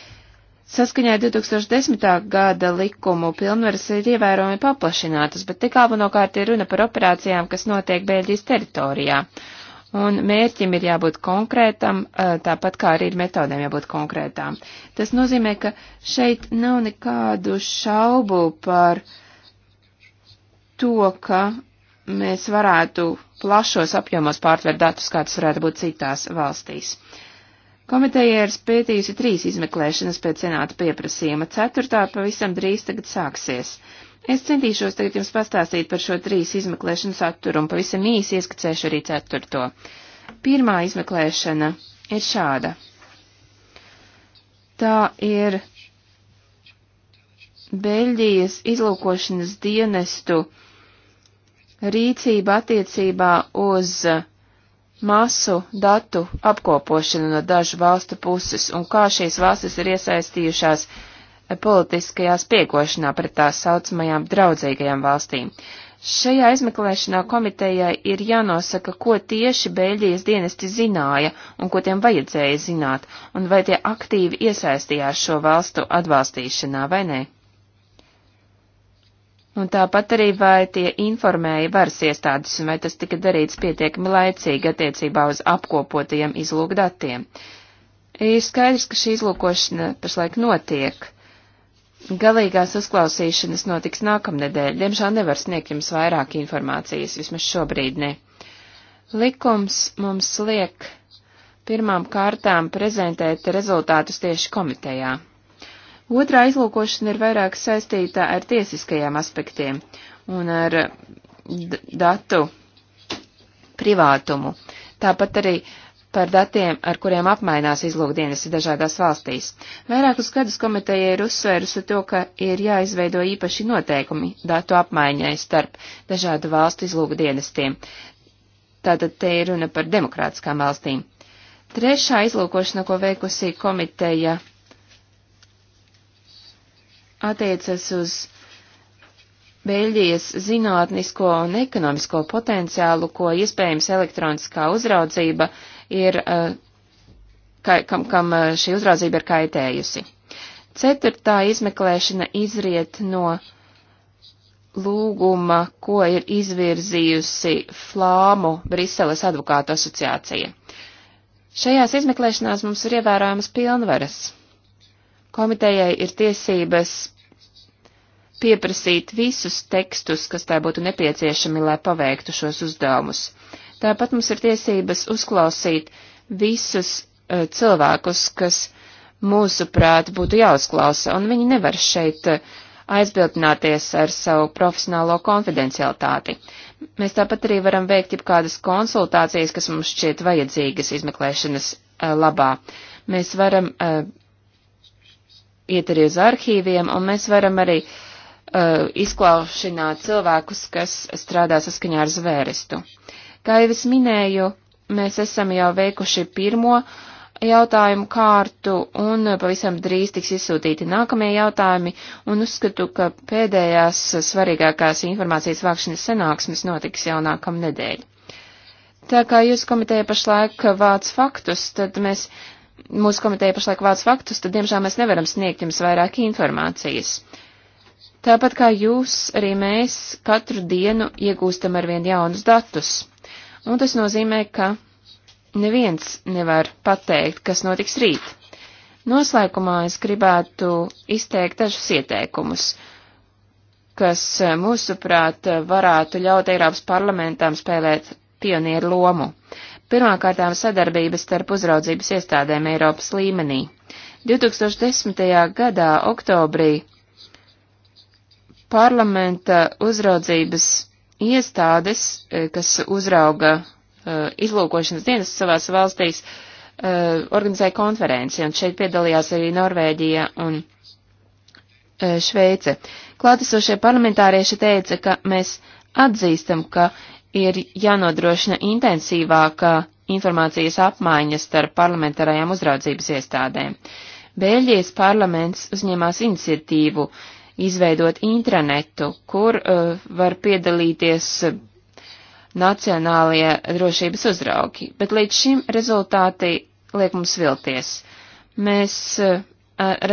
Saskaņā 2010. gada likumu pilnvaras ir ievērojami paplašinātas, bet tik galvenokārt ir runa par operācijām, kas notiek Bēļģijas teritorijā. Un mērķim ir jābūt konkrētam, eh, tāpat kā arī ir metodēm jābūt konkrētām. Tas nozīmē, ka šeit nav nekādu šaubu par to, ka mēs varētu plašos apjomos pārtvert datus, kā tas varētu būt citās valstīs. Uh, Komiteja ir spētījusi trīs izmeklēšanas pēc senāta pieprasījuma, ceturtā pavisam drīz tagad sāksies. Es centīšos tagad jums pastāstīt par šo trīs izmeklēšanu saturu un pavisam īsi ieskicēšu arī ceturto. Pirmā izmeklēšana ir šāda. Tā ir Beļģijas izlūkošanas dienestu rīcība attiecībā uz uh, masu datu apkopošana no dažu valstu puses un kā šīs valstis ir iesaistījušās politiskajā spiegošanā pret tās saucamajām draudzīgajām valstīm. Šajā izmeklēšanā komitejai ir jānosaka, ko tieši Beļģijas dienesti zināja un ko tiem vajadzēja zināt, un vai tie aktīvi iesaistījās šo valstu atbalstīšanā vai nē. Un tāpat arī, vai tie informēja varas iestādes un vai tas tika darīts pietiekami laicīgi attiecībā uz apkopotajiem izlūkdatiem. Ir skaidrs, ka šī izlūkošana pašlaik notiek. Galīgās uzklausīšanas notiks nākamnedēļ. Diemžēl nevar sniegt jums vairāk informācijas, vismaz šobrīd ne. Likums mums liek pirmām kārtām prezentēt rezultātus tieši komitejā. Otrā izlūkošana ir vairāk saistīta ar tiesiskajiem aspektiem un ar eh, datu privātumu. Tāpat arī par datiem, ar kuriem apmainās izlūkdienas dažādās valstīs. Vairākus gadus komiteja ir uzsvērusi to, ka ir jāizveido īpaši noteikumi datu apmaiņai starp dažādu valstu izlūkdienestiem. Tātad te ir runa par demokrātiskām valstīm. Trešā izlūkošana, ko veikusi komiteja attiecas uz Beļģijas zinātnisko un ekonomisko potenciālu, ko iespējams elektroniskā uzraudzība ir, eh, ka, kam, kam eh, šī uzraudzība ir kaitējusi. Ceturtā izmeklēšana izriet no lūguma, ko ir izvirzījusi Flāmu Briseles advokātu asociācija. Šajās izmeklēšanās mums ir ievērojamas pilnvaras. Komitejai ir tiesības pieprasīt visus tekstus, kas tā būtu nepieciešami, lai paveiktu šos uzdevumus. Tāpat mums ir tiesības uzklausīt visus uh, cilvēkus, kas mūsuprāt būtu jāuzklausa, un viņi nevar šeit uh, aizbildināties ar savu profesionālo konfidencialitāti. Mēs tāpat arī varam veikt jebkādas konsultācijas, kas mums šķiet vajadzīgas izmeklēšanas uh, labā. Mēs varam uh, iet arī uz arhīviem, un mēs varam arī uh, izklaušināt cilvēkus, kas strādā saskaņā ar zvērestu. Kā jau es minēju, mēs esam jau veikuši pirmo jautājumu kārtu, un pavisam drīz tiks izsūtīti nākamie jautājumi, un uzskatu, ka pēdējās svarīgākās informācijas vākšanas sanāksmes notiks jau nākamnedēļ. Tā kā jūs komiteja pašlaik vāc faktus, tad mēs mūsu komiteja pašlaik vāc faktus, tad diemžēl mēs nevaram sniegt jums vairāk informācijas. Tāpat kā jūs, arī mēs katru dienu iegūstam arvien jaunus datus. Un tas nozīmē, ka neviens nevar pateikt, kas notiks rīt. Noslēgumā es gribētu izteikt dažus ieteikumus, kas, eh, mūsuprāt, varētu ļaut Eiropas parlamentam spēlēt pionieru lomu pirmkārtām sadarbības starp uzraudzības iestādēm Eiropas līmenī. 2010. gadā oktobrī parlamenta uzraudzības iestādes, eh, kas uzrauga uh, izlūkošanas dienas savās valstīs, uh, organizēja konferenci, un šeit piedalījās arī Norvēģija un uh, Šveice. Klātesošie parlamentārieši teica, ka mēs atzīstam, ka ir jānodrošina intensīvāka informācijas apmaiņa starp parlamentārajām uzraudzības iestādēm. Bēļģijas parlaments uzņēmās iniciatīvu izveidot intranetu, kur uh, var piedalīties uh, nacionālie drošības uzraugi, bet līdz šim rezultāti liek mums vilties. Mēs uh,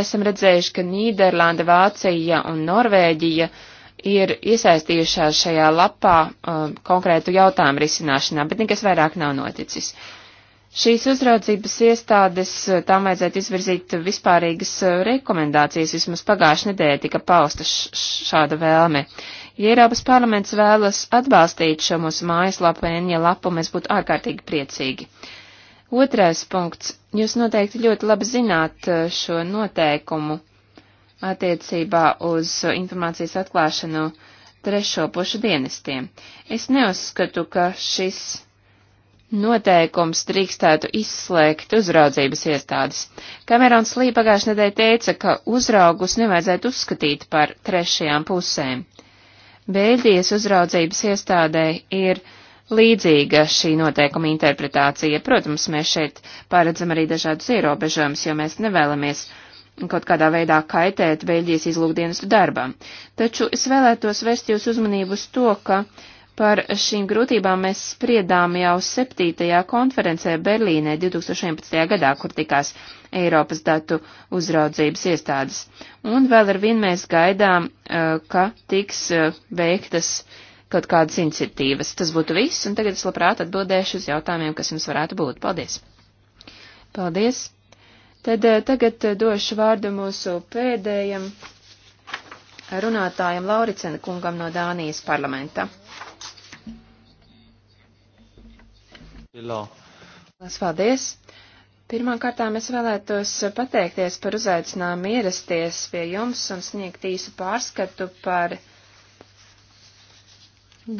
esam redzējuši, ka Nīderlanda, Vācija un Norvēģija uh, ir iesaistījušās šajā lapā uh, konkrētu jautājumu risināšanā, bet nekas vairāk nav noticis. Šīs uzraudzības iestādes uh, tam vajadzētu izvirzīt vispārīgas uh, rekomendācijas, vismaz pagājušajā nedēļā tika pausta šāda vēlme. Ja Eiropas parlaments vēlas atbalstīt šo mūsu mājaslapu Enja lapu, mēs būtu ārkārtīgi priecīgi. Otrais punkts. Jūs noteikti ļoti labi zināt uh, šo noteikumu attiecībā uz informācijas atklāšanu trešo pušu dienestiem. Es neuzskatu, ka šis noteikums drīkstētu izslēgt uzraudzības iestādes. Kamerons Lī pagājušajā nedēļā teica, ka uzraugus nevajadzētu uzskatīt par trešajām pusēm. Bēļģijas uzraudzības iestādē ir līdzīga šī noteikuma interpretācija. Protams, mēs šeit paredzam arī dažādus ierobežojumus, jo mēs nevēlamies kaut kādā veidā kaitēt Beļģijas izlūkdienestu darbam. Taču es vēlētos vērst jūs uzmanību uz to, ka par šīm grūtībām mēs spriedām jau 7. konferencē Berlīnē 2011. gadā, kur tikās Eiropas datu uzraudzības iestādes. Un vēl ar vien mēs gaidām, eh, ka tiks eh, veiktas kaut kādas iniciatīvas. Tas būtu viss, un tagad es labprāt atbildēšu uz jautājumiem, kas jums varētu būt. Paldies! Paldies! Tad eh, tagad eh, došu vārdu mūsu pēdējam runātājam Lauricena kungam no Dānijas parlamenta. Lielas paldies! Pirmkārtām es vēlētos pateikties par uzaicinājumu ierasties pie jums un sniegt īsu pārskatu par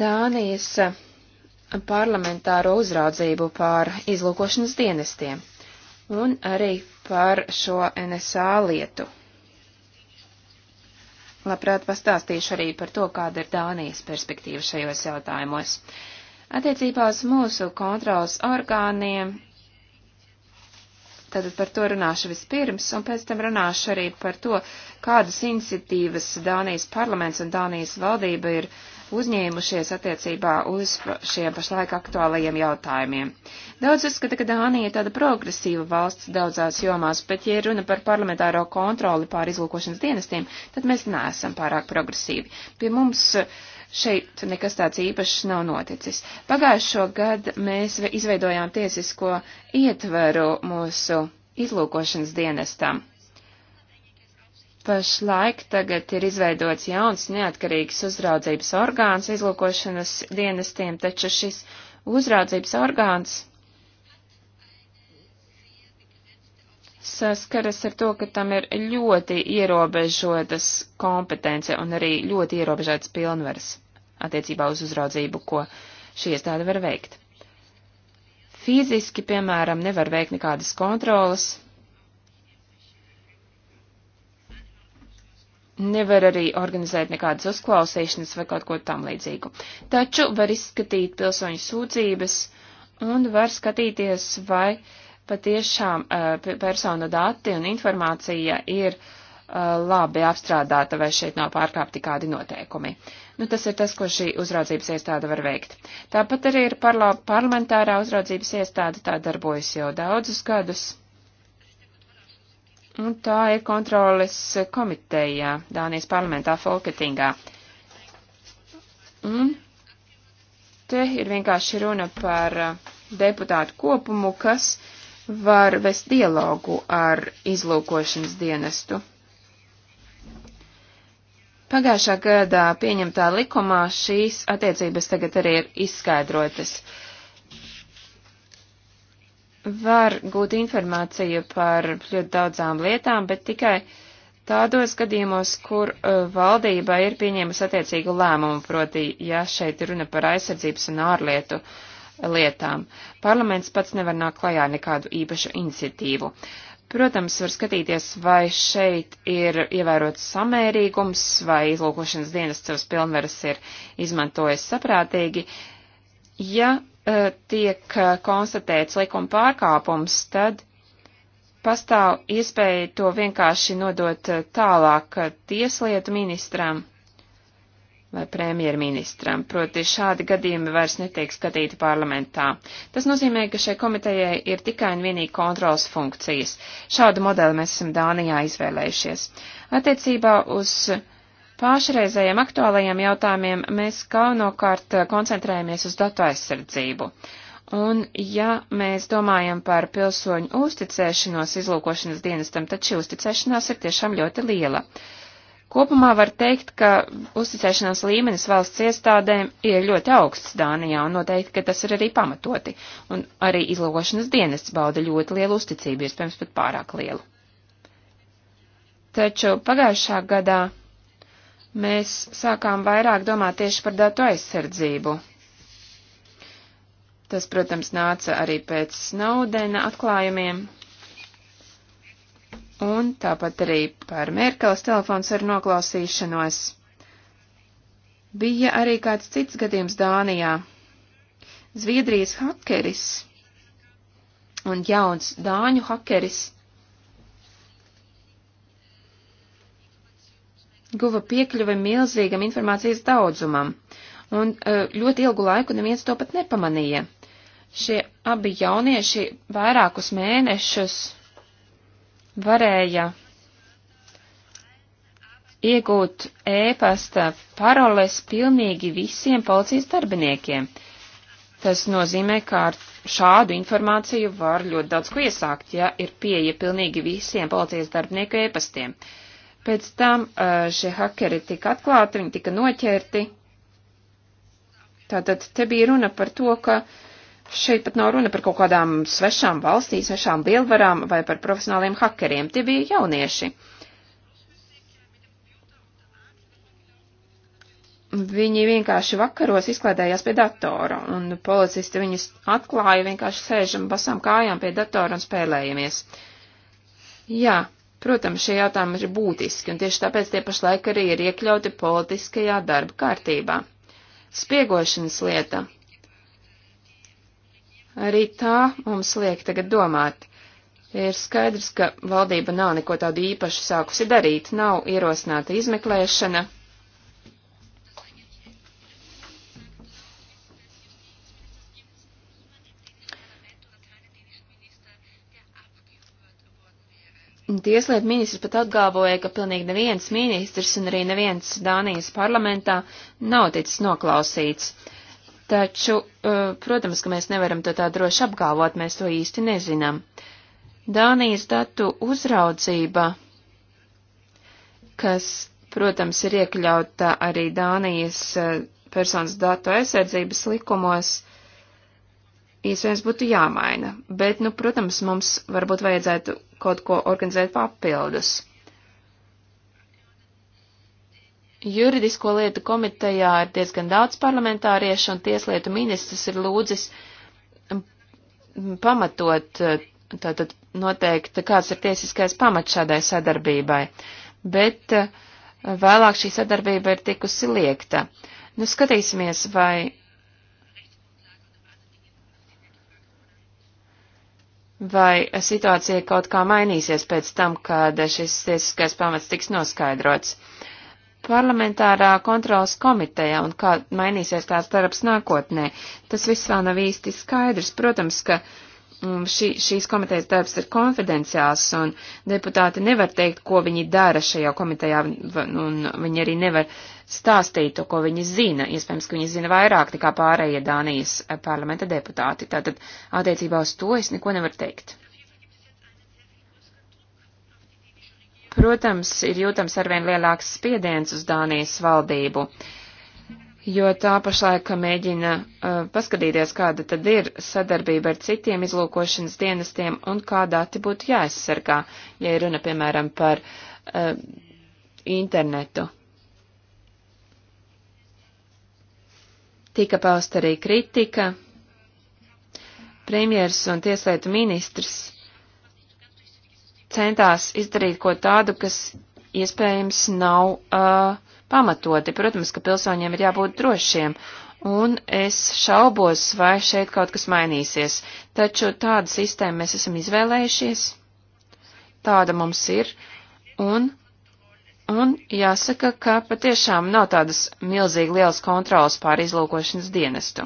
Dānijas eh, parlamentāro uzraudzību pār izlūkošanas dienestiem un arī par šo NSA lietu. Labprāt pastāstīšu arī par to, kāda ir Dānijas perspektīva šajos jautājumos. Attiecībā uz mūsu kontrols orgāniem, tad par to runāšu vispirms, un pēc tam runāšu arī par to, kādas iniciatīvas Dānijas parlaments un Dānijas valdība ir uh, uzņēmušies attiecībā uz šiem pašlaik aktuālajiem jautājumiem. Daudz uzskata, ka Dānija ir tāda progresīva valsts daudzās jomās, bet, ja runa par parlamentāro kontroli pār izlūkošanas dienestiem, tad mēs neesam pārāk progresīvi. Pie mums šeit nekas tāds īpašs nav noticis. Pagājušo gadu mēs izveidojām tiesisko ietveru mūsu izlūkošanas dienestam. Pašlaik tagad ir izveidots jauns neatkarīgs uzraudzības orgāns izlūkošanas dienestiem, taču šis uzraudzības orgāns saskaras ar to, ka tam ir ļoti ierobežotas kompetence un arī ļoti ierobežotas pilnvaras attiecībā uz uzraudzību, ko šī iestāde var veikt. Fiziski, piemēram, nevar veikt nekādas kontrolas, nevar arī organizēt nekādas uzklausīšanas vai kaut ko tam līdzīgu. Taču var izskatīt pilsoņu sūdzības un var skatīties, vai patiešām uh, eh, personu dati un informācija ir uh, labi apstrādāta vai šeit nav pārkāpti kādi noteikumi. Nu, tas ir tas, ko šī uzraudzības iestāde var veikt. Tāpat arī ir parla parlamentārā uzraudzības iestāde, tā darbojas jau daudzus gadus. Un tā ir kontroles komitejā Dānijas parlamentā Folketingā. Un te ir vienkārši runa par uh, deputātu kopumu, kas var vest dialogu ar izlūkošanas dienestu. Pagājušā gadā pieņemtā likumā šīs attiecības tagad arī ir izskaidrotas. Uh, var gūt informāciju par ļoti daudzām lietām, bet tikai tādos gadījumos, kur uh, valdība ir pieņēmusi attiecīgu lēmumu, proti, ja šeit ir runa par aizsardzības un ārlietu lietām. Parlaments pats nevar nākt klajā nekādu īpašu iniciatīvu. Protams, var skatīties, vai šeit ir ievērots samērīgums, vai izlūkošanas dienas savas pilnveras ir izmantojis saprātīgi. Ja Uh, tiek uh, konstatēts likuma pārkāpums, tad pastāv iespēja to vienkārši nodot uh, tālāk tieslietu ministram vai premjerministram, proti šādi gadījumi vairs netiek skatīti parlamentā. Tas nozīmē, ka šai komitejai ir tikai un vienīgi kontrols funkcijas. Šādu modeli mēs esam Dānijā izvēlējušies. Attiecībā uz uh, pašreizējiem aktuālajiem jautājumiem mēs galvenokārt koncentrējamies uz datu aizsardzību. Un, ja mēs domājam par pilsoņu uzticēšanos izlūkošanas dienestam, tad šī uzticēšanās ir tiešām ļoti liela. Kopumā var teikt, ka uzticēšanās līmenis valsts iestādēm ir ļoti augsts Dānijā, un noteikti, ka tas ir arī pamatoti. Un arī izlūkošanas dienests bauda ļoti lielu uzticību, iespējams, pat pārāk lielu. Taču pagājušā gadā mēs sākām vairāk domāt tieši par datu aizsardzību. Tas, protams, nāca arī pēc Snowdena atklājumiem, un tāpat arī par Merkelas telefons ar noklausīšanos. Bija arī kāds cits gadījums Dānijā. Zviedrijas hakeris un jauns Dāņu hakeris guva piekļuvi milzīgam informācijas daudzumam, un e, ļoti ilgu laiku neviens to pat nepamanīja. Šie abi jaunieši vairākus mēnešus varēja iegūt ēpasta e paroles pilnīgi visiem policijas darbiniekiem. Tas nozīmē, ka ar šādu informāciju var ļoti daudz ko iesākt, ja ir pieeja pilnīgi visiem policijas darbinieku ēpastiem. E Pēc tam šie hakeri tika atklāti, viņi tika noķerti. Tātad te bija runa par to, ka šeit pat nav runa par kaut kādām svešām valstīs, svešām lielvarām vai par profesionāliem hakeriem. Tie bija jaunieši. Viņi vienkārši vakaros izklaidējās pie datora, un policisti viņus atklāja vienkārši sēžam basām kājām pie datora un spēlējamies. Jā, Protams, šie jautājumi ir būtiski, un tieši tāpēc tie pašlaik arī ir iekļauti politiskajā darba kārtībā. Spiegošanas lieta. Arī tā mums liek tagad domāt. Ir skaidrs, ka valdība nav neko tādu īpašu sākusi darīt, nav ierosināta izmeklēšana, Tieslietu ministrs pat atgāvoja, ka pilnīgi neviens ministrs un arī neviens Dānijas parlamentā nav ticis noklausīts. Taču, uh, protams, ka mēs nevaram to tā droši apgalvot, mēs to īsti nezinām. Dānijas datu uzraudzība, kas, protams, ir iekļauta arī Dānijas uh, personas datu aizsardzības likumos, iespējams būtu jāmaina. Bet, nu, protams, mums varbūt vajadzētu kaut ko organizēt papildus. Juridisko lietu komitejā ir diezgan daudz parlamentāriešu, un tieslietu ministrs ir lūdzis um, pamatot, uh, tātad noteikt, kāds ir tiesiskais pamats šādai sadarbībai. Bet uh, vēlāk šī sadarbība ir tikusi liekta. Nu, skatīsimies, vai Vai situācija kaut kā mainīsies pēc tam, kad šis tiesiskais pamats tiks noskaidrots? Parlamentārā kontrolas komiteja un kā mainīsies tās darbs nākotnē, tas viss vēl nav īsti skaidrs. Protams, ka mm, šī, šīs komitejas darbs ir konfidenciāls un deputāti nevar teikt, ko viņi dara šajā komitejā, un viņi arī nevar stāstītu, ko viņi zina. Iespējams, ka viņi zina vairāk nekā pārējie Dānijas parlamenta deputāti. Tātad attiecībā uz to es neko nevaru teikt. Protams, ir jūtams arvien lielāks spiediens uz Dānijas valdību, jo tā pašlaik mēģina uh, paskatīties, kāda tad ir sadarbība ar citiem izlūkošanas dienestiem un kā dati būtu jāaizsargā, ja ir runa, piemēram, par uh, internetu Tika pausta arī kritika. Premjers un tieslietu ministrs centās izdarīt ko tādu, kas iespējams nav uh, pamatoti. Protams, ka pilsoņiem ir jābūt drošiem, un es šaubos, vai šeit kaut kas mainīsies. Taču tādu sistēmu mēs esam izvēlējušies, tāda mums ir, un Un jāsaka, ka patiešām nav tādas milzīgi lielas kontrolas pār izlūkošanas dienestu.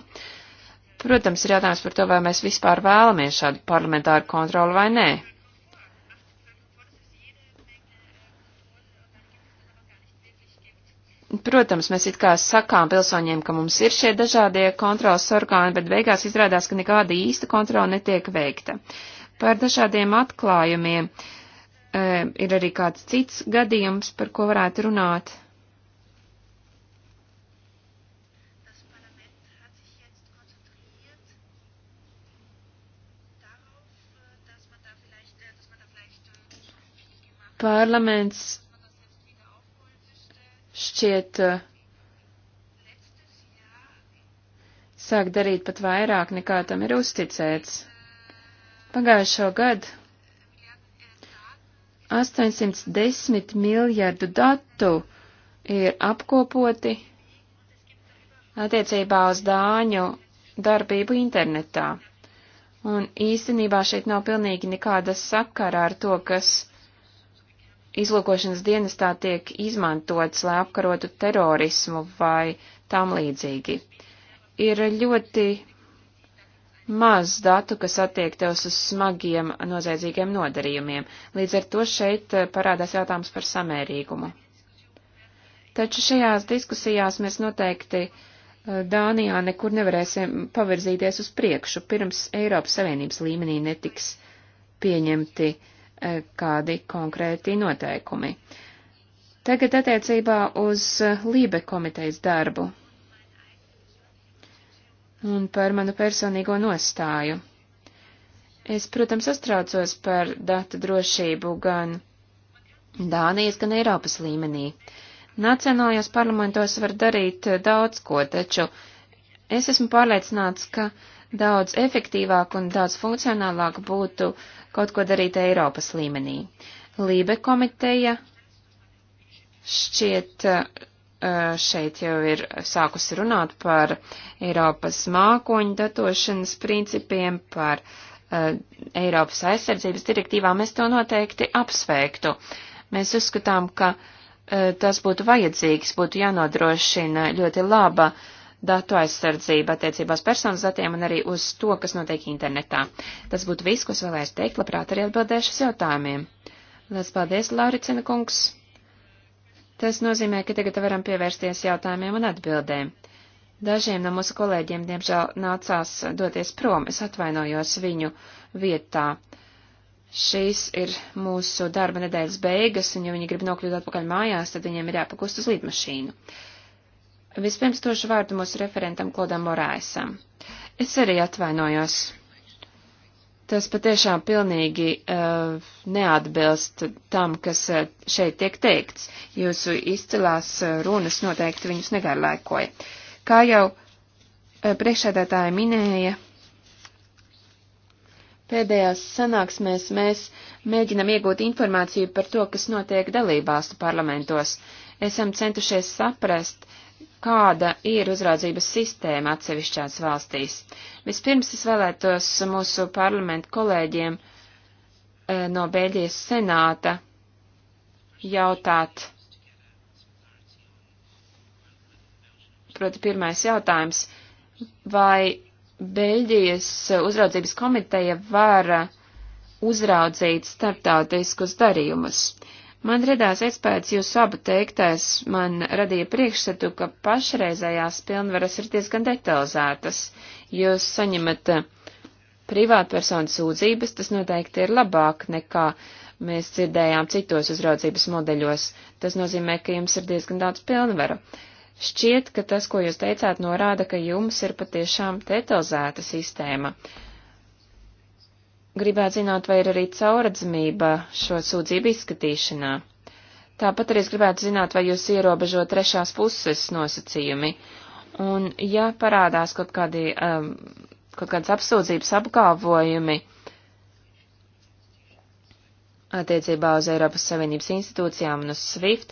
Protams, ir jautājums par to, vai mēs vispār vēlamies šādu parlamentāru kontroli vai nē. Protams, mēs it kā sakām pilsoņiem, ka mums ir šie dažādie kontrolas orgāni, bet beigās izrādās, ka nekāda īsta kontrola netiek veikta. Par dažādiem atklājumiem. Uh, E, ir arī kāds cits gadījums, par ko varētu runāt. Parlaments šķiet e, sāk darīt pat vairāk nekā tam ir uzticēts. Pagājušo gadu 810 miljardu datu ir apkopoti attiecībā uz dāņu darbību internetā. Un īstenībā šeit nav pilnīgi nekāda sakara ar to, kas izlūkošanas dienestā tiek izmantots, lai apkarotu terorismu vai tam līdzīgi. Ir ļoti maz datu, kas attiektos uz smagiem noziedzīgiem nodarījumiem. Līdz ar to šeit eh, parādās jautājums par samērīgumu. Taču šajās diskusijās mēs noteikti eh, Dānijā nekur nevarēsim pavirzīties uz priekšu, pirms Eiropas Savienības līmenī netiks pieņemti eh, kādi konkrēti noteikumi. Tagad attiecībā uz Lībe komitejas darbu un par manu personīgo nostāju. Es, protams, uztraucos par datu drošību gan Dānijas, gan Eiropas līmenī. Nacionālajos parlamentos var darīt eh, daudz ko, taču es esmu pārliecināts, ka daudz efektīvāk un daudz funkcionālāk būtu kaut ko darīt Eiropas līmenī. Lībe komiteja šķiet eh, šeit jau ir sākusi runāt par Eiropas mākoņu datošanas principiem, par uh, Eiropas aizsardzības direktīvā, mēs to noteikti apsveiktu. Mēs uzskatām, ka uh, tas būtu vajadzīgs, būtu jānodrošina ļoti laba datu aizsardzība attiecībās personas datiem un arī uz to, kas notiek internetā. Tas būtu viss, ko es vēlējos teikt, labprāt arī atbildēšu uz jautājumiem. Lielas paldies, Lauricina kungs! Tas nozīmē, ka tagad varam pievērsties jautājumiem un atbildēm. Dažiem no mūsu kolēģiem, diemžēl, nācās doties prom. Es atvainojos viņu vietā. Šīs ir mūsu darba nedēļas beigas, un ja viņi grib nokļūt atpakaļ mājās, tad viņiem ir jāpakust uz lidmašīnu. Vispirms došu vārdu mūsu referentam Klodam Morāesam. Es arī atvainojos. Tas patiešām pilnīgi uh, neatbilst tam, kas uh, šeit tiek teikts. Jūsu izcilās uh, runas noteikti viņus negarlaikoja. Kā jau uh, priekšēdētāja minēja, pēdējās sanāksmēs mēs mēģinam iegūt informāciju par to, kas notiek dalībvalstu parlamentos. Esam centušies saprast, uh, kāda ir uzraudzības sistēma atsevišķās valstīs. Vispirms es vēlētos mūsu parlamentu kolēģiem eh, no Beļģijas senāta jautāt. Proti, pirmais jautājums, vai Beļģijas uzraudzības komiteja var uzraudzīt starptautiskus darījumus? Man radās iespējas jūsu abu teiktais, man radīja priekšstatu, ka pašreizējās pilnvaras ir diezgan detalizētas. Jūs saņemat eh, privātpersonu sūdzības, tas noteikti ir labāk nekā mēs dzirdējām citos uzraudzības modeļos. Tas nozīmē, ka jums ir diezgan daudz pilnvaru. Šķiet, ka tas, ko jūs teicāt, norāda, ka jums ir patiešām detalizēta sistēma. Uh, gribētu zināt, vai ir arī cauradzamība šo sūdzību izskatīšanā. Tāpat arī es gribētu zināt, vai jūs ierobežo trešās puses nosacījumi. Un, ja parādās kaut, kādi, um, kaut kādas apsūdzības apgalvojumi attiecībā uz Eiropas Savienības institūcijām un uz SWIFT,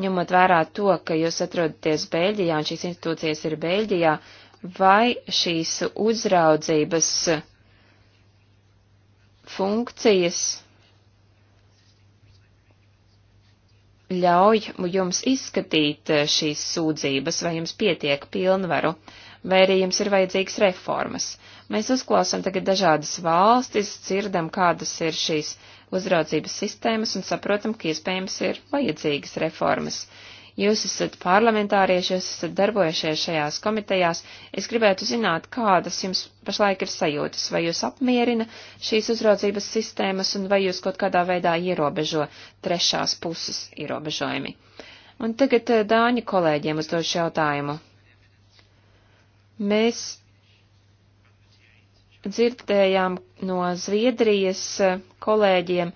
ņemot vērā to, ka jūs atrodaties Beļģijā un šīs institūcijas ir Beļģijā, vai šīs uzraudzības uh, funkcijas ļauj jums izskatīt eh, šīs sūdzības, vai jums pietiek pilnvaru, vai arī jums ir vajadzīgas reformas. Mēs uzklausām tagad dažādas valstis, dzirdam, kādas ir šīs uzraudzības sistēmas un saprotam, ka iespējams ir vajadzīgas reformas. Jūs esat parlamentārieši, jūs esat darbojušies šajās komitejās. Es gribētu zināt, kādas jums pašlaik ir sajūtas, vai jūs apmierina šīs uzraudzības sistēmas un vai jūs kaut kādā veidā ierobežo trešās puses ierobežojumi. Un tagad eh, Dāņu kolēģiem uzdošu jautājumu. Mēs dzirdējām no Zviedrijas kolēģiem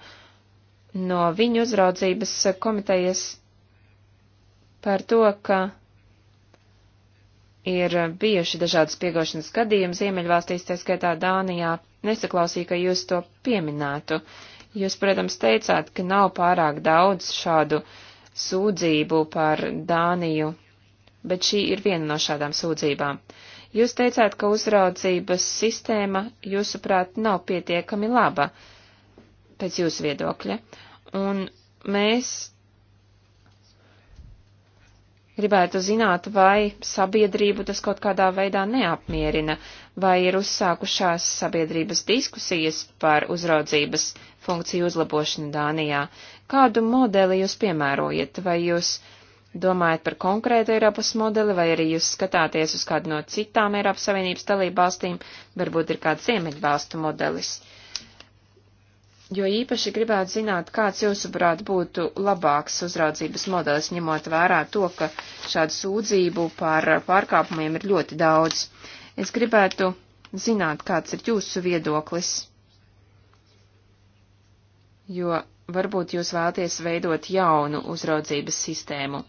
no viņu uzraudzības komitejas par to, ka ir bijuši dažādas piegošanas gadījumi Ziemeļvalstīs, tā skaitā Dānijā. Nesaklausīju, ka jūs to pieminētu. Jūs, protams, teicāt, ka nav pārāk daudz šādu sūdzību par Dāniju, bet šī ir viena no šādām sūdzībām. Jūs teicāt, ka uzraudzības sistēma, jūsuprāt, nav pietiekami laba, pēc jūsu viedokļa, un mēs Gribētu zināt, vai sabiedrību tas kaut kādā veidā neapmierina, vai ir uzsākušās sabiedrības diskusijas par uzraudzības funkciju uzlabošanu Dānijā. Kādu modeli jūs piemērojat? Vai jūs domājat par konkrētu Eiropas modeli, vai arī jūs skatāties uz kādu no citām Eiropas Savienības dalībvalstīm, varbūt ir kāds ziemeļvalstu modelis? Uh, jo īpaši gribētu zināt, kāds jūsuprāt būtu labāks uzraudzības modelis, ņemot vērā to, ka šādu sūdzību par pārkāpumiem ir ļoti daudz. Es gribētu zināt, kāds ir jūsu viedoklis, jo varbūt jūs vēlaties veidot jaunu uzraudzības sistēmu.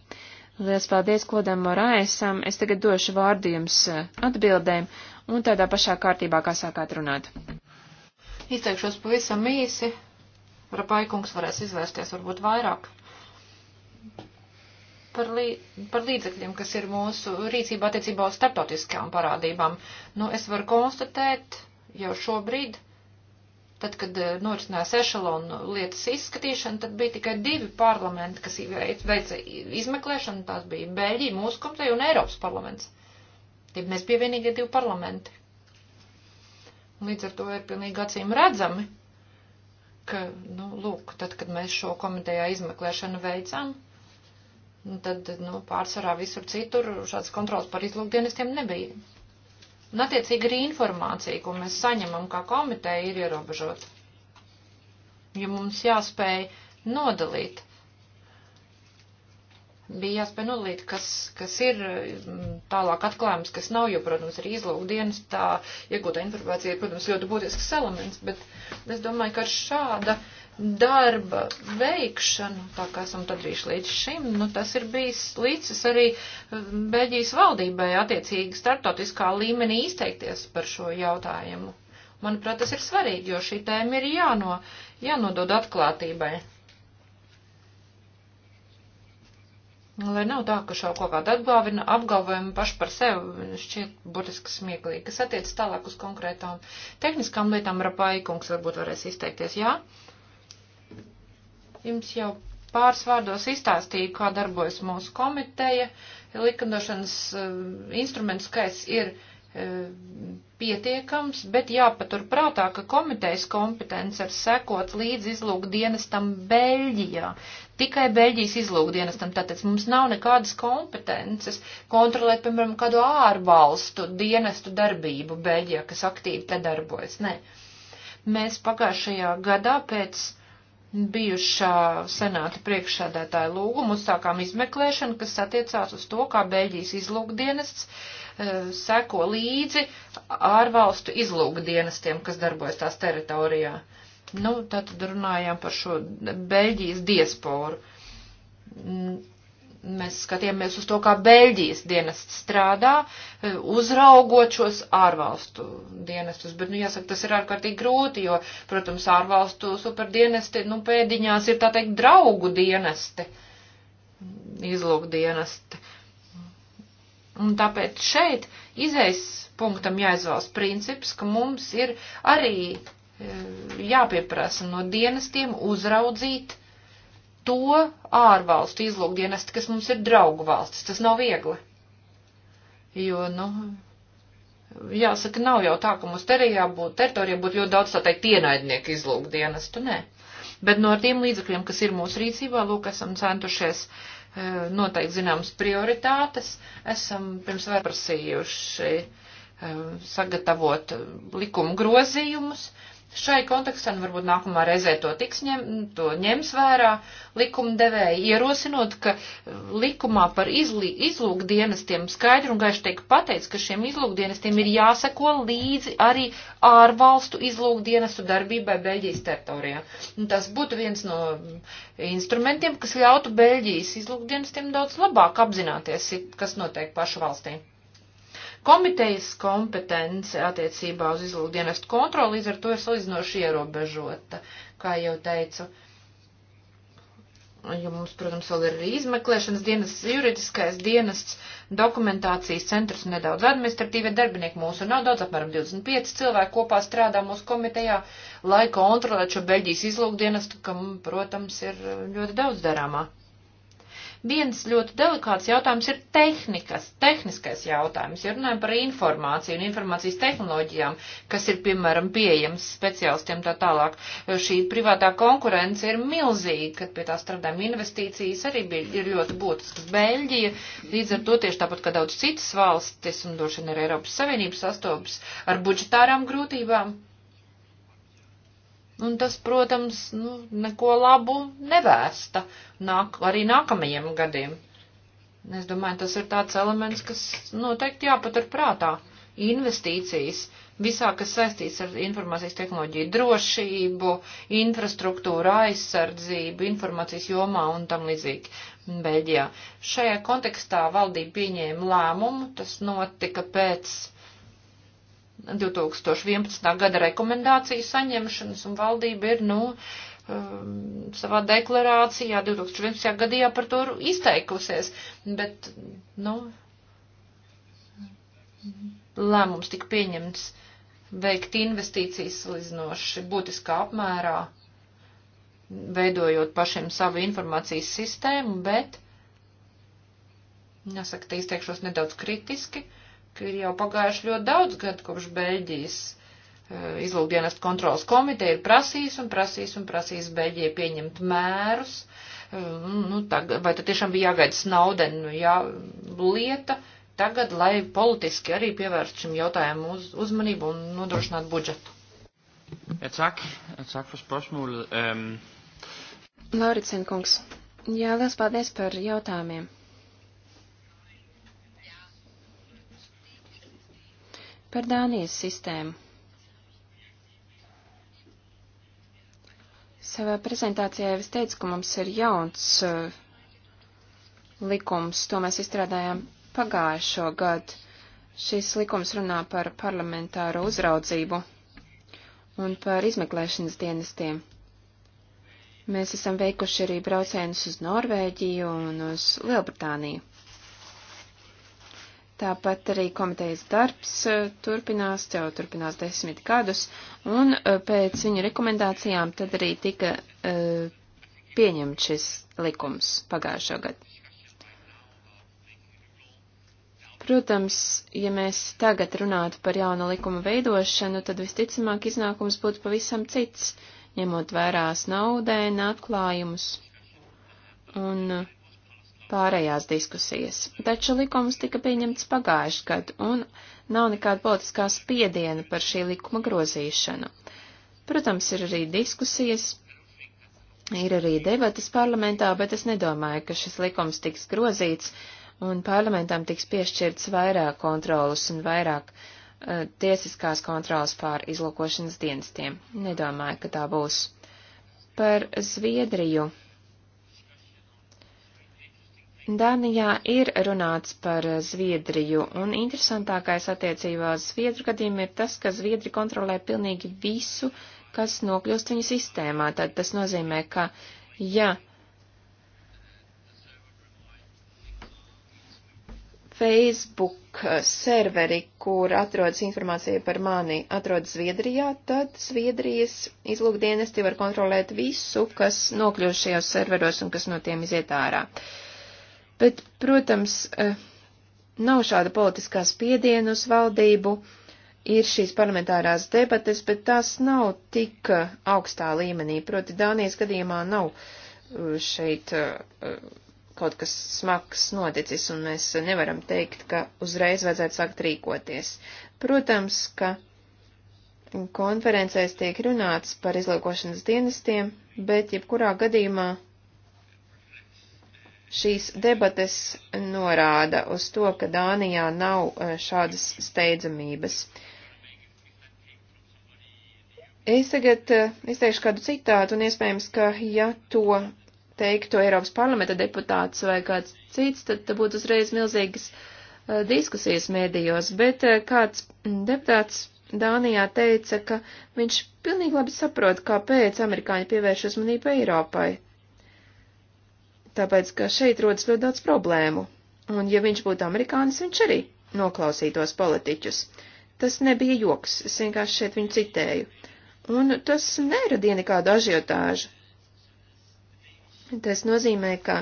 Lielas paldies, Klodam Morāesam. Es tagad došu vārdu jums atbildēm un tādā pašā kārtībā, kā sākāt runāt. Izteikšos pavisam īsi. Rapaikungs varēs izvērsties varbūt vairāk. Par, lī, par līdzekļiem, kas ir mūsu rīcībā attiecībā uz starptautiskajām parādībām. Nu, es varu konstatēt jau šobrīd, tad, kad eh, norisinājās ešalonu lietas izskatīšana, tad bija tikai divi parlamenti, kas veica izmeklēšanu, tās bija Beļģija, mūsu komiteja un Eiropas parlaments. Tie mēs bija vienīgie divi parlamenti, Līdz ar to ir pilnīgi acīm redzami, ka, nu, lūk, tad, kad mēs šo komitejā izmeklēšanu veicām, nu, tad, nu, pārsvarā visur citur šāds kontrols par izlūkdienestiem nebija. Un, attiecīgi, arī informācija, ko mēs saņemam kā komiteja, ir ierobežota. Jo mums jāspēj nodalīt bija jāspēj nodalīt, kas, kas ir mm, tālāk atklājums, kas nav, jo, protams, arī izlūk dienas tā iegūtā informācija ir, protams, ļoti būtisks elements, bet es domāju, ka ar šāda darba veikšanu, tā kā esam padarījuši līdz šim, nu, tas ir bijis līdzis arī mm, Beļģijas valdībai attiecīgi startautiskā līmenī izteikties par šo jautājumu. Manuprāt, tas ir svarīgi, jo šī tēma ir jāno, jānodod atklātībai. Lai nav tā, ka šo kaut kādu atgalvinu, apgalvojumu paši par sevi šķiet burtiski smieklīgi, kas attiec tālāk uz konkrētām tehniskām lietām, rapaikungs varbūt varēs izteikties, jā? Jums jau pāris vārdos izstāstīju, kā darbojas mūsu komiteja. Likumdošanas uh, instrumentu skaits ir eh, pietiekams, bet jāpatur prātā, ka komitejas kompetence ir sekot līdz izlūk dienestam Beļģijā tikai Beļģijas izlūkdienestam, tātad mums nav nekādas kompetences kontrolēt, piemēram, kādu ārvalstu dienestu darbību Beļģijā, kas aktīvi te darbojas. Nē. Mēs pagājušajā gadā pēc bijušā senāta priekšsādātāja lūgumu uzsākām izmeklēšanu, kas attiecās uz to, kā Beļģijas izlūkdienests uh, seko līdzi ārvalstu izlūkdienestiem, kas darbojas tās teritorijā. Uh, Nu, tātad runājām par šo Beļģijas diasporu. Mēs skatījāmies uz to, kā Beļģijas dienests strādā, uzraugot šos ārvalstu dienestus. Bet, nu, jāsaka, tas ir ārkārtīgi grūti, jo, protams, ārvalstu superdienesti, nu, pēdiņās ir, tā teikt, draugu dienesti, izlūkdienesti. Un tāpēc šeit izejas punktam jāizvēlas princips, ka mums ir arī Eh, jāpieprasa no dienestiem uzraudzīt to ārvalstu izlūkdienesti, kas mums ir draugu valstis. Tas nav viegli. Jo, nu, jāsaka, nav jau tā, ka mums jābūt, teritorijā būtu ļoti daudz, tā teikt, ienaidnieku izlūkdienestu, nē. Bet no tiem līdzakļiem, kas ir mūsu rīcībā, lūk, esam centušies eh, noteikti zināmas prioritātes, esam pirms vēl prasījuši eh, sagatavot likumu grozījumus, Šai kontekstam varbūt nākamā reizē to tiks ņem, to ņems vērā likumdevēji, ierosinot, ka uh, likumā par izlī, izlūkdienestiem skaidri un gaiši tiek pateikts, ka šiem izlūkdienestiem ir jāseko līdzi arī ārvalstu izlūkdienestu darbībai Beļģijas teritorijā. Un tas būtu viens no instrumentiem, kas ļautu Beļģijas izlūkdienestiem daudz labāk apzināties, kas notiek pašu valstī komitejas kompetence attiecībā uz izlūkdienestu kontroli līdz ar to ir salīdzinoši ierobežota, kā jau teicu. Jo mums, protams, vēl ir arī izmeklēšanas dienas, juridiskais dienests, dokumentācijas centrs un nedaudz administratīvie darbinieki mūsu nav daudz, apmēram 25 cilvēki kopā strādā mūsu komitejā, lai kontrolētu šo Beļģijas izlūkdienestu, kam, protams, ir ļoti daudz darāmā. Viens ļoti delikāts jautājums ir tehnikas, tehniskais jautājums, ja runājam par informāciju un informācijas tehnoloģijām, kas ir, piemēram, pieejams speciālistiem tā tālāk. Šī privātā konkurence ir milzīga, kad pie tā strādājam investīcijas arī bija, ir ļoti būtiskas. Beļģija līdz ar to tieši tāpat, kā daudz citas valstis un došana ir Eiropas Savienības sastopas ar budžetārām grūtībām Un tas, protams, nu, neko labu nevēsta nāk, arī nākamajiem gadiem. Es domāju, tas ir tāds elements, kas noteikti jāpatur prātā. Investīcijas visā, kas saistīts ar informācijas tehnoloģiju drošību, infrastruktūru aizsardzību, informācijas jomā un tam līdzīgi. Beļģijā. Šajā kontekstā valdība pieņēma lēmumu, tas notika pēc 2011. gada rekomendāciju saņemšanas, un valdība ir, nu, um, savā deklarācijā 2011. gadā par to izteikusies, bet, nu, lēmums tika pieņemts veikt investīcijas līdzinoši būtiskā apmērā, veidojot pašiem savu informācijas sistēmu, bet, jāsaka, te izteikšos nedaudz kritiski. Uh, ka ir jau pagājuši ļoti daudz gadu kopš Beļģijas e, izlūkdienas kontrolas komiteja ir prasījis un prasījis un prasījis Beļģijai pieņemt mērus. E, nu, nu, tag, vai tad tiešām bija jāgaida Snauden nu, jā, lieta tagad, lai politiski arī pievērst šim jautājumam uz, uzmanību un nodrošinātu budžetu? Ja, tak. Ja, tak for spørgsmålet. Um... Lauritsen kungs, jā, liels paldies par jautājumiem. Par Dānijas sistēmu. Savā prezentācijā es teicu, ka mums ir jauns uh, likums, to mēs izstrādājām pagājušo gadu. Šis likums runā par parlamentāro uzraudzību un par izmeklēšanas dienestiem. Mēs esam veikuši arī braucienus uz Norvēģiju un uz Lielbritāniju. Tāpat arī komitejas darbs e, turpinās, jau turpinās desmit gadus, un e, pēc viņa rekomendācijām tad arī tika uh, e, pieņemts šis likums pagājušo gadu. Protams, ja mēs tagad runātu par jaunu likumu veidošanu, tad visticamāk iznākums būtu pavisam cits, ņemot vērās naudēnu atklājumus. Un uh, pārējās diskusijas. Taču likums tika pieņemts pagājuši gadu, un nav nekāda politiskā spiediena par šī likuma grozīšanu. Protams, ir arī diskusijas, ir arī debatas parlamentā, bet es nedomāju, ka šis likums tiks grozīts, un parlamentam tiks piešķirts vairāk kontrolas un vairāk uh, tiesiskās kontrolas pār izlūkošanas dienestiem. Nedomāju, ka tā būs. Par Zviedriju Dānijā ir runāts par Zviedriju, un interesantākais attiecībā uz Zviedru gadījumu ir tas, ka Zviedri kontrolē pilnīgi visu, kas nokļūst viņu sistēmā. Tad tas nozīmē, ka, ja Facebook serveri, kur atrodas informācija par mani, atrodas Zviedrijā, tad Zviedrijas izlūkdienesti var kontrolēt visu, kas nokļūst šajos serveros un kas no tiem iziet ārā. Uh, Bet, protams, eh, nav šāda politiskā spiediena uz valdību, ir šīs parlamentārās debates, bet tās nav tik eh, augstā līmenī. Proti, Dānijas gadījumā nav eh, šeit kaut kas smags noticis, un mēs nevaram teikt, ka uzreiz vajadzētu sākt rīkoties. Protams, ka konferencēs tiek runāts par izlūkošanas dienestiem, bet jebkurā gadījumā Šīs debates norāda uz to, ka Dānijā nav e, šādas steidzamības. Es tagad e, izteikšu kādu citātu, un iespējams, ka ja to teiktu Eiropas parlamenta deputāts vai kāds cits, tad būtu uzreiz milzīgas e, diskusijas mēdījos, bet kāds deputāts Dānijā teica, ka viņš pilnīgi labi saprot, kāpēc amerikāņi pievērš uzmanību Eiropai tāpēc, ka šeit rodas ļoti daudz problēmu, un ja viņš būtu amerikānis, viņš arī noklausītos politiķus. Tas nebija joks, es vienkārši šeit viņu citēju, un tas neradīja nekādu ažiotāžu. Tas nozīmē, ka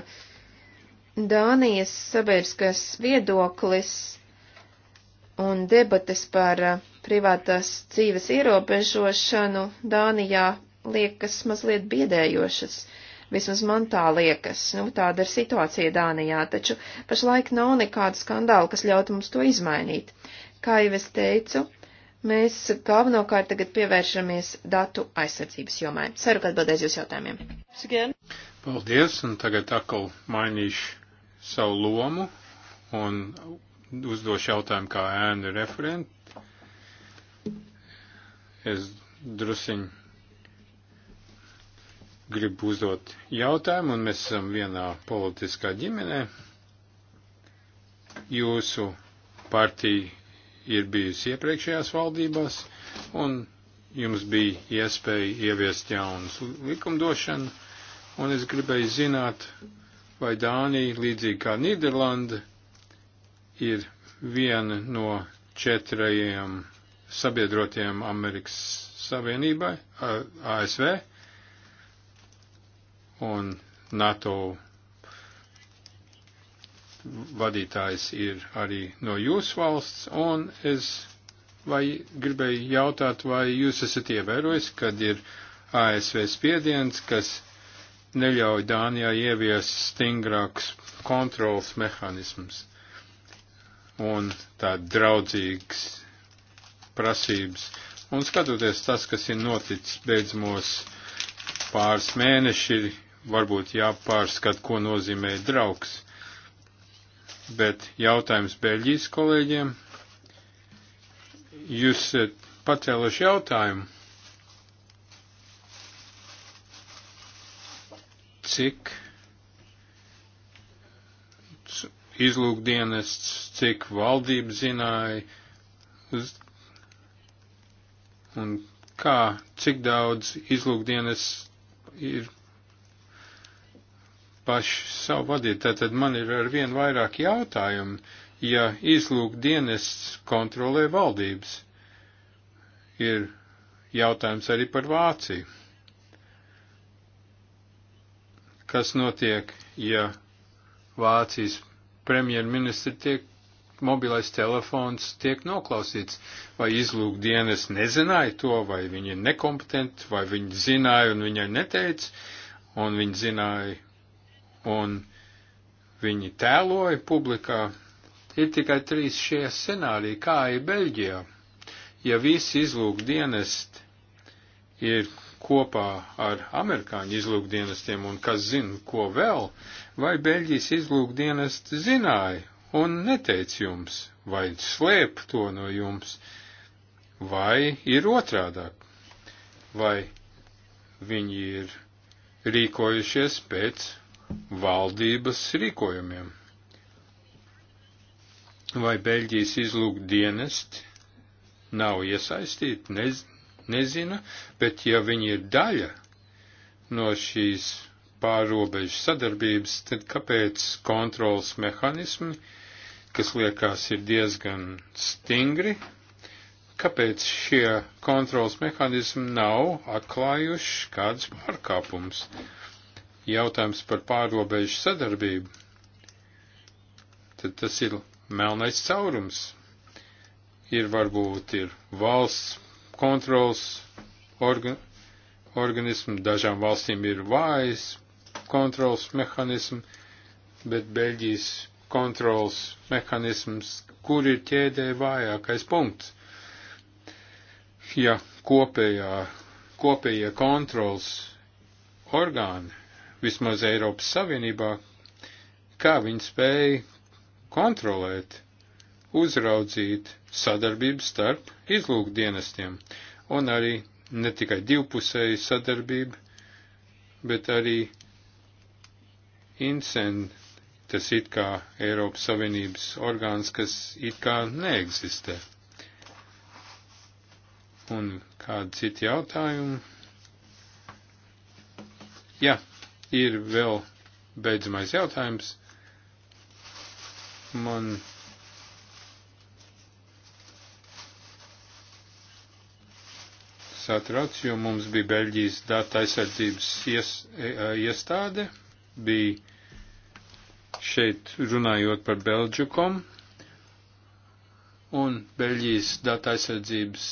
Dānijas sabiedriskais viedoklis un debates par uh, privātās dzīves ierobežošanu Dānijā liekas mazliet biedējošas. Uh, Vismaz man tā liekas. Nu, tāda ir situācija Dānijā, taču pašlaik nav nekāda skandāla, kas ļautu mums to izmainīt. Kā jau es teicu, mēs galvenokārt tagad pievēršamies datu aizsardzības jomai. Ceru, ka atbildēs jūs jautājumiem. Paldies, un tagad atkal mainīšu savu lomu un uzdošu jautājumu kā ēnu referentu. Es drusiņu grib uzdot jautājumu, un mēs esam vienā politiskā ģimenē. Jūsu partija ir bijusi iepriekšējās valdībās, un jums bija iespēja ieviest jaunas likumdošanu, un es gribēju zināt, vai Dānija, līdzīgi kā Nīderlanda, ir viena no četrajiem sabiedrotiem Amerikas Savienībai, ASV, un NATO vadītājs ir arī no jūsu valsts, un es vai gribēju jautāt, vai jūs esat ievērojis, kad ir ASV spiediens, kas neļauj Dānijā ievies stingrāks kontrols mehānisms un tā draudzīgs prasības. Un skatoties tas, kas ir noticis beidzamos pāris mēneši, ir varbūt jāpārskat, ko nozīmē draugs. Bet jautājums Beļģijas kolēģiem. Jūs pacēluši jautājumu, cik izlūkdienests, cik valdība zināja, uz, un kā, cik daudz izlūkdienests ir paši savu vadīt. Tātad man ir ar vien vairāk jautājumu, ja izlūk dienests kontrolē valdības. Ir jautājums arī par Vāciju. Kas notiek, ja Vācijas premjerministri tiek mobilais telefons tiek noklausīts, vai izlūk dienas nezināja to, vai viņi ir nekompetenti, vai viņi zināja un viņai neteica, un viņi zināja un viņi tēloja publikā, ir tikai trīs šie scenāriji, kā ir Beļģijā. Ja visi izlūk dienesti ir kopā ar amerikāņu izlūkdienestiem un kas zina, ko vēl, vai Beļģijas izlūkdienesti zināja un neteica jums, vai slēp to no jums, vai ir otrādāk, vai viņi ir rīkojušies pēc valdības rīkojumiem. Vai Beļģijas izlūk dienesti nav iesaistīti, nez, nezina, bet ja viņi ir daļa no šīs pārobežu sadarbības, tad kāpēc kontrols mehanismi, kas liekas ir diezgan stingri, kāpēc šie kontrols mehanismi nav atklājuši kādus pārkāpumus? jautājums par pārobežu sadarbību, tad tas ir melnais caurums. Ir varbūt ir valsts kontrols organ, organismu, dažām valstīm ir vājas kontrols mehanismu, bet Beļģijas kontrols mehanisms, kur ir ķēdē vājākais punkts. Ja kopējā, kopējie kontrols orgāni vismaz Eiropas Savienībā, kā viņi spēja kontrolēt, uzraudzīt sadarbību starp izlūkdienestiem un arī ne tikai divpusēju sadarbību, bet arī incen, tas it kā Eiropas Savienības orgāns, kas it kā neeksistē. Un kādi citi jautājumi? Jā, ir vēl beidzamais jautājums. Man satrauc, jo mums bija Beļģijas data aizsardzības ies, e, e, iestāde, bija šeit runājot par Belģukom, un Beļģijas data aizsardzības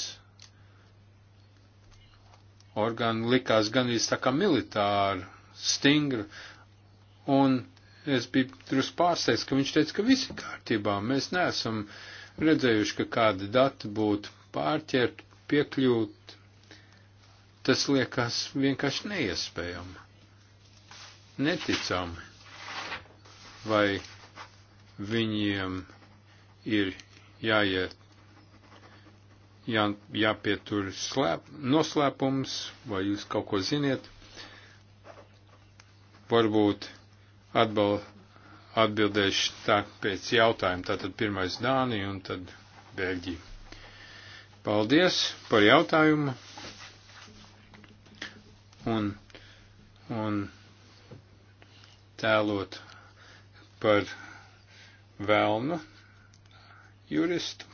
orgāni likās gan tā kā militāri stingra, un es biju drusku pārsteigts, ka viņš teica, ka visi kārtībā, mēs neesam redzējuši, ka kādi dati būtu pārķert, piekļūt, tas liekas vienkārši neiespējami, neticami, vai viņiem ir jāiet, jā, jāpietur slēp, noslēpums, vai jūs kaut ko ziniet. Varbūt atbal, atbildēšu tā pēc jautājuma. Tātad pirmais Dānija un tad Bēļģija. Paldies par jautājumu. Un, un tēlot par vēlnu juristu.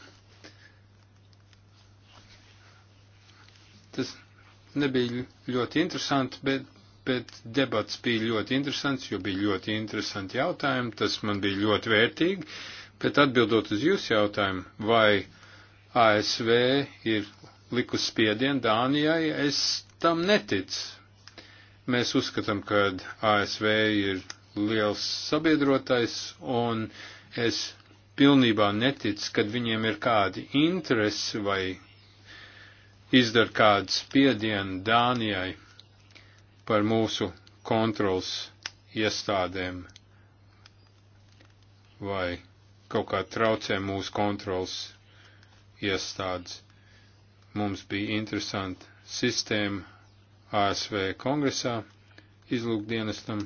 Tas nebija ļoti interesanti, bet bet debats bija ļoti interesants, jo bija ļoti interesanti jautājumi, tas man bija ļoti vērtīgi, bet atbildot uz jūsu jautājumu, vai ASV ir likus spiedienu Dānijai, es tam neticu. Mēs uzskatām, ka ASV ir liels sabiedrotais, un es pilnībā neticu, kad viņiem ir kādi interesi vai izdara kādu spiedienu Dānijai par mūsu kontrols iestādēm vai kaut kā traucē mūsu kontrols iestādes. Mums bija interesanti sistēma ASV kongresā izlūkdienestam.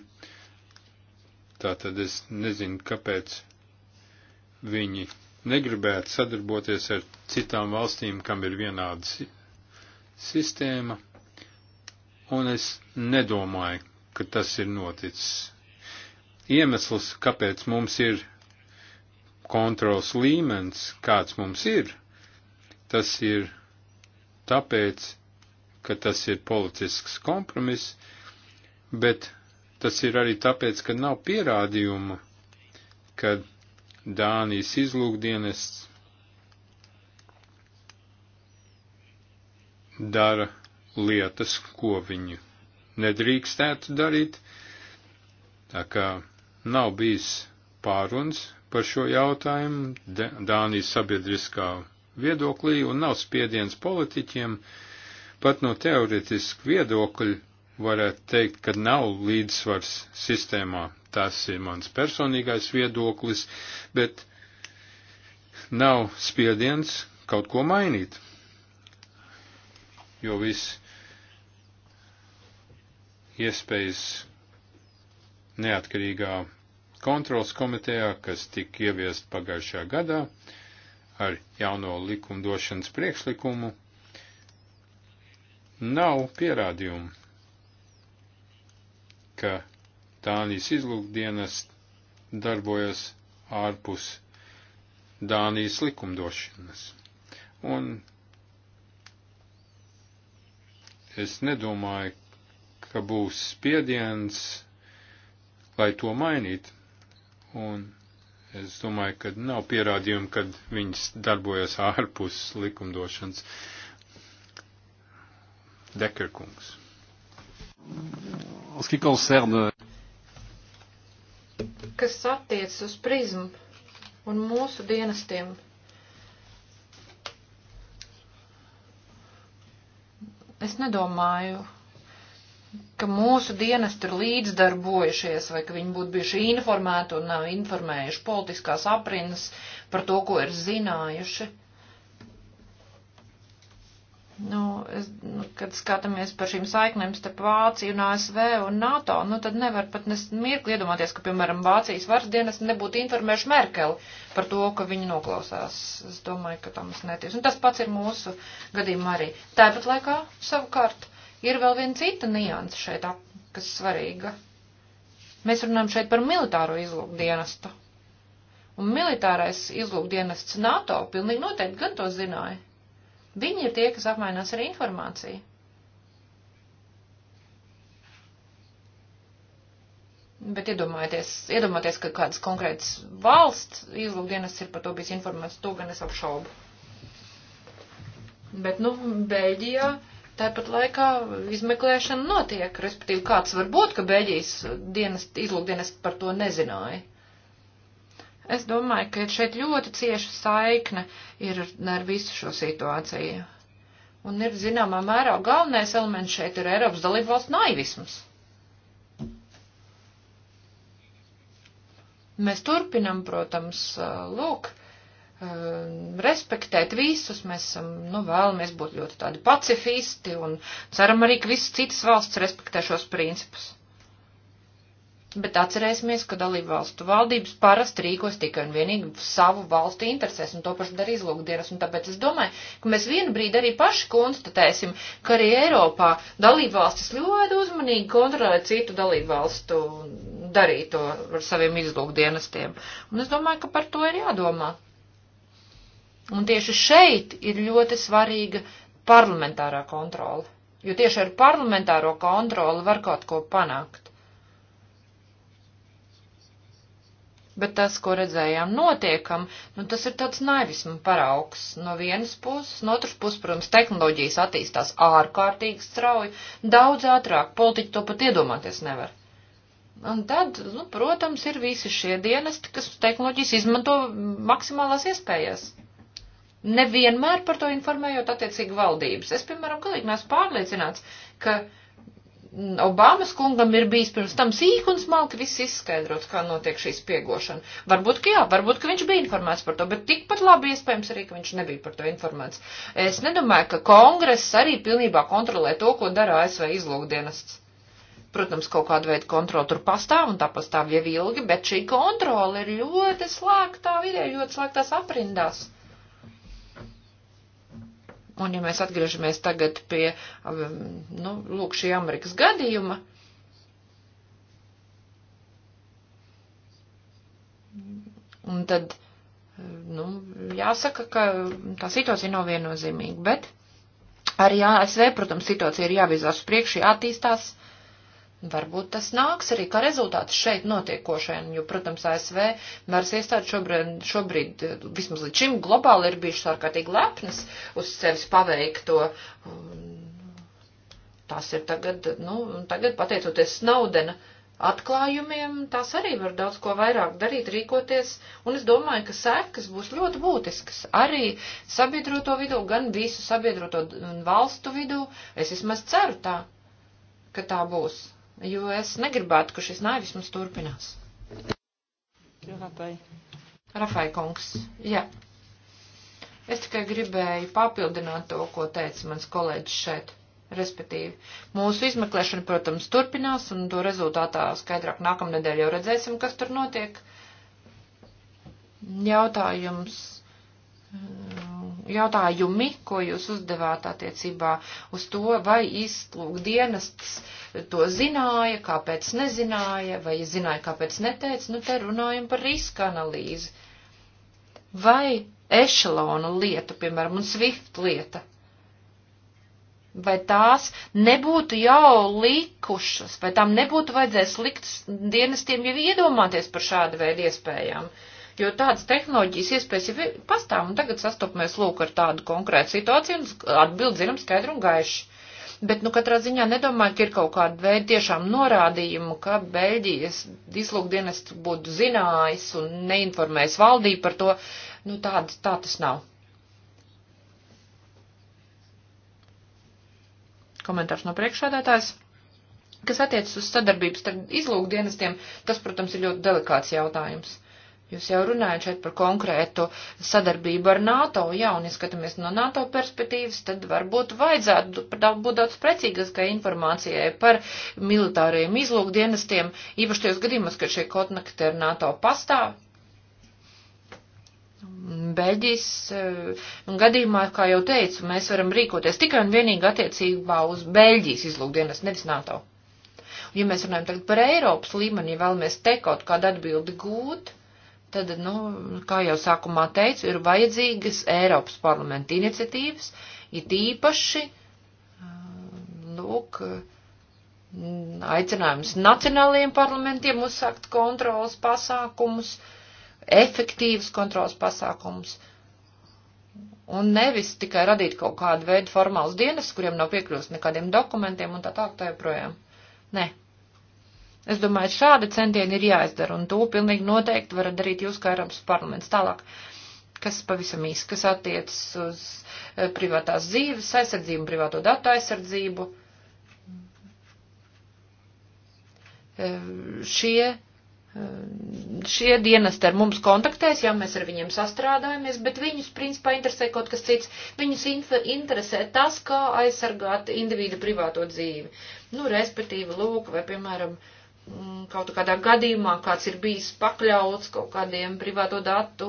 Tātad es nezinu, kāpēc viņi negribētu sadarboties ar citām valstīm, kam ir vienāda sistēma un es nedomāju, ka tas ir noticis. Iemesls, kāpēc mums ir kontrols līmenis, kāds mums ir, tas ir tāpēc, ka tas ir politisks kompromiss, bet tas ir arī tāpēc, ka nav pierādījuma, ka Dānijas izlūkdienests dara lietas, ko viņi nedrīkstētu darīt. Tā kā nav bijis pāruns par šo jautājumu Dānijas sabiedriskā viedoklī un nav spiediens politiķiem, pat no teoretiski viedokļi varētu teikt, ka nav līdzsvars sistēmā. Tas ir mans personīgais viedoklis, bet nav spiediens kaut ko mainīt. Jo viss iespējas neatkarīgā kontrols komitejā, kas tika ieviest pagājušajā gadā ar jauno likumdošanas priekšlikumu, nav pierādījumu, ka Dānijas izlūkdienas darbojas ārpus Dānijas likumdošanas. Un es nedomāju, ka būs spiediens, lai to mainītu. Un es domāju, ka nav pierādījumu, kad viņas darbojas ārpus likumdošanas. Dekerkungs. Kas attiecas uz prizmu un mūsu dienestiem, es nedomāju, ka mūsu dienas tur līdzdarbojušies, vai ka viņi būtu bijuši informēti un nav informējuši politiskās aprinas par to, ko ir zinājuši. Nu, es, nu, kad skatāmies par šīm saiknēm starp Vāciju un ASV un NATO, nu tad nevar pat mirkli iedomāties, ka, piemēram, Vācijas varas dienas nebūtu informējuši Merkeli par to, ka viņi noklausās. Es domāju, ka tam es neties. Un tas pats ir mūsu gadījumā arī. Tāpat laikā savukārt Ir vēl viena cita nianse šeit, kas svarīga. Mēs runājam šeit par militāro izlūkdienestu. Un militārais izlūkdienests NATO pilnīgi noteikti gan to zināja. Viņi ir tie, kas apmainās ar informāciju. Bet iedomājieties, iedomājieties, ka kādas konkrētas valsts izlūkdienas ir par to bijis informēts, to gan es apšaubu. Bet, nu, Beļģijā. Uh, Tāpat laikā izmeklēšana notiek, respektīvi kāds var būt, ka Beļģijas dienas, izlūkdienas par to nezināja. Es domāju, ka šeit ļoti cieša saikne ir ar visu šo situāciju. Un ir zināmā mērā galvenais elements šeit ir Eiropas dalību valsts naivisms. Mēs turpinam, protams, lūk, uh, Ehm, respektēt visus, mēs esam, nu, vēlamies būt ļoti tādi pacifisti un ceram arī, ka visas citas valsts respektē šos principus. Bet atcerēsimies, ka dalību valstu valdības parasti rīkos tikai un vienīgi savu valstu interesēs, un to pašu darīs lūgdienas, un tāpēc es domāju, ka mēs vienu brīdi arī paši konstatēsim, ka arī Eiropā dalību valstis ļoti uzmanīgi kontrolē citu dalību valstu darīto ar saviem izlūgdienestiem, un es domāju, ka par to ir jādomā. Un tieši šeit ir ļoti svarīga parlamentārā kontrola, jo tieši ar parlamentāro kontroli var kaut ko panākt. Bet tas, ko redzējām notiekam, nu tas ir tāds naivismu paraugs. No vienas puses, no otras puses, protams, tehnoloģijas attīstās ārkārtīgi strauji, daudz ātrāk, politiķi to pat iedomāties nevar. Un tad, nu, protams, ir visi šie dienesti, kas tehnoloģijas izmanto maksimālās iespējas nevienmēr par to informējot attiecīgi valdības. Es, piemēram, galīgi neesmu pārliecināts, ka Obamas kungam ir bijis pirms tam sīk un smalki viss izskaidrots, kā notiek šī spiegošana. Varbūt, ka jā, varbūt, ka viņš bija informēts par to, bet tikpat labi iespējams arī, ka viņš nebija par to informēts. Es nedomāju, ka kongress arī pilnībā kontrolē to, ko dara ASV izlūkdienests. Protams, kaut kāda veida kontrola tur pastāv un tā pastāv jau ilgi, bet šī kontrola ir ļoti slēgtā vidē, ļoti slēgtās aprindās. Un ja mēs atgriežamies tagad pie, um, nu, lūk, šī Amerikas gadījuma, un tad, um, nu, jāsaka, ka tā situācija nav viennozīmīga, bet arī ASV, protams, situācija ir jāvizās priekšī attīstās. Uh, Varbūt tas nāks arī kā rezultāts šeit notiekošajam, jo, protams, ASV varas iestādes šobrīd, šobrīd, vismaz līdz šim, globāli ir bijušas ārkārtīgi lepnas uz sevis paveikto. Tas ir tagad, nu, tagad pateicoties Snaudena atklājumiem, tās arī var daudz ko vairāk darīt, rīkoties, un es domāju, ka sekas būs ļoti būtiskas arī sabiedroto vidū, gan visu sabiedroto valstu vidū. Es vismaz ceru tā, ka tā būs jo es negribētu, ka šis naivisms turpinās. Rafai. Rafai kungs, jā. Es tikai gribēju papildināt to, ko teica mans kolēģis šeit. Respektīvi, mūsu izmeklēšana, protams, turpinās, un to rezultātā skaidrāk nākamnedēļ jau redzēsim, kas tur notiek. Jautājums jautājumi, ko jūs uzdevāt attiecībā uz to, vai izlūk dienests to zināja, kāpēc nezināja, vai zināja, kāpēc neteica, nu te runājam par riska analīzi. Vai ešalonu lieta, piemēram, un Swift lieta, vai tās nebūtu jau likušas, vai tām nebūtu vajadzēs likt dienestiem jau iedomāties par šādu veidu iespējām. Uh, jo tādas tehnoloģijas iespējas jau pastāv, un tagad sastopamies lūk ar tādu konkrētu situāciju, un atbild zinām skaidru un gaišu. Bet, nu, katrā ziņā nedomāju, ka ir kaut kāda veida tiešām norādījumu, ka Beļģijas dislūkdienas būtu zinājis un neinformējis valdību par to. Nu, tāda, tā tas nav. Komentārs no priekšādātājs. Kas attiecas uz sadarbības starp izlūkdienestiem, tas, protams, ir ļoti delikāts jautājums. Jūs jau runājat šeit par konkrētu sadarbību ar NATO, jā, un izskatāmies no NATO perspektīvas, tad varbūt vajadzētu būt daudz precīgākai informācijai par militāriem izlūkdienestiem, īpaši tajos gadījumos, kad šie kontakti ar NATO pastāv. Beļģijas eh, gadījumā, kā jau teicu, mēs varam rīkoties tikai un vienīgi attiecībā uz Beļģijas izlūkdienas, nevis NATO. Un, ja mēs runājam tagad par Eiropas līmeni, ja vēlamies te kaut kādu atbildi gūt, tad, nu, kā jau sākumā teicu, ir vajadzīgas Eiropas parlamenta iniciatīvas, it īpaši, lūk, aicinājums nacionālajiem parlamentiem uzsākt kontrolas pasākumus, efektīvas kontrolas pasākumus, un nevis tikai radīt kaut kādu veidu formālus dienas, kuriem nav piekļūst nekādiem dokumentiem un tā tālāk tā joprojām. Nē, Es domāju, šādi centieni ir jāizdara, un to pilnīgi noteikti varat darīt jūs kā Eiropas parlaments tālāk, kas pavisam īsti, kas attiecas uz eh, privātās dzīves aizsardzību, privāto datu aizsardzību. Eh, šie, eh, šie dienesti ar mums kontaktēs, jā, mēs ar viņiem sastrādājamies, bet viņus, principā, interesē kaut kas cits. Viņus interesē tas, kā aizsargāt individu privāto dzīvi. Nu, respektīvi, lūk, vai, piemēram, uh, Mm, kaut kādā gadījumā kāds ir bijis pakļauts kaut kādiem privāto datu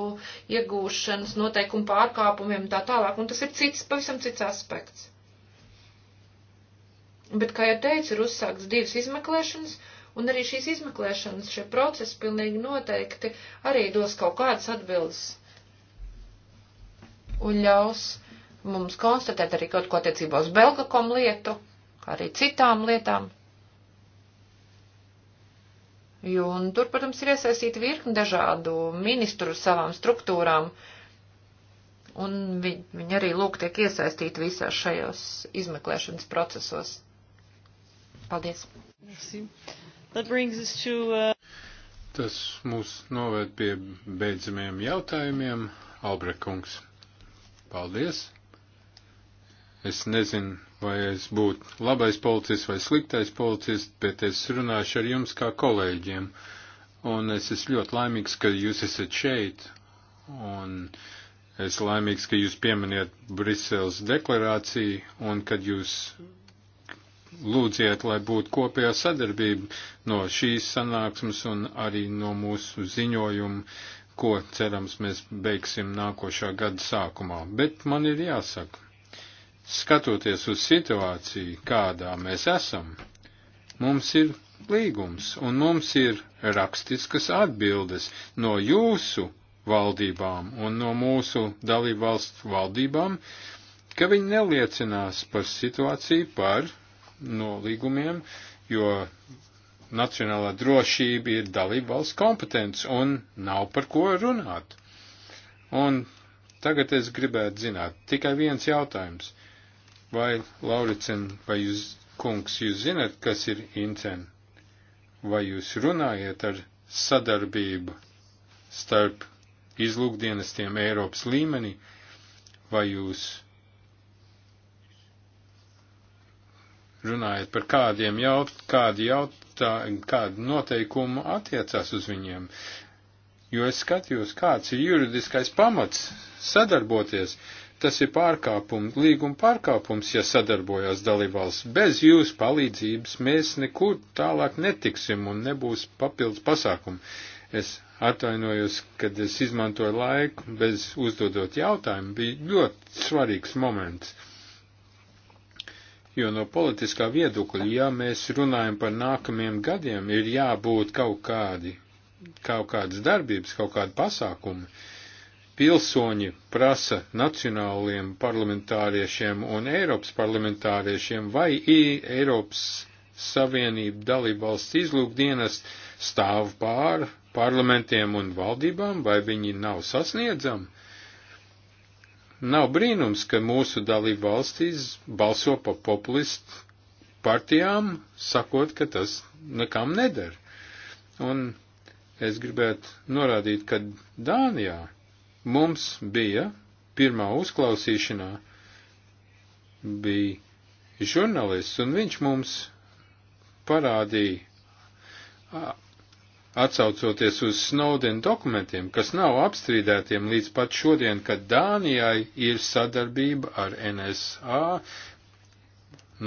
iegūšanas noteikumu pārkāpumiem tā tālāk, un tas ir cits, pavisam cits aspekts. Bet, kā jau teicu, ir uzsākts divas izmeklēšanas, un arī šīs izmeklēšanas, šie procesi pilnīgi noteikti arī dos kaut kādas atbildes un ļaus mums konstatēt arī kaut ko attiecībā uz Belgakom lietu, kā arī citām lietām. Jo, un tur, protams, ir iesaistīti virkni dažādu ministru savām struktūrām, un viņi, viņi arī lūk tiek iesaistīti visās šajos izmeklēšanas procesos. Paldies! To, uh... Tas mūs noved pie beidzamiem jautājumiem. Albrekungs, paldies! Es nezinu, vai es būtu labais policists vai sliktais policists, bet es runāšu ar jums kā kolēģiem. Un es esmu ļoti laimīgs, ka jūs esat šeit. Un es laimīgs, ka jūs pieminiet Briseles deklarāciju un kad jūs lūdziet, lai būtu kopējā sadarbība no šīs sanāksmes un arī no mūsu ziņojuma, ko cerams mēs beigsim nākošā gada sākumā. Bet man ir jāsaka skatoties uz situāciju, kādā mēs esam, mums ir līgums un mums ir rakstiskas atbildes no jūsu valdībām un no mūsu dalībvalstu valdībām, ka viņi neliecinās par situāciju, par nolīgumiem, jo nacionālā drošība ir dalībvalsts kompetence un nav par ko runāt. Un tagad es gribētu zināt tikai viens jautājums. Vai, Lauricen, vai jūs, kungs, jūs zinat, kas ir incen? Vai jūs runājat ar sadarbību starp izlūkdienestiem Eiropas līmenī, vai jūs runājat par kādiem jaut, kādi jautā, kādu noteikumu attiecās uz viņiem. Jo es skatījos, kāds ir juridiskais pamats sadarboties, tas ir pārkāpums, līguma pārkāpums, ja sadarbojās dalībvalsts. Bez jūsu palīdzības mēs nekur tālāk netiksim un nebūs papildus pasākumu. Es atvainojos, kad es izmantoju laiku bez uzdodot jautājumu, bija ļoti svarīgs moments. Jo no politiskā viedokļa, ja mēs runājam par nākamajiem gadiem, ir jābūt kaut kādi, kaut kādas darbības, kaut kādi pasākumi pilsoņi prasa nacionāliem parlamentāriešiem un Eiropas parlamentāriešiem, vai Eiropas Savienība dalībvalsts izlūkdienas stāv pār parlamentiem un valdībām, vai viņi nav sasniedzami. Nav brīnums, ka mūsu dalībvalstīs balso pa populistu partijām, sakot, ka tas nekam neder. Un es gribētu norādīt, ka Dānijā Mums bija pirmā uzklausīšanā bija žurnālists, un viņš mums parādīja, atsaucoties uz Snowden dokumentiem, kas nav apstrīdētiem līdz pat šodien, ka Dānijai ir sadarbība ar NSA,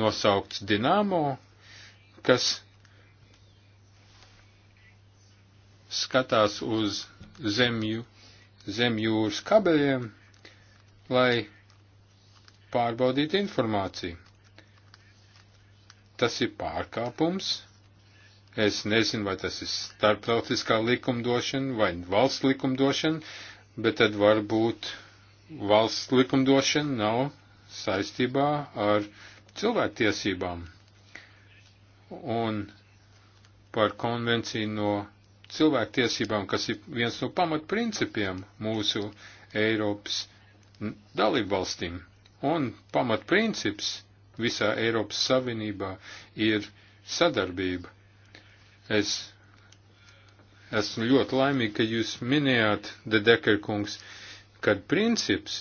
nosaukts Dinamo, kas skatās uz zemju zem jūras kabeļiem, lai pārbaudītu informāciju. Tas ir pārkāpums. Es nezinu, vai tas ir starptautiskā likumdošana vai valsts likumdošana, bet tad varbūt valsts likumdošana nav saistībā ar cilvēktiesībām. Un par konvenciju no cilvēktiesībām, kas ir viens no pamatprincipiem mūsu Eiropas dalībvalstīm. Un pamatprincips visā Eiropas Savienībā ir sadarbība. Es esmu ļoti laimīgi, ka jūs minējāt, Dedekerkungs, kad princips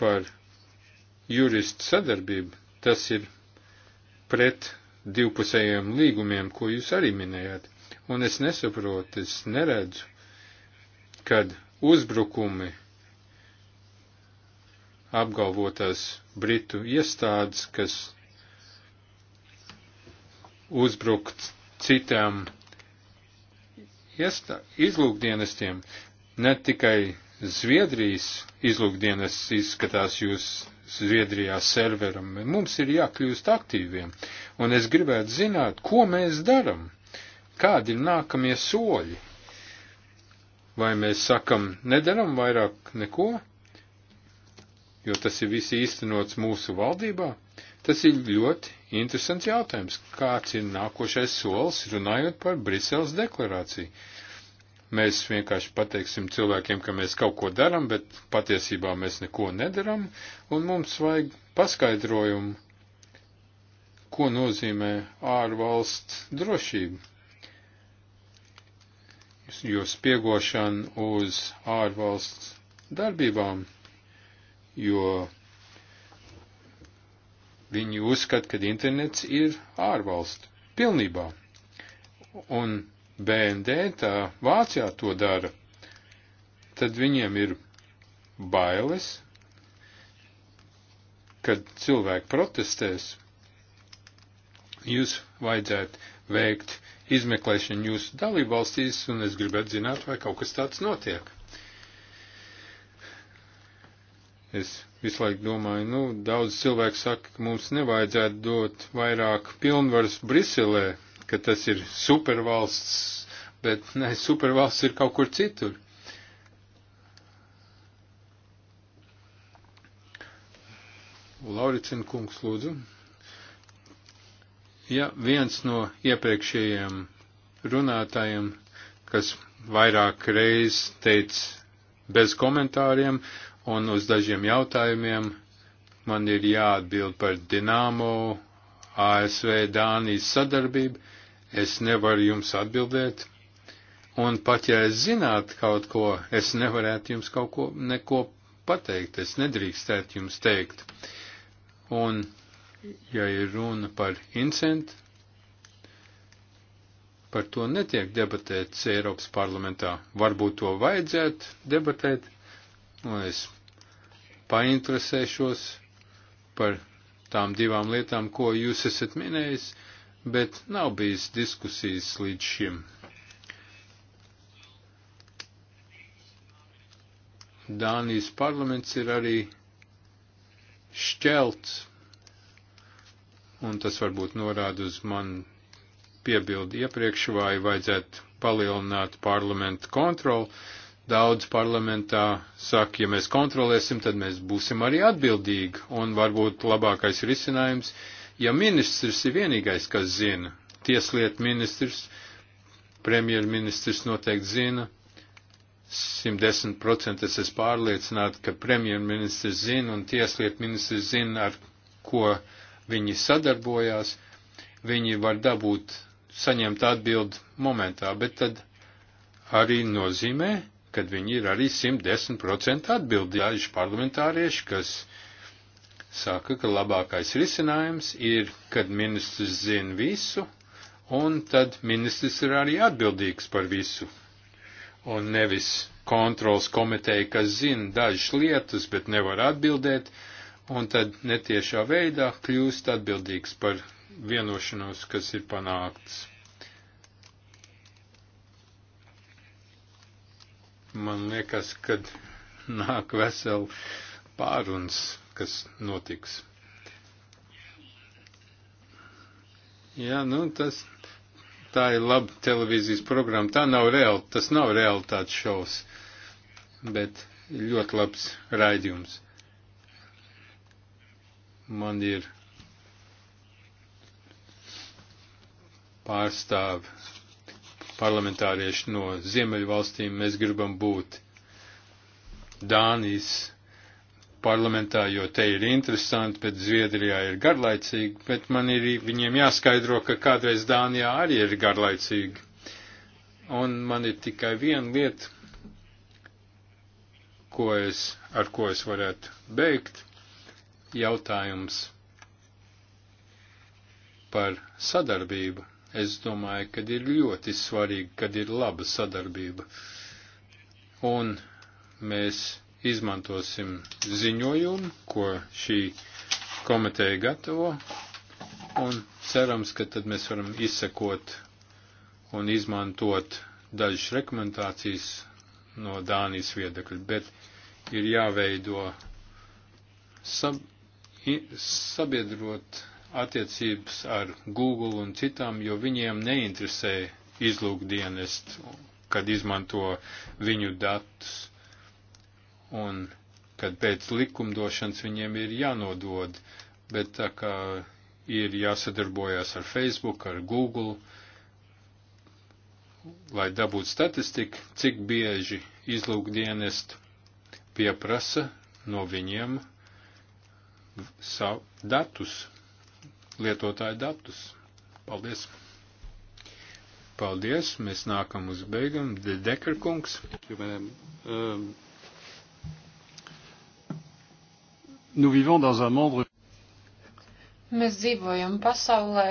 par juristu sadarbību, tas ir pret divpusējiem līgumiem, ko jūs arī minējāt. Un es nesaprotu, es neredzu, kad uzbrukumi apgalvotās Britu iestādes, kas uzbrukt citām iestā, izlūkdienestiem, ne tikai Zviedrijas izlūkdienas izskatās jūs Zviedrijā serveram, mums ir jākļūst aktīviem, un es gribētu zināt, ko mēs daram kādi ir nākamie soļi? Vai mēs sakam, nedaram vairāk neko, jo tas ir viss īstenots mūsu valdībā? Tas ir ļoti interesants jautājums. Kāds ir nākošais solis runājot par Briseles deklarāciju? Mēs vienkārši pateiksim cilvēkiem, ka mēs kaut ko daram, bet patiesībā mēs neko nedaram, un mums vajag paskaidrojumu, ko nozīmē ārvalsts drošība jo spiegošana uz ārvalsts darbībām, jo viņi uzskata, ka internets ir ārvalsts pilnībā. Un BND tā Vācijā to dara, tad viņiem ir bailes, kad cilvēki protestēs, jūs vajadzētu veikt izmeklēšanu jūsu dalībvalstīs, un es gribētu zināt, vai kaut kas tāds notiek. Es visu laiku domāju, nu, daudz cilvēku saka, ka mums nevajadzētu dot vairāk pilnvaras Briselē, ka tas ir supervalsts, bet nē, supervalsts ir kaut kur citur. Lauricina kungs, lūdzu. Ja viens no iepriekšējiem runātājiem, kas vairāk reiz teica bez komentāriem un uz dažiem jautājumiem, man ir jāatbild par Dinamo, ASV, Dānijas sadarbību, es nevaru jums atbildēt, un pat ja es zinātu kaut ko, es nevarētu jums kaut ko, neko pateikt, es nedrīkstētu jums teikt. Un ja ir runa par incentu, par to netiek debatēts Eiropas parlamentā. Varbūt to vajadzētu debatēt, un es painteresēšos par tām divām lietām, ko jūs esat minējis, bet nav bijis diskusijas līdz šim. Dānijas parlaments ir arī šķelts un tas varbūt norāda uz man piebildi iepriekš, vai vajadzētu palielināt parlamentu kontroli. Daudz parlamentā saka, ja mēs kontrolēsim, tad mēs būsim arī atbildīgi, un varbūt labākais risinājums, ja ministrs ir vienīgais, kas zina, tieslietu ministrs, premjerministrs noteikti zina, 110% es esmu pārliecināts, ka premjerministrs zina un tieslietu ministrs zina, ar ko uh, Viņi sadarbojās, viņi var dabūt, saņemt atbildi momentā, bet tad arī nozīmē, kad viņi ir arī 110% atbildi. Daži parlamentārieši, kas saka, ka labākais risinājums ir, kad ministrs zina visu, un tad ministrs ir arī atbildīgs par visu. Un nevis kontrols komiteja, kas zina dažas lietas, bet nevar atbildēt, un tad netiešā veidā kļūst atbildīgs par vienošanos, kas ir panākts. Man liekas, kad nāk veseli pāruns, kas notiks. Jā, nu tas, tā ir laba televīzijas programma, tā nav reāli, tas nav realitātes šovs, bet ļoti labs raidījums man ir pārstāvi parlamentārieši no Ziemeļu valstīm. Mēs gribam būt Dānijas parlamentā, jo te ir interesanti, bet Zviedrijā ir garlaicīgi, bet man ir viņiem jāskaidro, ka kādreiz Dānijā arī ir garlaicīgi. Un man ir tikai viena lieta, ko es, ar ko es varētu beigt jautājums par sadarbību. Es domāju, ka ir ļoti svarīgi, kad ir laba sadarbība. Un mēs izmantosim ziņojumu, ko šī komiteja gatavo, un cerams, ka tad mēs varam izsekot un izmantot dažas rekomendācijas no Dānijas viedokļa, bet ir jāveido sab sabiedrot attiecības ar Google un citām, jo viņiem neinteresē izlūkdienest, kad izmanto viņu datus. Un kad pēc likumdošanas viņiem ir jānodod, bet tā kā ir jāsadarbojas ar Facebook, ar Google, lai dabūtu statistiku, cik bieži izlūkdienest pieprasa no viņiem savu datus, lietotāju datus. Paldies! Paldies! Mēs nākam uz beigam. De Dekker kungs. Um, Mēs dzīvojam pasaulē,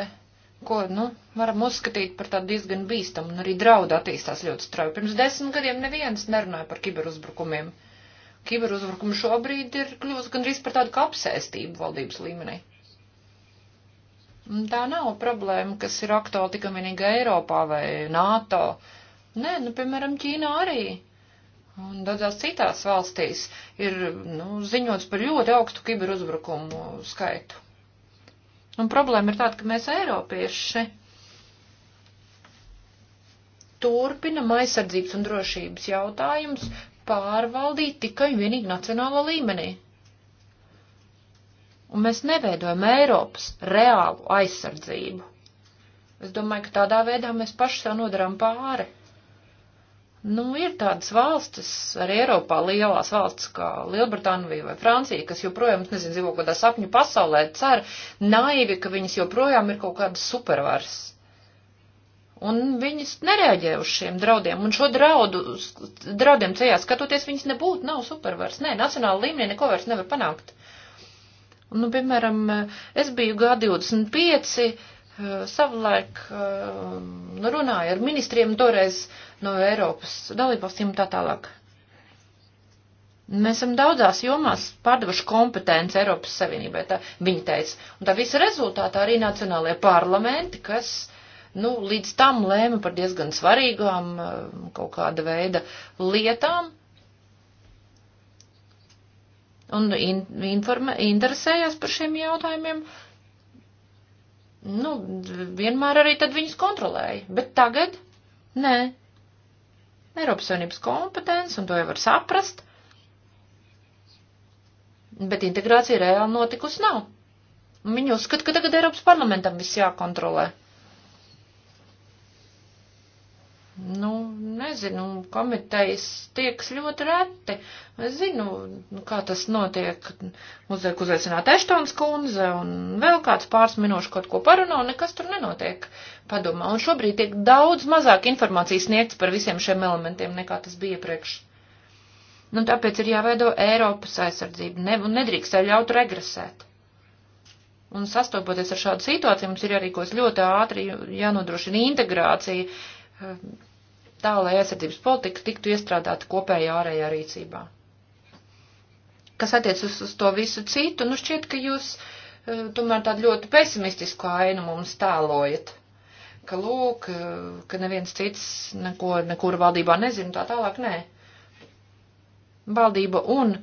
ko, nu, varam uzskatīt par tādu diezgan bīstamu, un arī draudu attīstās ļoti strauji. Pirms desmit gadiem neviens nerunāja par kiberuzbrukumiem kiberuzbrukumi šobrīd ir kļuvusi gandrīz par tādu kapsēstību valdības līmenī. Tā nav problēma, kas ir aktuāla tikai vienīgi Eiropā vai NATO. Nē, nu, piemēram, Ķīnā arī. Un daudzās citās valstīs ir nu, ziņots par ļoti augstu kiberuzbrukumu skaitu. Un problēma ir tāda, ka mēs Eiropieši turpinam aizsardzības un drošības jautājumus pārvaldīt tikai un vienīgi nacionālā līmenī. Un mēs neveidojam Eiropas reālu aizsardzību. Es domāju, ka tādā veidā mēs paši sev nodarām pāri. Nu, ir tādas valstis, arī Eiropā lielās valstis kā Lielbritānija vai Francija, kas joprojām, nezinu, dzīvo kādā sapņu pasaulē, cer naivi, ka viņas joprojām ir kaut kādas supervaras. Un viņas nereaģē uz šiem draudiem. Un šo draudu, draudiem ceļā skatoties, viņas nebūtu, nav supervars. Nē, nacionāla līmenī neko vairs nevar panākt. Un, nu, piemēram, es biju G25, eh, savulaik eh, nu, runāju ar ministriem toreiz no Eiropas dalībvalstīm un tā tālāk. Mēs esam daudzās jomās pārdevuši kompetenci Eiropas Savienībai, tā viņi teica. Un tā visa rezultātā arī nacionālajie parlamenti, kas uh, nu, līdz tam lēma par diezgan svarīgām eh, kaut kāda veida lietām. Un in, informa, interesējās par šiem jautājumiem. Nu, vienmēr arī tad viņus kontrolēja. Bet tagad? Nē. Eiropas Savienības kompetence, un to jau var saprast. Bet integrācija reāli notikusi nav. Viņi uzskata, ka tagad Eiropas parlamentam viss jākontrolē. Nu, nezinu, komitejas tieks ļoti reti. Es zinu, nu, kā tas notiek. Uzliek uzaicināt Eštons kundze un vēl kāds pāris minūšu kaut ko parunā un nekas tur nenotiek padomā. Un šobrīd tiek daudz mazāk informācijas sniegts par visiem šiem elementiem nekā tas bija iepriekš. Nu, tāpēc ir jāveido Eiropas aizsardzība. Ne, nedrīkst ļaut regresēt. Un sastopoties ar šādu situāciju, mums ir jārīkos ļoti ātri, jānodrošina integrācija tā, lai aizsardzības politika tiktu iestrādāta kopējā ārējā rīcībā. Kas attiec uz, uz to visu citu, nu šķiet, ka jūs e, tomēr tādu ļoti pesimistisku ainu mums tēlojat, ka lūk, e, ka neviens cits neko, nekur valdībā nezina, tā tālāk nē. Valdība un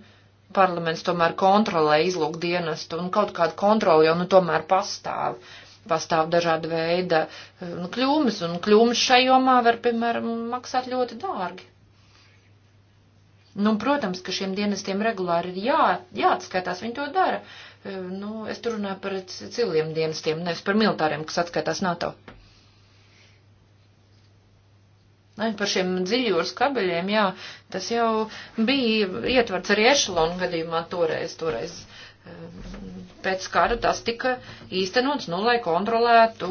parlaments tomēr kontrolē izlūk dienestu un kaut kāda kontrola jau nu tomēr pastāv pastāv dažāda veida eh, nu, kļūmes, un kļūmes šai jomā var, piemēram, maksāt ļoti dārgi. Nu, protams, ka šiem dienestiem regulāri ir jā, jāatskaitās, viņi to dara. Eh, nu, es tur runāju par civiliem dienestiem, nevis par militāriem, kas atskaitās NATO. Ne, par šiem dziļjūras kabeļiem, jā, tas jau bija ietverts arī ešalonu gadījumā toreiz, toreiz. Uh, pēc kara tas tika īstenots, nu, lai kontrolētu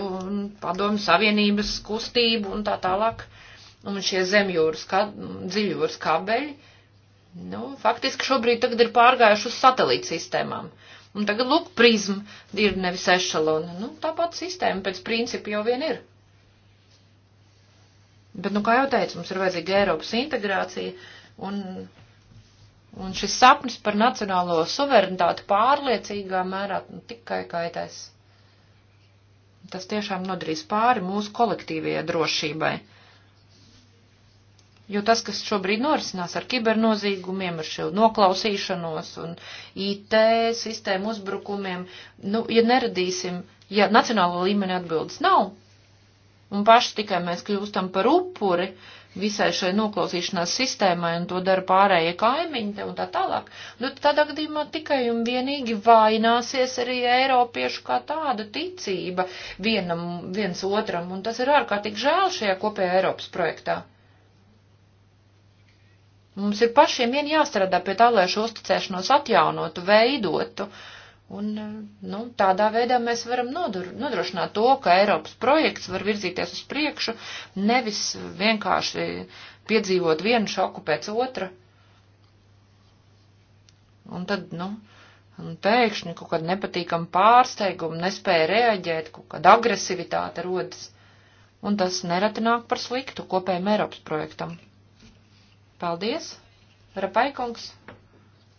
padomu savienības kustību un tā tālāk. Un šie zemjūras, kā, dziļjūras kabeļi, nu, faktiski šobrīd tagad ir pārgājuši uz satelīta sistēmām. Un tagad, lūk, prizma ir nevis ešalona. Nu, tāpat sistēma pēc principa jau vien ir. Bet, nu, kā jau teicu, mums ir vajadzīga Eiropas integrācija un Un šis sapnis par nacionālo suverenitāti pārliecīgā mērā nu, tikai kaitēs. Tas tiešām nodarīs pāri mūsu kolektīvajai drošībai. Jo tas, kas šobrīd norisinās ar kibernozīgumiem, ar šo noklausīšanos un IT sistēmu uzbrukumiem, nu, ja neradīsim, ja nacionālo līmeni atbildes nav, un paši tikai mēs kļūstam par upuri, uh, visai šai noklausīšanās sistēmai un to dara pārējie kaimiņi un tā tālāk, nu tādā gadījumā tikai un vienīgi vaināsies arī Eiropiešu kā tāda ticība vienam, viens otram, un tas ir ārkārtīgi žēl šajā kopējā Eiropas projektā. Mums ir pašiem vien jāstrādā pie tā, lai šo uzticēšanos atjaunotu, veidotu. Uh, Un, eh, nu, tādā veidā mēs varam nodur, nodrošināt to, ka Eiropas projekts var virzīties uz priekšu, nevis vienkārši piedzīvot vienu šoku pēc otra. Un tad, nu, un pēkšņi kaut kāda nepatīkama pārsteiguma, nespēja reaģēt, kaut kāda agresivitāte rodas. Un tas nereti nāk par sliktu kopējiem Eiropas projektam. Paldies, Rapaikungs!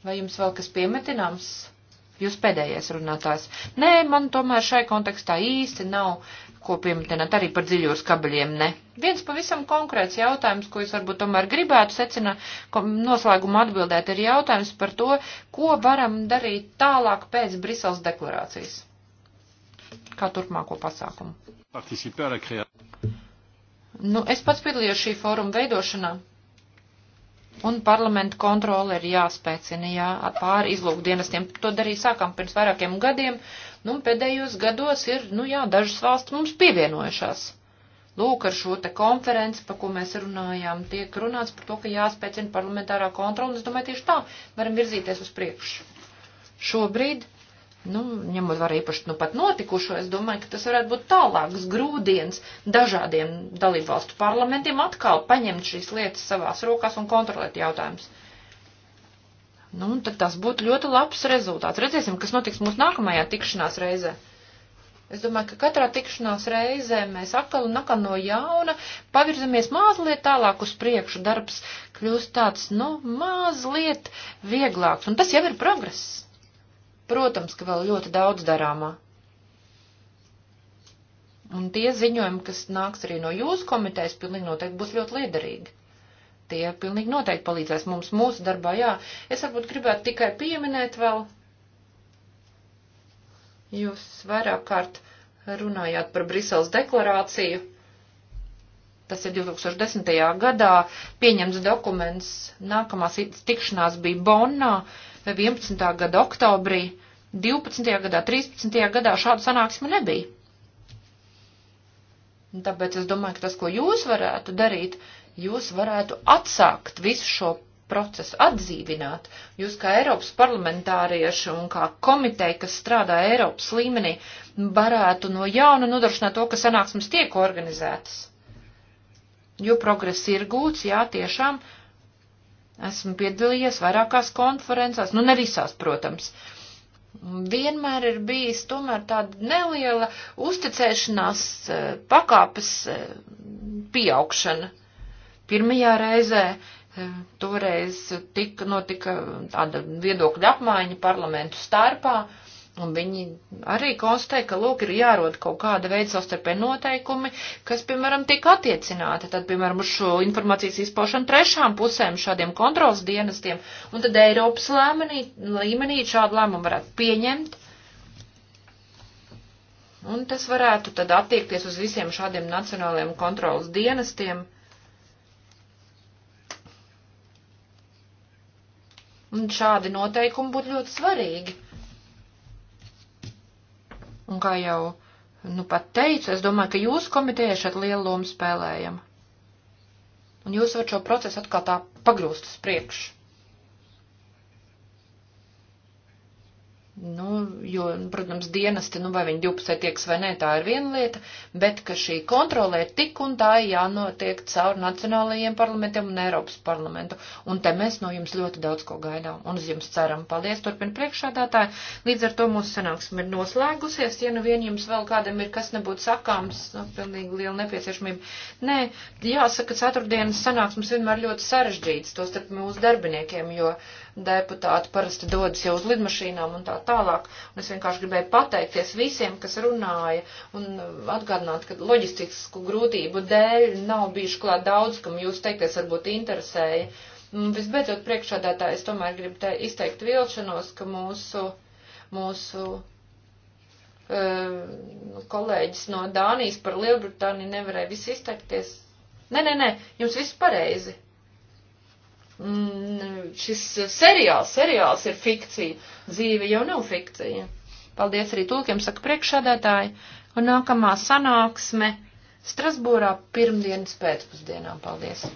Vai jums vēl kas piemetināms? Jūs pēdējais runātājs. Nē, man tomēr šai kontekstā īsti nav ko pieminēt arī par dziļos kabeļiem, ne. Viens pavisam konkrēts jautājums, ko es varbūt tomēr gribētu secināt, noslēguma atbildēt, ir jautājums par to, ko varam darīt tālāk pēc Briseles deklarācijas. Kā turpmāko pasākumu? Nu, es pats piedalījos šī fóruma veidošanā. Un parlamenta kontrole ir jāspēcina, jā, pāri izlūkdienestiem. To darīja sākam pirms vairākiem gadiem, nu, pēdējos gados ir, nu jā, dažas valsts mums pievienojušās. Lūk, ar šo te konferenci, pa ko mēs runājām, tiek runāts par to, ka jāspēcina parlamentārā kontrola, un es domāju, tieši tā varam virzīties uz priekšu. Šobrīd Nu, ņemot vērā īpaši nu pat notikušo, es domāju, ka tas varētu būt tālāks grūdienis dažādiem dalībvalstu parlamentiem atkal paņemt šīs lietas savās rokās un kontrolēt jautājumus. Nu, un tad tas būtu ļoti labs rezultāts. Redzēsim, kas notiks mūsu nākamajā tikšanās reizē. Es domāju, ka katrā tikšanās reizē mēs atkal un atkal no jauna pavirzamies mazliet tālāk uz priekšu. Darbs kļūst tāds, nu, mazliet vieglāks. Un tas jau ir progress. Protams, ka vēl ļoti daudz darāmā. Un tie ziņojumi, kas nāks arī no jūsu komitejas, pilnīgi noteikti būs ļoti liederīgi. Tie pilnīgi noteikti palīdzēs mums mūsu darbā, jā. Es varbūt gribētu tikai pieminēt vēl, jūs vairāk kārt runājāt par Briseles deklarāciju. Tas ir 2010. gadā pieņems dokuments. Nākamās tikšanās bija Bonnā. Uh, 11. gada oktobrī, 12. gadā, 13. gadā šādu sanāksmi nebija. Un tāpēc es domāju, ka tas, ko jūs varētu darīt, jūs varētu atsākt visu šo procesu, atdzīvināt. Jūs kā Eiropas parlamentārieši un kā komiteja, kas strādā Eiropas līmenī, varētu no jauna nodrošināt to, ka sanāksmes tiek organizētas. Jo progress ir gūts, jā, tiešām, uh, Esmu piedalījies vairākās konferencēs, nu ne visās, protams. Vienmēr ir bijis tomēr tāda neliela uzticēšanās eh, pakāpes eh, pieaugšana. Pirmajā reizē eh, toreiz tika, notika tāda viedokļa apmaiņa parlamentu starpā, uh, Un viņi arī konstatē, ka, lūk, ir jārod kaut kāda veida sastarpē noteikumi, kas, piemēram, tiek attiecināti, tad, piemēram, uz šo informācijas izpaušanu trešām pusēm šādiem kontrols dienestiem, un tad Eiropas lēmenī, līmenī šādu lēmumu varētu pieņemt, un tas varētu tad attiekties uz visiem šādiem nacionālajiem kontrols dienestiem. Un šādi noteikumi būtu ļoti svarīgi Un kā jau, nu, pat teicu, es domāju, ka jūs komiteja šeit lielu lomu spēlējam. Un jūs varat šo procesu atkal tā pagrūst uz priekšu. Nu, jo, protams, dienesti, nu, vai viņi divpusē tieks vai nē, tā ir viena lieta, bet ka šī kontrolē tik un tā jānotiek caur nacionālajiem parlamentiem un Eiropas parlamentu. Un te mēs no jums ļoti daudz ko gaidām un uz jums ceram. Paldies, turpina priekšādātāji. Līdz ar to mūsu sanāksme ir noslēgusies. Ja nu vien jums vēl kādam ir kas nebūtu sakāms, nu, pilnīgi liela nepieciešamība. Nē, jāsaka, ceturtdienas sanāksmes vienmēr ļoti sarežģītas, tos starp mūsu darbiniekiem, jo. Uh, deputāti parasti dodas jau uz lidmašīnām un tā tālāk. Un es vienkārši gribēju pateikties visiem, kas runāja un atgādināt, ka loģistisku grūtību dēļ nav bijuši klāt daudz, kam jūs teikties varbūt interesēja. Un visbeidzot, priekšādātāji, es tomēr gribu te izteikt vilšanos, ka mūsu, mūsu uh, kolēģis no Dānijas par Lielbritāniju nevarēja viss izteikties. Nē, nē, nē, jums viss pareizi. Mm, šis seriāls, seriāls ir fikcija, dzīve jau nav fikcija. Paldies arī tūkiem, saka priekšādētāji, un nākamā sanāksme Strasbūrā pirmdienas pēcpusdienā. Paldies!